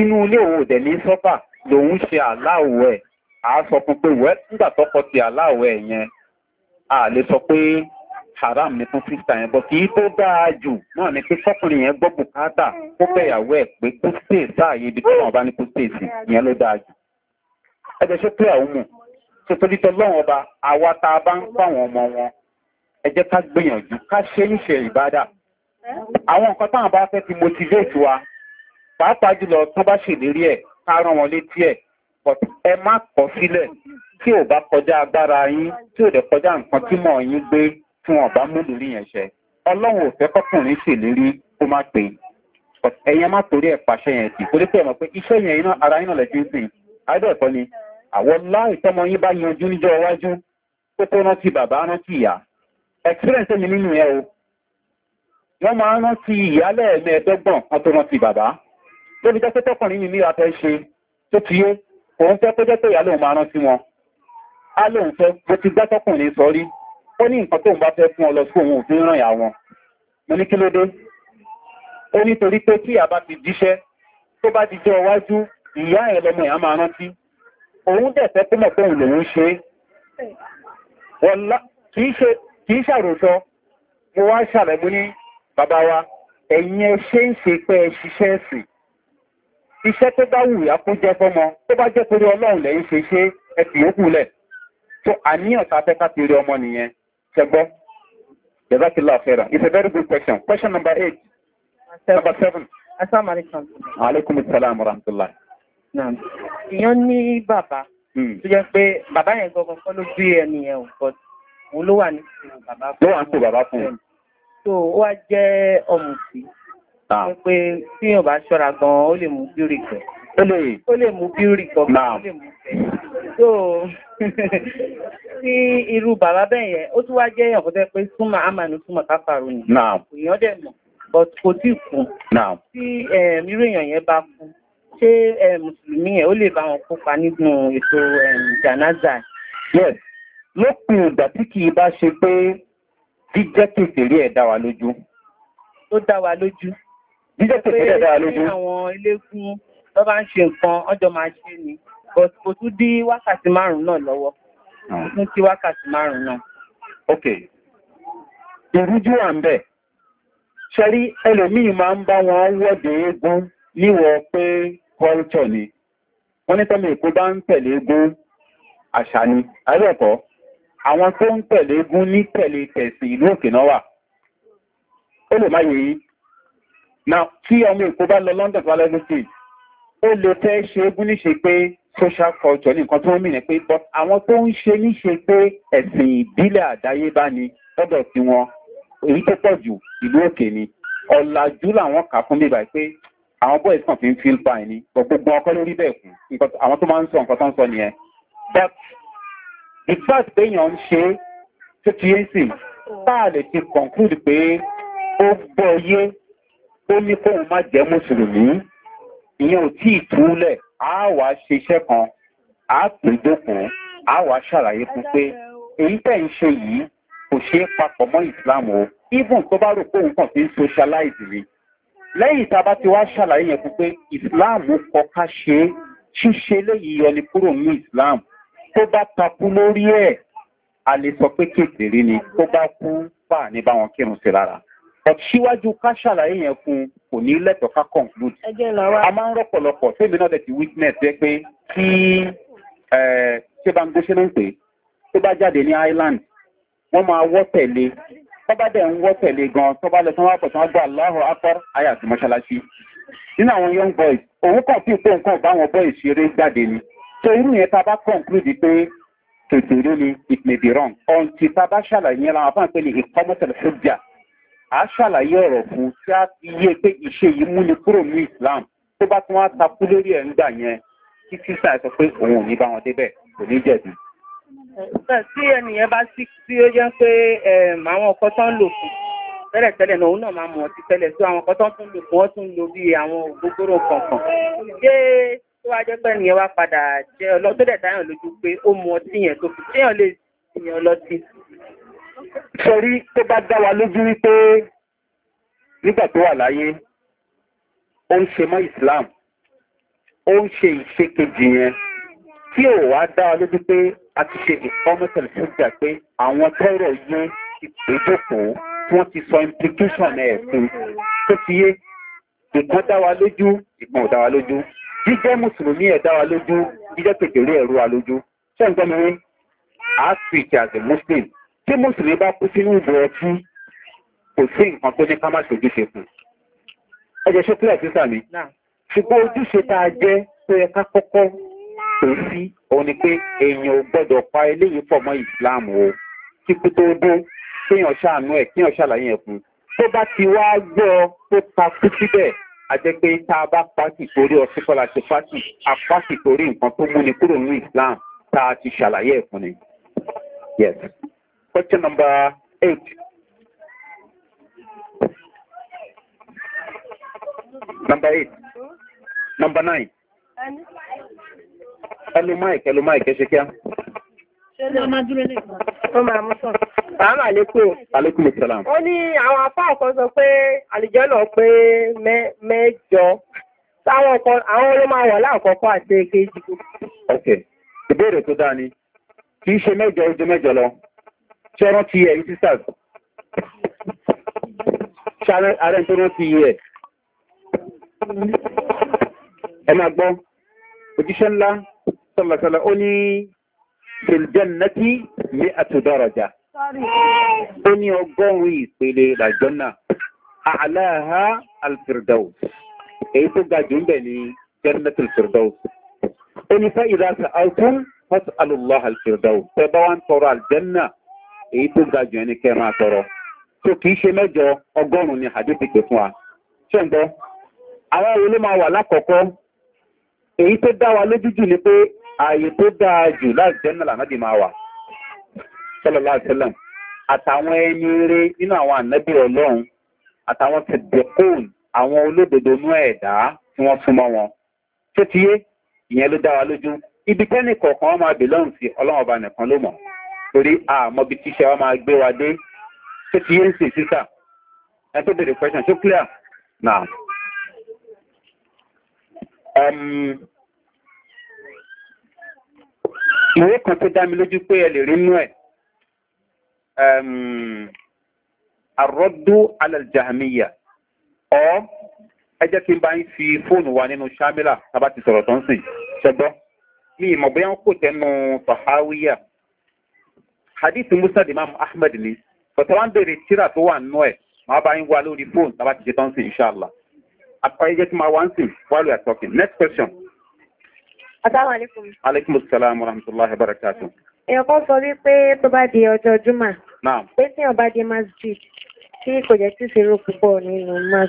inú ilé òun òdẹ̀ ní sọ́fà lòun ṣe aláwọ̀ ẹ̀ à sọ fún pé wẹ́ nígbà tọ́kọ ti aláwọ̀ ẹ̀ yẹn a lè sọ pé haram ni fún sísá yẹn bọ́ kì í tó dáa jù náà ni pé kọkùnrin yẹn gbọ́ bùkátà kó bẹ̀yàwó ẹ̀ pé kó stay sáàyè ibi tí wọn bá ní kó stay sí ìyẹn ló dáa jù ẹ jẹ́ ṣé pé àwọn mọ̀ ṣe torí tọ́lọ́wọ́n ọba àwa tá a bá ń fáwọn ọmọ wọn ẹjẹ́ ká gbìyànjú ká ṣe ń ṣe ìbádà àwọn nǹkan táwọn bá fẹ́ ti motivate wa pàápàá jùlọ tán bá ṣèlérí ẹ̀ ká rán wọn létí ẹ̀ ẹ má kọ sílẹ̀ tí ò bá kọjá agbára yín tí ò dẹ̀ kọjá nǹkan tí mọ̀ yín gbé tí wọn bá mú lórí yẹn ṣẹ ọlọ́run ò fẹ́ kọkùnrin ṣèlérí kó má pè ẹ̀yẹn má torí ẹ̀ pàṣẹ yẹn tì torí pé mọ̀ pé iṣẹ́ yẹn iná ara yín náà lẹ́jọ́ ń sìn àìdọ̀ ẹ̀kọ́ ni àwọn láì tọmọ yín bá yanjú níjọ́ iwájú kókó rántí bàbá rántí ìyá experience mi nínú ẹ o wọ́n máa ń rántí ìyálẹ̀ ẹ̀mẹ́ẹ̀dọ́gbọ̀n àtọ́rántí bàbá tó fi jẹ́ pé tọkùnrin mi níra fẹ́ ṣe tó ti yé òun fẹ́ tó jẹ́ pé ìyá lòun máa rántí wọn á lòun fẹ́ bó ti gbá tọkùnrin sọ rí ó ní nǹkan tóun bá fẹ́ fún ọ lọ sí òun òfin ràn yà wọn mo ní kí ló dé ó nítorí pé tí àbá ti díṣẹ́ tó bá ti jẹ́ iwájú ìyá ẹ̀ lọmọ dẹ̀ fẹ́ kó mọ̀ pé òun lòun ṣe wọ́n kì í ṣe kìí ṣàròsọ mo wá ṣàlẹ̀mú ní bàbá wa ẹ̀yin ẹ ń ṣe pé ṣiṣẹ́ ẹ̀sìn iṣẹ́ tó bá wùyá kó jẹ́ fọ́mọ tó bá jẹ́ torí ọlọ́run lẹ́yìn ṣe ṣe ẹ fi yókù lẹ̀ tó àníyàn ta fẹ́ káti rí ọmọ nìyẹn ṣẹgbọ́ jẹ́zákìlá fẹ́ra it's a very good question question number eight number seven. asalaamualeykum. aleykum salaam wa rahmatulah. ìyọ́n ní bàbá hmm. tó jẹ́ pé bàbá yẹn gbọ́gbọ́ ló bí ẹnìyẹn ò bọ́tù òun ló wà ní ìpò bàbá fún So ó wá jẹ́ ọmọ sí ah. pé tí yóò bá ṣọ́ra gan ó lè mú bíúrì kọ̀. Ó lè mú bíúrì kọ̀ bí ó lè mú fẹ́. So <laughs> tí irú bàbá bẹ́ẹ̀ yẹn ó tún wá jẹ́ èèyàn kó tẹ́ pé súnmọ́ àmàlù súnmọ́ káfàrò ni. Èèyàn dẹ̀ mọ̀ but kò tí kún. Tí irú èèyàn yẹn bá kún ṣé mùsùlùmí yẹn ó lè bá wọn kópa nínú ètò jànáza. Yes lópin ìgbà tí kì í bá ṣe pé jíjẹ́ kèfèrí ẹ̀ dá wa lójú. ó dá wa lójú. jíjẹ́ kèfèrí ẹ̀ dá wa lójú. àwọn eléégún tó bá ń ṣe nǹkan ọjọ́ máa ṣe ni kò tún dí wákàtí márùn-ún náà lọ́wọ́ ah. kò tún dí wákàtí márùn-ún náà. ok ìrújú wà ń bẹ̀ ṣẹ́rí ẹlòmíì máa ń bá wọn wọ́de eégún níwọ̀ pé culture ni wọ́n ní tọ́mọ èkó bá ń tẹ̀lé eégún àṣà ni àárẹ̀kọ́ àwọn tó ń tẹ̀lé gún ní tẹ̀lé tẹ̀sì ìlú òkè náà wà ó lè má yìí na tí ọmọ èkó bá lọ london tó alẹ́gbẹ́ sí ó lè fẹ́ ṣe é gún níṣe pé social culture ní nǹkan tó ń mìíràn pé but àwọn tó ń ṣe níṣe pé ẹ̀sìn ìbílẹ̀ àdáyébá ni lọ́dọ̀ tí wọn èyí tó pọ̀ jù ìlú òkè ni ọ̀làjú làwọn kà fún bíbá pé àwọn boys kan fi ń feel fine ni gbogbo ọkọ lórí bẹ́ẹ̀ kù àwọn tó máa ń sọ nǹkan tó ń sọ nìyẹn but ìfàṣì téèyàn ń ṣe tó ti yé sí táà lè ti conclude pé ó gbọ́ yé ó ní kóun má jẹ́ mùsùlùmí ìyẹn ò tí ì túlẹ̀ á wà ṣe iṣẹ́ kan á pè dókun á wà ṣàlàyé fún pé èyí tẹ̀ ń ṣe yìí kò ṣeé papọ̀ mọ́ islam o even tó bá rò pé òun kàn fi ń socialize ni lẹ́yìn tá a bá ti wá ṣàlàyé yẹn fún pé islam kọ ká ṣe ṣíṣe léyìí yọ ni kúrò ní islam tó bá takú lórí ẹ̀ a lè sọ pé kékeré ni tó bá kú fà ní báwọn kírun sí lára ọ̀síwájú ká ṣàlàyé yẹn fún kò ní lẹ́tọ̀ọ́ ká conclude a máa ń rọ́pọ̀lọpọ̀ tẹ́bi náà dẹ̀ ti witness jẹ́ pé kí ṣé bá ń gbé ṣẹ́nu pé tó bá jáde ní island wọ́n máa wọ́ tẹ̀lé tó bá dẹ̀ ń wọ́ tẹ̀lé gan tó bá lọ tó wá pọ̀ tó wá gbọ́ aláhùn akọ́ ayé nínú àwọn young boys òun kàn fi pé nǹkan báwọn boys ṣeré jáde ni so inú yẹn tá a bá conclude pé tòtòrò ni it may be wrong ọ̀ǹtì tá a bá ṣàlàyé yẹn láwọn afáàn pé ní ìkọ́mọ́tẹ̀lẹ̀ ṣọ́jà a ṣàlàyé ọ̀rọ̀ fún tí a fi yé pé ìṣe yìí múni kúrò ní islam tó bá tún wá takú lórí ẹ̀ ń gbà yẹn kí sísá sọ pé òun ò ní bá wọn débẹ̀ kò ní jẹ̀bi. tí ẹnìyẹn bá sí tí ó jẹ́ pé àwọn ọkọ̀ tán lò fún tẹ́lẹ̀tẹ́lẹ̀ náà òun náà máa mọ̀ ọ́ ti tẹ́lẹ̀ tó àwọn ọkọ̀ tán tún lò fún ọ́ tún lò bí àwọn ògbógbóró kọ̀ọ̀kan wá jẹ́ pé ẹnìyẹn wá padà jẹ́ ọlọ́tọ́dẹ̀ táyàn lójú pé ó mu ọtí yẹn tó fi téèyàn lè yàn ọlọ́tí. sọrí tó bá dá wa lójú wípé nígbà tó wà láyé ó ń ṣe mọ́ islam ó ń ṣe ìṣe kejì yẹn tí ò wá dá wa lójú pé a ti ṣe ìfọ́mọ́tẹ̀lẹ̀ sójà pé àwọn tẹ́rọ̀ yẹn ti pè jókòó tí wọ́n ti sọ implication ẹ̀ fún tó ti yé ìkan dá wa lójú ìkan ò dá wa lójú jíjẹ́ mùsùlùmí ẹ̀dá wa lójú jíjẹ́ pètèrè ẹ̀rú wa lójú ṣẹ́ǹgbẹ́miwé aspect as a muslim tí mùsùlùmí bá kú sínú ìbò ẹtí kò sí nǹkan tó ní ká má ṣojú ṣe fún ẹjẹ ṣe pílẹ̀ sí sàmì ṣùgbọ́n ojúṣe tá a jẹ́ tó yẹ ká kọ́kọ́ tó sí òun ni pé èèyàn ò gbọ́dọ̀ pa eléyìí pọ̀ mọ́ islam o kíkú tó dé kéèyàn ṣàánú ẹ̀ kéèyàn ṣàlàyé ẹ̀ fún tó bá ti wá gbọ́ tó ta kú síbẹ̀ ajẹ́ pé tá a bá pàtì torí ọtí kọ́lá ti pàtì a torí nǹkan tó múni kúrò ní islam tá a ti ṣàlàyé ẹ̀ fún ni. yes question number eight. number eight number nine. ẹnu máìkì ẹnu máìkì ẹ ṣe kíá. Ó ní àwọn afá kan sọ pé àlìjọ́ náà pé mẹ́jọ. Sáwọn kan, àwọn ló máa wà láàkọ́kọ́ àti èkejì. Ok, ìbéèrè tó dáa ni, kì í ṣe mẹ́jọ ojú mẹ́jọ lọ, ṣe rántí ẹ̀yí sisters. Ṣe ààrẹ tó rántí ẹ̀. Ẹ máa gbọ́, òjíṣẹ́ ńlá, sọ̀lọ̀sọ̀lọ̀, ó ní filjannati ní àtúndọ̀rọ̀jà. ó ní ọgọ́rùn-ún ìpele làjọ́nà àláha alfirdaus èyí tó ga jù ń bẹ̀ ní jannat alfirdaus. ó ní fa ìdásá altun fásitì alùlọ́ alfirdaus tẹ́ bá wá ń tọrọ aljanna èyí tó ga jù ẹni kẹ́ máa tọrọ. tó kìí ṣe mẹ́jọ ọgọ́rùn-ún ni hadith pè fún wa. ṣé ń gbọ́ àwọn olóma wà lákọ̀ọ́kọ́ èyí tó dá wa lójú jù ni pé ààyè tó dáa jù láti jẹ́ nílà náà di máa wà sọ́lọ́lá àtẹ́lẹ̀ àtàwọn ẹni rí nínú àwọn ànábì ọlọ́run àtàwọn tẹ̀dẹ̀kùn àwọn olódodo inú ẹ̀dá tí wọ́n súnmọ́ wọn tó ti yé ìyẹn ló dá wa lójú ibi tẹ́nì kọ̀ọ̀kan máa bìlọ́run sí ọlọ́run ọba nìkan ló mọ̀ torí àmọ́ bí tíṣẹ́ wa máa gbé wa dé tó ti yé ń sìn sísà ẹ tó bèrè question so clear now. Um, ìwé kan tó dá mi lójú pé ẹ lè rí nú ẹ̀ àrọ́dú alàjàmíyà ọ́ ẹ jẹ́ kí n bá ń fi fóònù wa nínú ṣámílà tàbá ti sọ̀rọ̀ tó ń sìn ṣẹgbọ́ ní ìmọ̀ bóyá ń kò tẹnu tọ̀háwíyà hadith musa imam ahmed ni tọ̀tọ̀ wá ń bèèrè tíra tó wà nú ẹ̀ máa bá ń wá lórí fóònù tàbá ti ṣe tó ń sìn inṣàlá àpá ẹ jẹ́ máa wá ń sìn while we are talking next question. Assalamu alaikum. Alaikum salaam wa barakatuh. Èèyàn kan sọ wípé tó bá di ọjọ́ Júmà. Naam. Pé tí èèyàn bá dé masjid tí kò jẹ́ tí ìṣeré púpọ̀ nínú mas.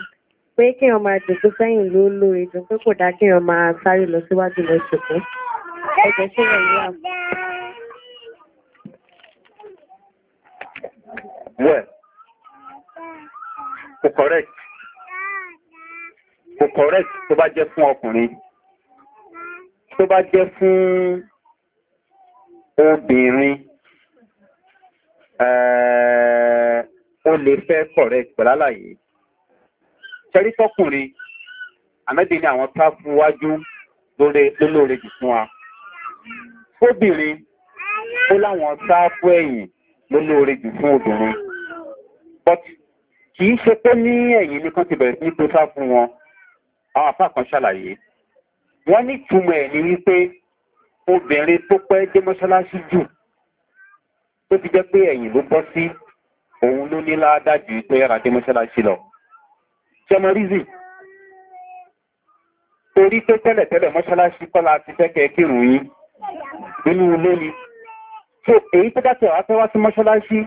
Pé kí èèyàn máa dùnkú sẹ́yìn ló lóore dùn pé kò dá kí èèyàn máa sáré lọ síwájú lọ ṣòkó. Ẹ̀jẹ̀ sí rẹ̀ yìí wà. Well, kò correct. Kò correct tó bá jẹ́ fún ọkùnrin tó bá jẹ́ fún obìnrin eh, ó lè fẹ́ kọ̀rẹ́ pẹ̀lálàyé ṣẹ́rí tọkùnrin àmẹ́bí ni àwọn tá fún wájú lólóore jù fún wa fóbìnrin ó láwọn tá fún ẹ̀yìn lólóore jù fún obìnrin but kì í ṣe pé ní ẹ̀yìn nìkan ti bẹ̀rẹ̀ sí ní tó sá fún wọn àwọn àfáà kan ṣàlàyé wọ́n ní túmọ̀ ẹ̀ ní wípé obìnrin tó pẹ́ dé mọ́ṣáláṣí jù tó ti jẹ́ pé ẹ̀yìn ló bọ́ sí òun ló ní láádájú tó yára dé mọ́ṣáláṣí lọ ṣọmọ rízì torí pé tẹ́lẹ̀tẹ́lẹ̀ mọ́ṣáláṣí kọ́la ti fẹ́ kẹ́ kírun yín nínú ilé ni so èyí tó dákẹ́ wá fẹ́ wá sí mọ́ṣáláṣí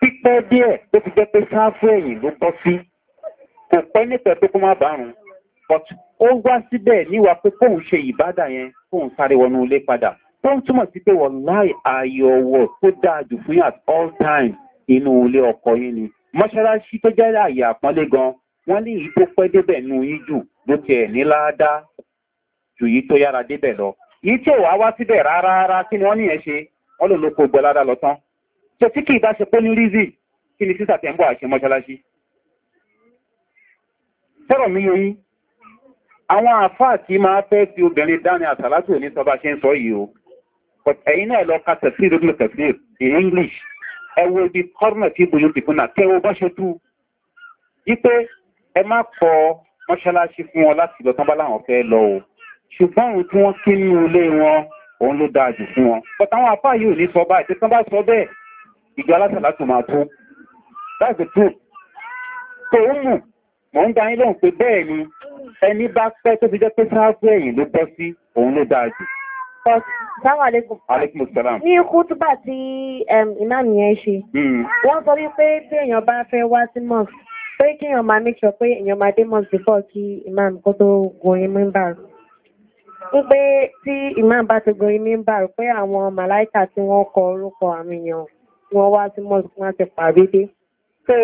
pípẹ́ díẹ̀ tó ti jẹ́ pé sáfù ẹ̀yìn ló bọ́ sí kò pẹ́ nípa tó kó má bàrùn but ó wá síbẹ̀ níwà pé kóun ṣe ìbádà yẹn kóun sáré wọnú ilé padà tó ń túmọ̀ sí pé wọ́n láì ààyè tó dáa jù fún yín at all time inú ilé ọkọ̀ yín ni mọ́ṣáláṣí tó jẹ́ àyè àpọ́nlé gan wọ́n ní èyí tó pẹ́ débẹ̀ nu yín jù ló tiẹ̀ ní láádá jù yìí tó yára débẹ̀ lọ yìí tí ò wá wá síbẹ̀ rárá rárá kí ni wọ́n nìyẹn ṣe wọ́n lò ló kó gbọ́ ládá lọ tán ṣe tí kì í bá ní rízì kí ni sísà ń bọ̀ àṣẹ mọ́ṣáláṣí. sọ̀rọ̀ mi yẹn àwọn àfáà tí máa fẹ́ fi obìnrin dání àtàlátò ní sọba ṣe ń sọ yìí o but ẹ̀yin náà lọ ka tẹ̀sí ìdókòlò tẹ̀sí in english ẹ wo ibi kọ́rọ̀nà tí ibùdó ti kúnà tẹ́ o bá ṣe tú wípé ẹ má kọ mọ́ṣáláṣí fún wọn láti lọ tán bá láwọn fẹ́ lọ o ṣùgbọ́n òun tí wọ́n kí nínú ilé wọn òun ló dáa jù fún wọn but àwọn àfáà yìí ò ní sọ báyìí tí wọ́n bá sọ bẹ́ẹ̀ ìjọ alásàlátò máa tó that's the truth mù mò ń dá lóhùn pé bẹ́ẹ̀ ni ẹni bá pẹ́ tó fi jẹ́ pé sáàbù ẹ̀yìn ló bọ́ sí òun ló dáa jù. Ní kútùbà tí ìmáàmì yẹn ṣe, hmm. wọ́n sọ wípé tí èèyàn bá fẹ́ wá sí mọ́ọ̀sì, pé kí èèyàn máa make sure pé èèyàn máa dé mọ́ọ̀sì before kí ìmáàmì kó tó gorí mímbà rù. Ń pé tí ìmáàmì bá ti gorí mímbà rù pé àwọn màláìkà tí wọ́n kọ orúkọ àmì èèyàn wọ́n wá sí mọ́ọ̀sì wọ́n ti pàdé dé. So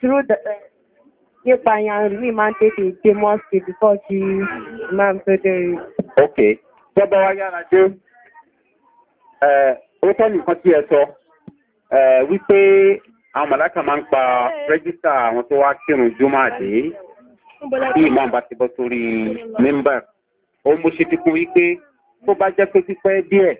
through the, uh, nípa yanrí máa ń tètè dé mọ́sí bíkọ́ kí máa tó dẹ̀rẹ̀. ok jọba wa yára dé ó tọ́ nìkan tí ẹ sọ wípé àwọn màláka máa ń pa rẹ́gísítà àwọn tó wá kírun júmọ́ àdé bí ìmọ̀ bá ti bọ́ sórí mímbà òun mo ṣe fi kún wípé tó bá jẹ́ pé pípẹ́ díẹ̀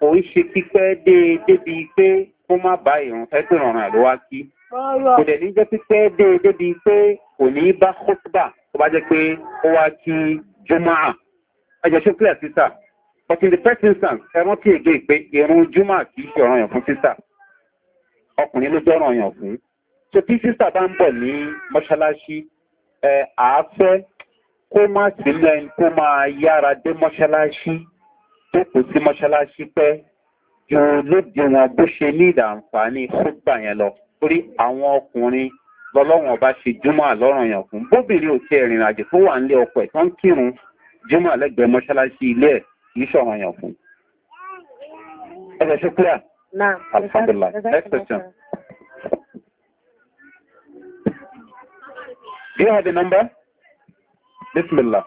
kò ń ṣe pípẹ́ dé débi pé kó má bá ìrùn fẹ́ pè rọrùn àlówá kí kò dẹ̀ ní jẹ́ pípẹ́ déédé bíi pé kò ní bá kótóbà tó bá jẹ́ pé ó wá kí jùmọ̀à ẹjọ́ ṣe clear sísà but in the first instance ẹ rántí ègé pé irun jùmọ̀à kì í ṣe ọ̀ràn yàn fún sísà ọkùnrin ló jọ́ràn yàn fún so tí sísà bá ń bọ̀ ní mọ́ṣáláṣí ẹ àáfẹ́ kó má sí lẹ́yìn kó máa yára dé mọ́ṣáláṣí tó kù sí mọ́ṣáláṣí pẹ́ ju lóde wọn bó ṣe ní ìdàǹfààní fúgbà yẹn lọ torí àwọn ọkùnrin lọ́lọ́wọ́n ọba ṣe júmọ́ àlọ́ràn yàn fún bóbìnrin ò tí ẹ̀ rìnrìn àjò tó wà nílé ọkọ̀ ẹ̀ tó ń kírun júmọ́ àlẹ́gbẹ̀ẹ́ mọ́ṣáláṣí ilé ẹ̀ kìí ṣọ̀ràn yàn fún. ẹ ṣe clear. Nah, Alhamdulillah. Next question. Do you have the number? Bismillah.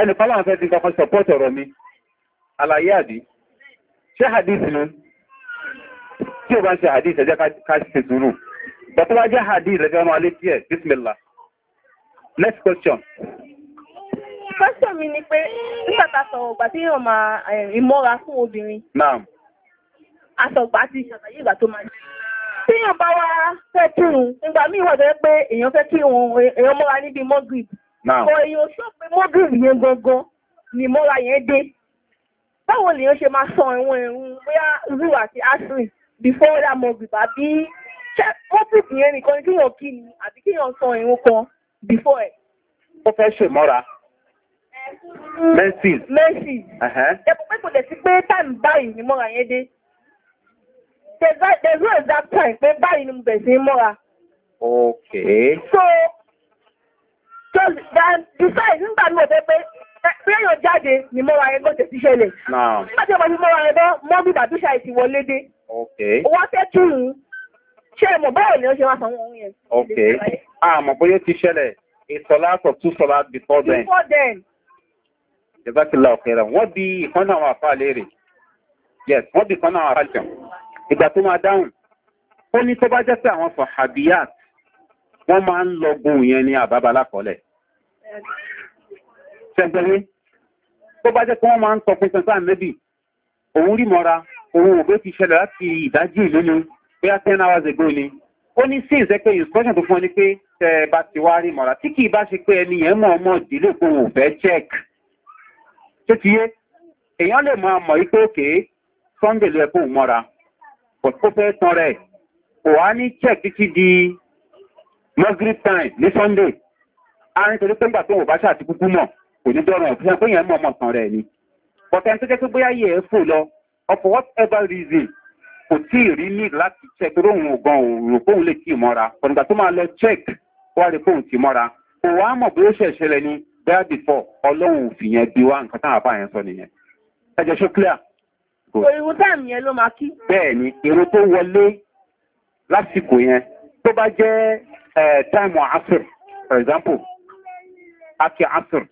Ẹnì kan láwọn fẹ́ ti kọ́kọ́ support ọ̀rọ̀ mi. Àlàyé àdí. Ṣé hadith ni? tí ó bá ń ṣe hadith ẹjẹ́ ká ṣe sùúrù bàtí wá jẹ́ hadith ẹjẹ́ ọmọ alé díẹ̀ bismillah next question. question mi ni pé nígbà tá a sọ̀rọ̀ ìgbà tí yóò máa ìmọ́ra fún obìnrin. naam. àsọ̀gbà ti ṣàlàyé ìgbà tó máa jẹ́. téèyàn bá wá fẹ́ kírun nígbà míì wà jẹ́ pé èèyàn fẹ́ kírun èèyàn mọ́ra níbi mọ́gìrì. naam. ọ̀ èèyàn sọ pé mọ́gìrì yẹn gangan ni ìmọ́ra yẹn dé. báwo lèèyàn ṣe máa sọ ìwọ̀n ìrun bóyá rú àti asiri before that Maghrib àbí ṣé Maghrib yẹn nìkan kéèyàn kí ni àbí kéèyàn san ìrun kan before ẹ̀. ó fẹ́ ṣèmọ́ra. Mẹ́sìn. Mẹ́sìn. Ẹ̀pọ̀ pé kò dẹ̀ sí pé táìmù báyìí ni mọ́ra yẹn dé. There's no exact time pé báyìí ni mo bẹ̀rẹ̀ sí mọ́ra. Okay. So, so then decide. nígbà mi ò fẹ́ pé péyàn jáde ni mọ́ra yẹn gbọ́dọ̀ ti ṣẹlẹ̀. Nígbà tí ọmọ mi mọ́ra yẹn bọ́ mọ́ bí bàbíṣà ti wọlé dé. Wọ́n fẹ́ kí n ṣe mọ̀ báwo ni ó ṣe wá sanwó ohun yẹn. Ok, àmọ̀ bóyá ti ṣẹlẹ̀, ìsọ̀lá àtọ̀ tún sọ̀lá before then. Before then. Ìbákilá ọ̀kẹ́rà, wọ́n bí ìkan náà wà fà léèrè. Yes, wọ́n bí ìkan náà wà fà jẹun. Ìgbà tó máa dáhùn, ó ní tó bá jẹ́ sí àwọn sọ̀habiyat, wọ́n máa ń lọ gun yẹn ní àbábalá kọ́lẹ̀. Ṣẹ̀gbẹ̀rẹ̀, tó bá jẹ́ pé wọ́n máa ń sọ fún sẹ́ńsán nẹ́bì, òun rí mọ́ra, owó ògbé ti ṣẹlẹ̀ láti ìdájí ìlú ni bí a ten hours ago ni ó ní sí ìzẹ́pẹ́ instruction tó fún ọ ni pé tẹ ẹ bá ti wá rí mọ̀ra tí kì í bá ṣe pé ẹni yẹn mọ̀ ọmọ ìdílé kó o fẹ́ check tó ti yé èèyàn lè máa mọ̀ wípé òkè sunday ló yẹ o mọ́ra kò tó fẹ́ tan rẹ̀ kò wá ní check títí di muslim time ní sunday a ní torí pé nígbà tó wò bá ṣàtìkúkú mọ̀ kò ní dọ́rùn ẹ̀ fún ẹ pé yẹn mọ̀ ọmọ kan rẹ̀ ni bọ̀tẹ́ pé bóyá yẹ̀ ẹ́ fò lọ or for whatever reason kò tí ì rí need láti check pé òun ò gan òun rò pé òun lè kí i mọ́ra kò tó máa lọ check kó wá rí pé òun ti mọ́ra kò wá mọ̀ bí ó ṣe ṣẹlẹ̀ ni bẹ́ẹ̀ before ọlọ́run òfin yẹn bí wá nǹkan táwọn àbáyẹn sọ nìyẹn ẹ jẹ́ ṣó clear. irun táàmì yẹn ló máa kí. bẹ́ẹ̀ ni irun tó wọlé lásìkò yẹn tó bá jẹ́ táìmù asr for example aki asr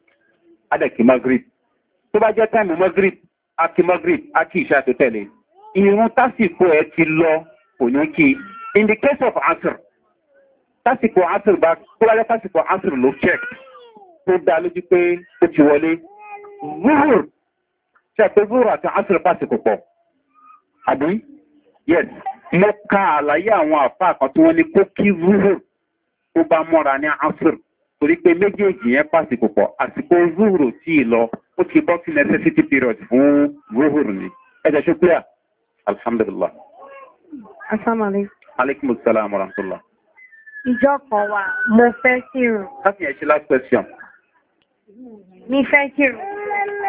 adaki magrib tó bá jẹ́ táìmù magrib àti magreth àti ìṣe àtẹ̀tẹ̀lé irun tásìkò ẹ ti lọ kò ní kí in the case of asr tásìkò asr bá tó wáyé tásìkò asr ló check tó dá lójú pé ó ti wọlé zuhur ṣe pé àti asr pàṣípò pọ̀ àbí yes mo ka àlàyé àwọn àfa kan tí wọ́n ní kó kí zuhur tó bá mọ́ra ní asr torí pé méjèèjì yẹn pàṣípò pọ̀ àsìkò zuhur ò tí ì lọ ó ti bọ́ sí necessity period fún zuhur ni ẹjẹ́ ṣe kúrẹ́ alhamdulillah. asalaamualeykum. aleykum salaam wa rahmatulah. ìjọ kan wà mo fẹ́ kírun. láti yẹn ṣe last question. mi fẹ́ kírun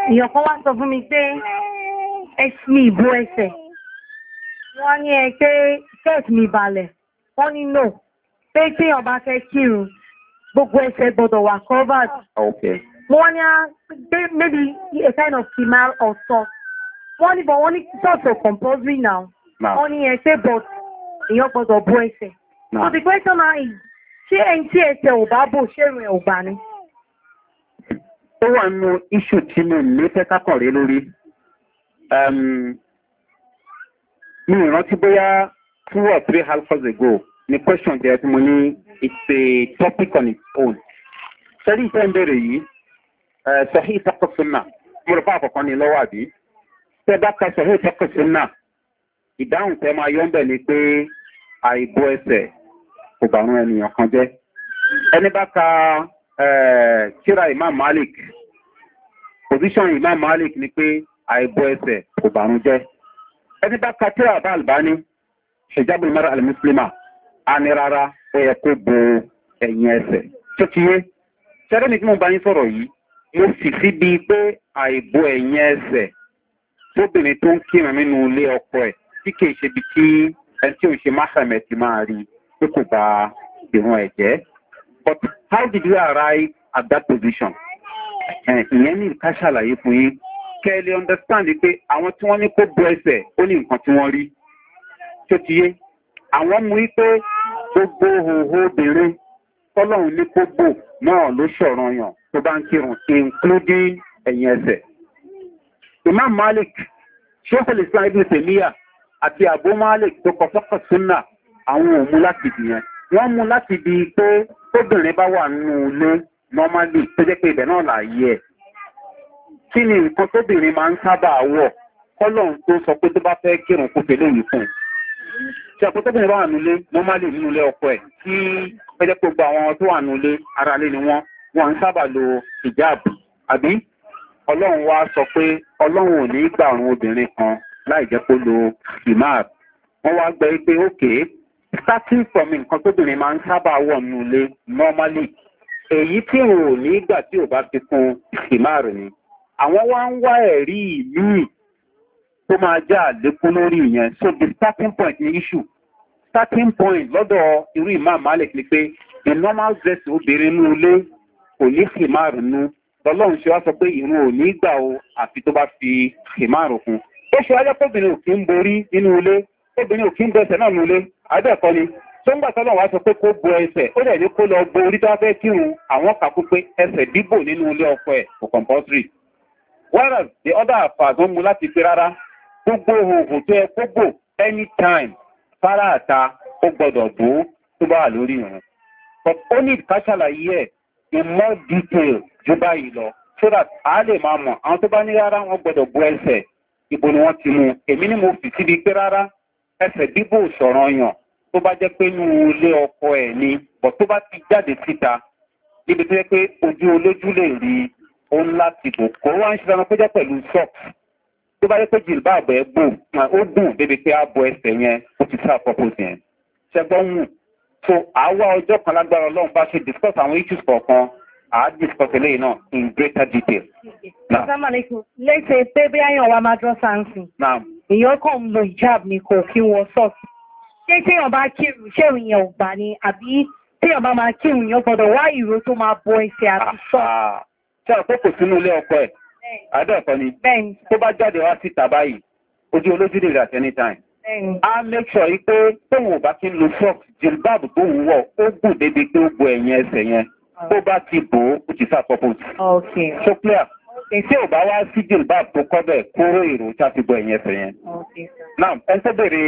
èèyàn kan wá sọ fún mi pé ẹsìn ìbò ẹsẹ̀ wọ́n ní ẹ pé church mi balẹ̀ wọ́n ní no pé téèyàn bá fẹ́ kírun gbogbo ẹsẹ̀ gbọ́dọ̀ wà covered mo wọ́n ní á gbé maybe a kind of female or sort wọ́n ní bọ̀ wọ́n ní sọ́ọ̀tọ̀ compulsory now wọ́n ní ẹ̀ṣẹ́ but èèyàn gbọ́dọ̀ bó ẹsẹ̀ so the question now is ṣé ẹni tí ẹsẹ̀ ò bá bò ṣé rìn ò gbà ni. ó wà nínú iṣu tí mo ní fẹ́ kákànrẹ́ lórí mi ìrántí bóyá two or three halfas ago ni question jẹ́ tí mo ní it's a topic on its own. sẹ́rí ìfẹ́ ń bèrè yìí Eh, sahih takosuna mo rò fún àkọ́kọ́ ni lọ́wọ́ àbí tẹ bá ka sahih takosuna ìdáhùn tẹ máa yọ ń bẹ̀ ni pé àìbọ ẹsẹ̀ kò bá àwọn ènìyàn kan jẹ́ ẹni bá ka kíra eh, imam malik position imam malik ni pé àìbọ ẹsẹ̀ kò ba àwọn jẹ́ ẹni bá ka kíra bá albani ṣèjábùn mara alimuslima a ní rárá ó yẹ bo ẹ̀yìn ẹsẹ̀ tó ti yé ṣẹ́rẹ́ mo bá yín sọ̀rọ̀ yìí mo sì fi bíi pé àìbo ẹ̀yìn ẹsẹ̀ tóbìnrin tó ń kírun nínú ilé ọkọ ẹ̀ tí kìí ṣe bí kí ẹni tí òun ṣe máṣàmẹ̀ máa rí pé kò bá ìran ẹ̀ jẹ́ but how did you arrive at that position? ìyẹn ní ká ṣàlàyé fún yín kẹ́ ẹ lè understand pé àwọn tí wọ́n ní kó bo ẹsẹ̀ ó ní nǹkan tí wọ́n rí tó ti yé àwọn mú wípé gbogbo òhòhò obìnrin tọ́lọ́run ní kó bò náà ló ṣọ̀ràn yàn tó bá ń kírun including ẹ̀yìn ẹsẹ̀. imam malik sheikh islam ibn temiya àti abu malik tó kọ fọ́kàn sunna àwọn ò mú láti bì yẹn wọ́n mú láti bi pé tóbìnrin bá wà nínú ilé normally tó jẹ́ pé ibẹ̀ náà là yẹ ẹ̀. kí ni nǹkan tóbìnrin máa ń sábà wọ̀ kọ́lọ́run tó sọ pé tó bá fẹ́ kírun kó fi lóyún fún un. ṣe àpótọ́bìnrin bá wà nílé normally nínú ilé ọkọ ẹ̀ tí pẹ́jẹ́ gbogbo àwọn tó wà nulé ara lé ni wọ́n wọ́n ń sábà lo ìjáàbù àbí ọlọ́run wá sọ pé ọlọ́run ò ní gbà àrùn obìnrin kan láì jẹ́ kó lo ìmáàbù wọ́n wá gbọ́ pé ókè starting from nǹkan tóbìnrin máa ń sábà wọ̀ nulé normally èyí tí òun ò ní gbà tí ò bá fi kún ìmáàrù ni àwọn wá ń wá ẹ̀rí míì tó máa já àlékún lórí ìyẹn so the starting point ni issue starting point lọ́dọ̀ irú imam malik ni pé the normal dress obìnrin inú ilé kò ní khimar nu lọ́lọ́run ṣe wá sọ pé ìrún ò ní gbà o àfi tó bá fi khimar kún ó ṣe wáyé kóbìnrin ò kí ń borí nínú ilé kóbìnrin ò kí ń bo ẹsẹ̀ náà nínú ilé àbẹ́ẹ̀kọ́ ni tó ń gbà tọ́lọ̀ wá sọ pé kó bo ẹsẹ̀ ó dẹ̀ ní kó lọ bo orí tó wá fẹ́ kírun àwọn kàkú pé ẹsẹ̀ díbò nínú ilé ọkọ ẹ̀ kò compulsory whereas the other afa tó ń mu láti pé rárá gbogbo òhùn tó yẹ kó bò anytime fárá àta ó gbọdọ̀ bó tó bá wà lórí ìrùn ó ní ìkásàlàyé ẹ̀ in more detail ju báyìí lọ so that a lè máa mọ̀ àwọn tó bá ní rárá wọn gbọdọ̀ bó ẹsẹ̀ ìbò ni wọ́n ti mú èmi ni mo fi síbi pé rárá ẹsẹ̀ bíbò sọ̀rọ̀ yàn tó bá jẹ́ pé inú ilé ọkọ ẹ̀ ni bọ̀ tó bá ti jáde síta níbi tó yẹ pé ojú olójú lè rí òun láti bò kó wá ń ṣe dáná pé pẹ̀lú socks tó bá yẹ pé jìlbá àbẹ̀ bò ó gùn débi pé ààbò ẹsẹ̀ yẹn ó ti sáà purpose yẹn ṣẹgbọ́n wù so àwa ọjọ́ kan lágbára ọlọ́run bá ṣe discuss àwọn issues kọ̀ọ̀kan à á discuss eléyìí náà in greater detail. lẹ́sẹ̀ pé bí àyàn wa máa dán sáǹsì èèyàn kàn ń lo hijab ni kò kí wọ sọ́ọ̀sì ṣé téèyàn bá kírun ṣé ìyẹn ò gbà ni àbí téèyàn bá máa kírun yẹn gbọ́dọ̀ wá ìró tó máa bọ ẹsẹ̀ àti sọ́ọ̀sì. ṣé àkókò sínú ilé ọkọ ẹ̀ àádọ́ẹ̀kọ́ ni tó bá jáde wá síta báyìí ojú olójúdè rẹ̀ at any time a make sure yí pé tóun ò bá kí ń lo fox jilbab tó ń wọ̀ ó gùn débi pé ó bo ẹ̀yìn ẹsẹ̀ yẹn ah. bó bá ti bò ó ó ti sá purpose. so clear tí ò bá wá sí jilbab tó kọ́ bẹ̀ kóró èrò tá ti bo ẹ̀yìn ẹsẹ̀ yẹn. now ẹni tó bèrè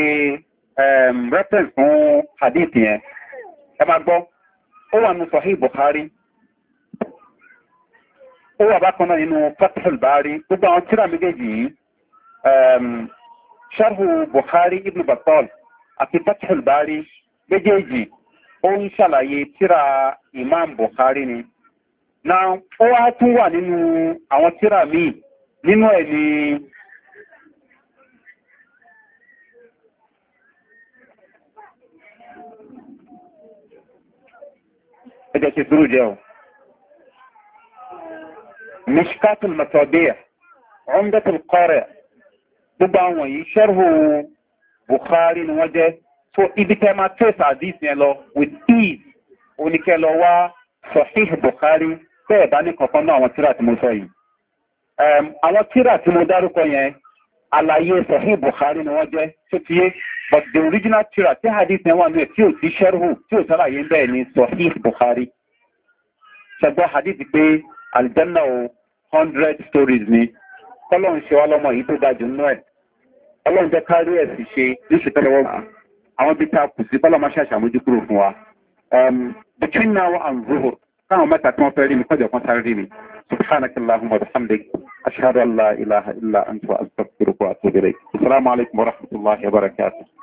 ehm, reference fún hadith yẹn ẹ máa gbọ́ ó wà nù sọ̀hí buhari ó wà bákan náà nínú fathul bari gbogbo àwọn tíra méjèèjì yìí um, sharhu buhari ibn battal àti fathul bari méjèèjì ó ń ṣàlàyé tíra imam buhari ni na ó wá tún wà nínú àwọn tíra míì nínú ẹ̀ ni ẹjọ́ ti dúró jẹ́ مشكات المتابيع عمدة القارئ gbogbo àwọn بخاري نواجه buhari ni wọ́n jẹ́ so ibi tẹ́ máa trace hadith yẹn lọ with ease oníkẹ́ lọ wá sahih buhari bẹ́ẹ̀ bá ní kankan náà àwọn tíra tí mo sọ yìí àwọn tíra tí mo dárúkọ yẹn àlàyé sahih buhari ni wọ́n jẹ́ tó ti but the original tíra tí hadith yẹn wà ní ẹ̀ tí ò sí ṣẹ́rù tí ò sálàyé bẹ́ẹ̀ ni sahih buhari ṣẹgbẹ́ hadith pé àlìjẹ́nà o hundred stories ni kọ́lọ́n ṣe wá lọ́mọ yìí tó dájú nínú ẹ̀ ọlọ́run jẹ́ kárí ẹ̀sìn ṣe lóṣù tẹ́lẹ̀wọ́ àwọn bí ta kù sí bọ́lá máa ṣàṣàmójú kúrò fún wa um, between now and zuhur káwọn mẹ́ta tí wọ́n fẹ́ rí mi kọ́jọ́ kan sáré rí mi subhanakallahumma wa bihamdik ashhadu an la ilaha illa anta astaghfiruka wa atubu ilayk assalamu alaikum wa rahmatullahi wa barakatuh